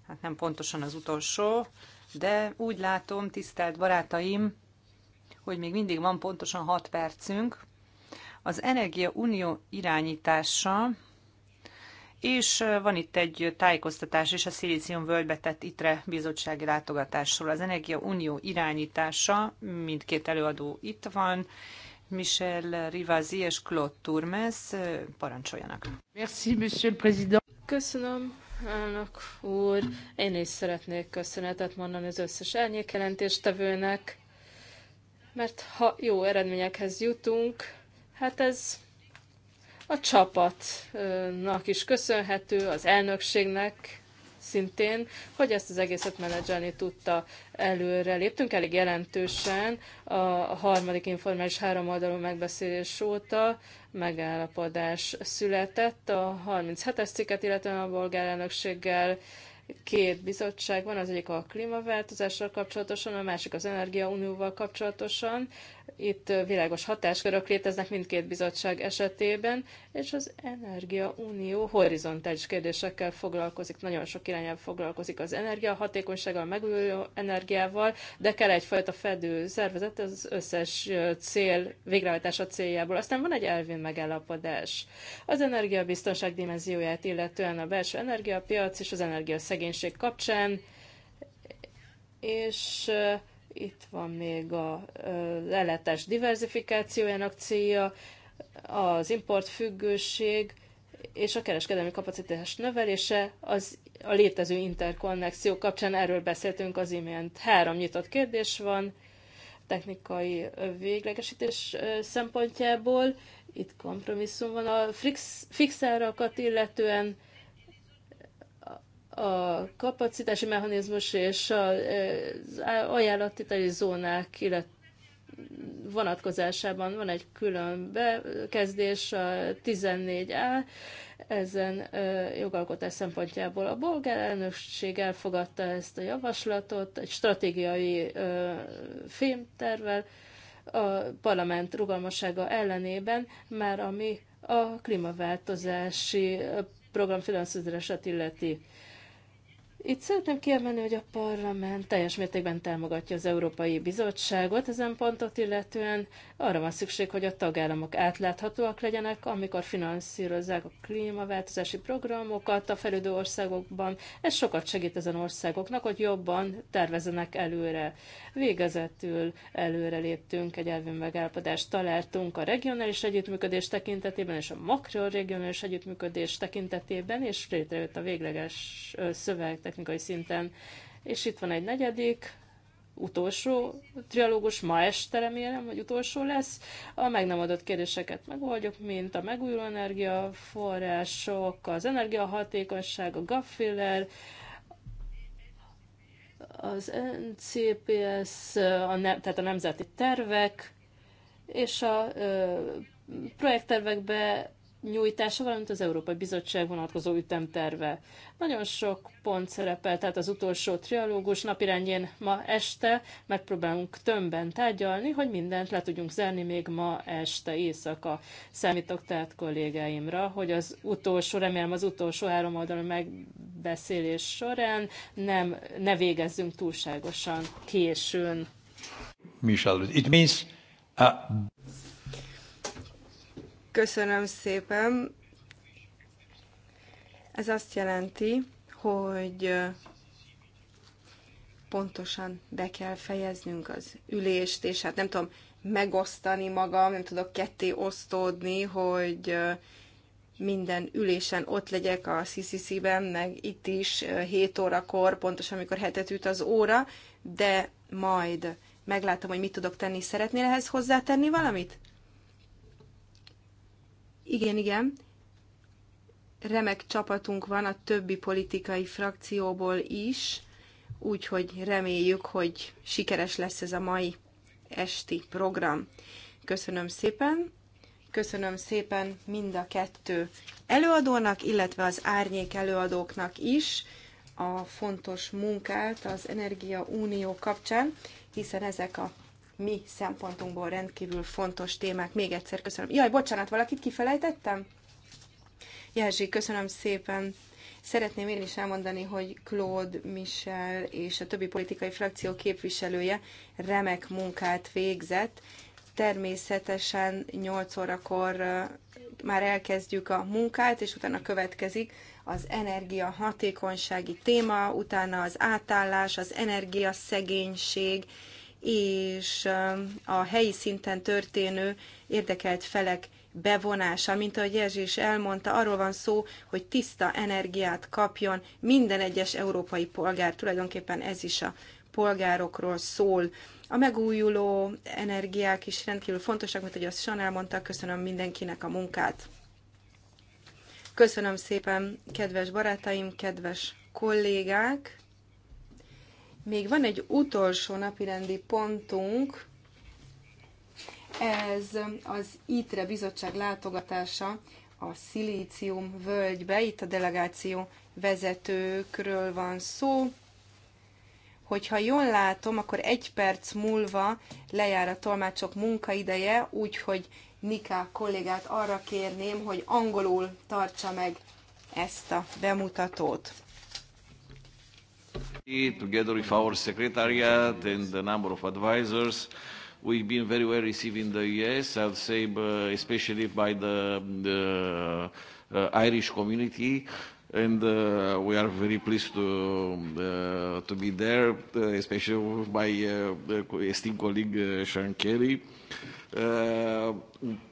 Hát nem pontosan az utolsó, de úgy látom, tisztelt barátaim, hogy még mindig van pontosan 6 percünk. Az Energia Unió irányítása és van itt egy tájékoztatás is a Szilícium völgybe tett ITRE bizottsági látogatásról. Az Energia Unió irányítása, mindkét előadó itt van, Michel Rivazi és Claude Turmes, parancsoljanak. Merci, monsieur le président. Köszönöm, elnök úr. Én is szeretnék köszönetet mondani az összes árnyékjelentéstevőnek, mert ha jó eredményekhez jutunk, hát ez a csapatnak is köszönhető, az elnökségnek szintén, hogy ezt az egészet menedzselni tudta. Előre léptünk elég jelentősen a harmadik informális háromoldalú megbeszélés óta megállapodás született a 37-es cikket, illetve a bolgár elnökséggel két bizottság van, az egyik a klímaváltozással kapcsolatosan, a másik az energiaunióval kapcsolatosan, itt világos hatáskörök léteznek mindkét bizottság esetében, és az Energia Unió horizontális kérdésekkel foglalkozik, nagyon sok irányában foglalkozik az energia hatékonysággal, megújuló energiával, de kell egyfajta fedő szervezet az összes cél végrehajtása céljából. Aztán van egy elvén megállapodás. Az energiabiztonság dimenzióját, illetően a belső energiapiac és az energiaszegénység kapcsán, és itt van még a leletes diversifikációjának célja, az importfüggőség és a kereskedelmi kapacitás növelése az a létező interkonnexió kapcsán. Erről beszéltünk az imént. Három nyitott kérdés van technikai véglegesítés szempontjából. Itt kompromisszum van a fix, fixárakat illetően a kapacitási mechanizmus és az ajánlati zónák, illetve vonatkozásában van egy külön bekezdés, a 14A, ezen jogalkotás szempontjából. A bolgár elnökség elfogadta ezt a javaslatot egy stratégiai fémtervel a parlament rugalmassága ellenében, már ami a klímaváltozási program finanszírozását illeti. Itt szeretném kiemelni, hogy a parlament teljes mértékben támogatja az Európai Bizottságot ezen pontot, illetően arra van szükség, hogy a tagállamok átláthatóak legyenek, amikor finanszírozzák a klímaváltozási programokat a felüldő országokban. Ez sokat segít ezen országoknak, hogy jobban tervezenek előre. Végezetül előre léptünk, egy elvű megállapodást találtunk a regionális együttműködés tekintetében és a makroregionális együttműködés tekintetében, és létrejött a végleges szöveg technikai szinten. És itt van egy negyedik, utolsó trialógus, ma este remélem, hogy utolsó lesz. A meg nem adott kérdéseket megoldjuk, mint a megújuló energiaforrások, az energiahatékonyság, a gaffiller, az NCPS, a ne, tehát a nemzeti tervek, és a ö, projekttervekbe nyújtása, valamint az Európai Bizottság vonatkozó ütemterve. Nagyon sok pont szerepel, tehát az utolsó trialógus napirendjén ma este megpróbálunk tömbben tárgyalni, hogy mindent le tudjunk zárni még ma este éjszaka. Számítok tehát kollégáimra, hogy az utolsó, remélem az utolsó három oldalon megbeszélés során nem, ne végezzünk túlságosan későn. Michel, it means a... Uh, Köszönöm szépen. Ez azt jelenti, hogy pontosan be kell fejeznünk az ülést, és hát nem tudom megosztani magam, nem tudok ketté osztódni, hogy minden ülésen ott legyek a CCC-ben, meg itt is 7 órakor, pontosan amikor hetet üt az óra, de majd meglátom, hogy mit tudok tenni. Szeretnél ehhez hozzátenni valamit? Igen, igen. Remek csapatunk van a többi politikai frakcióból is, úgyhogy reméljük, hogy sikeres lesz ez a mai esti program. Köszönöm szépen! Köszönöm szépen mind a kettő előadónak, illetve az árnyék előadóknak is a fontos munkát az Energia Unió kapcsán, hiszen ezek a mi szempontunkból rendkívül fontos témák. Még egyszer köszönöm. Jaj, bocsánat, valakit kifelejtettem? Jerzsi, köszönöm szépen. Szeretném én is elmondani, hogy Claude Michel és a többi politikai frakció képviselője remek munkát végzett. Természetesen 8 órakor már elkezdjük a munkát, és utána következik az energia hatékonysági téma, utána az átállás, az energiaszegénység, szegénység, és a helyi szinten történő érdekelt felek bevonása, mint ahogy Jezsi is elmondta, arról van szó, hogy tiszta energiát kapjon minden egyes európai polgár, tulajdonképpen ez is a polgárokról szól. A megújuló energiák is rendkívül fontosak, mint ahogy azt Sean elmondta, köszönöm mindenkinek a munkát. Köszönöm szépen, kedves barátaim, kedves kollégák! Még van egy utolsó napirendi pontunk, ez az ITRE bizottság látogatása a Szilícium völgybe, itt a delegáció vezetőkről van szó. Hogyha jól látom, akkor egy perc múlva lejár a tolmácsok munkaideje, úgyhogy Niká kollégát arra kérném, hogy angolul tartsa meg ezt a bemutatót. Together with our secretariat and the number of advisors, we've been very well received in the US, I say, especially by the, the uh, Irish community. And uh, we are very pleased to, uh, to be there, uh, especially with my uh, esteemed colleague uh, Sean Kelly. Uh,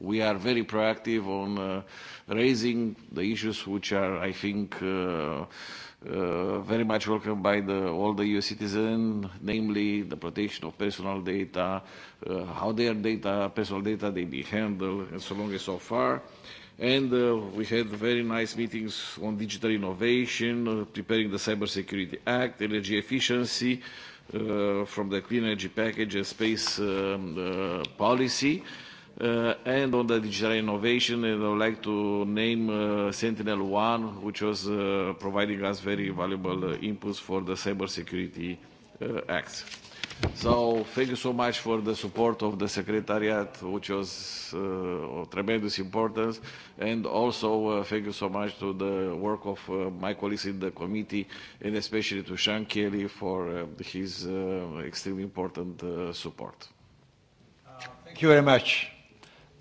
We are very proactive on uh, raising the issues which are, I think, uh, uh, very much welcomed by the, all the EU citizens, namely the protection of personal data, uh, how their data, personal data, they be handled, and so long and so far. And uh, we had very nice meetings on digital innovation, uh, preparing the Cybersecurity Act, energy efficiency uh, from the clean energy package and space um, uh, policy. Uh, Uh, and on the digital innovation, and I would like to name uh, Sentinel-1, which was uh, providing us very valuable uh, inputs for the Cybersecurity uh, acts. So thank you so much for the support of the Secretariat, which was uh, of tremendous importance, and also uh, thank you so much to the work of uh, my colleagues in the committee, and especially to Sean Kelly for uh, his uh, extremely important uh, support. Uh, thank you very much.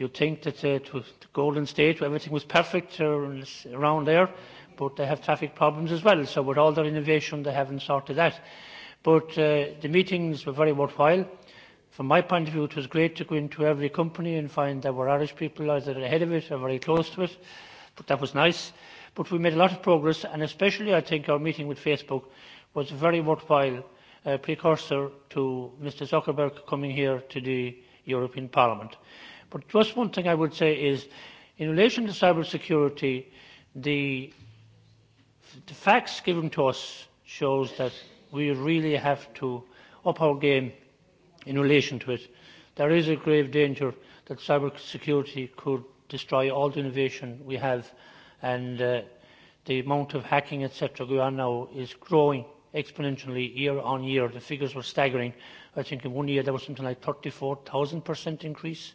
You think that uh, it was the Golden State, where everything was perfect uh, around there, but they have traffic problems as well. So with all their innovation, they haven't sorted that. But uh, the meetings were very worthwhile. From my point of view, it was great to go into every company and find there were Irish people either ahead of it or very close to it. But that was nice. But we made a lot of progress, and especially I think our meeting with Facebook was a very worthwhile uh, precursor to Mr Zuckerberg coming here to the European Parliament. But just one thing I would say is, in relation to cybersecurity, the, the facts given to us shows that we really have to up our game in relation to it. There is a grave danger that cybersecurity could destroy all the innovation we have, and uh, the amount of hacking, etc., going on now is growing exponentially year on year. The figures were staggering. I think in one year there was something like 34,000% increase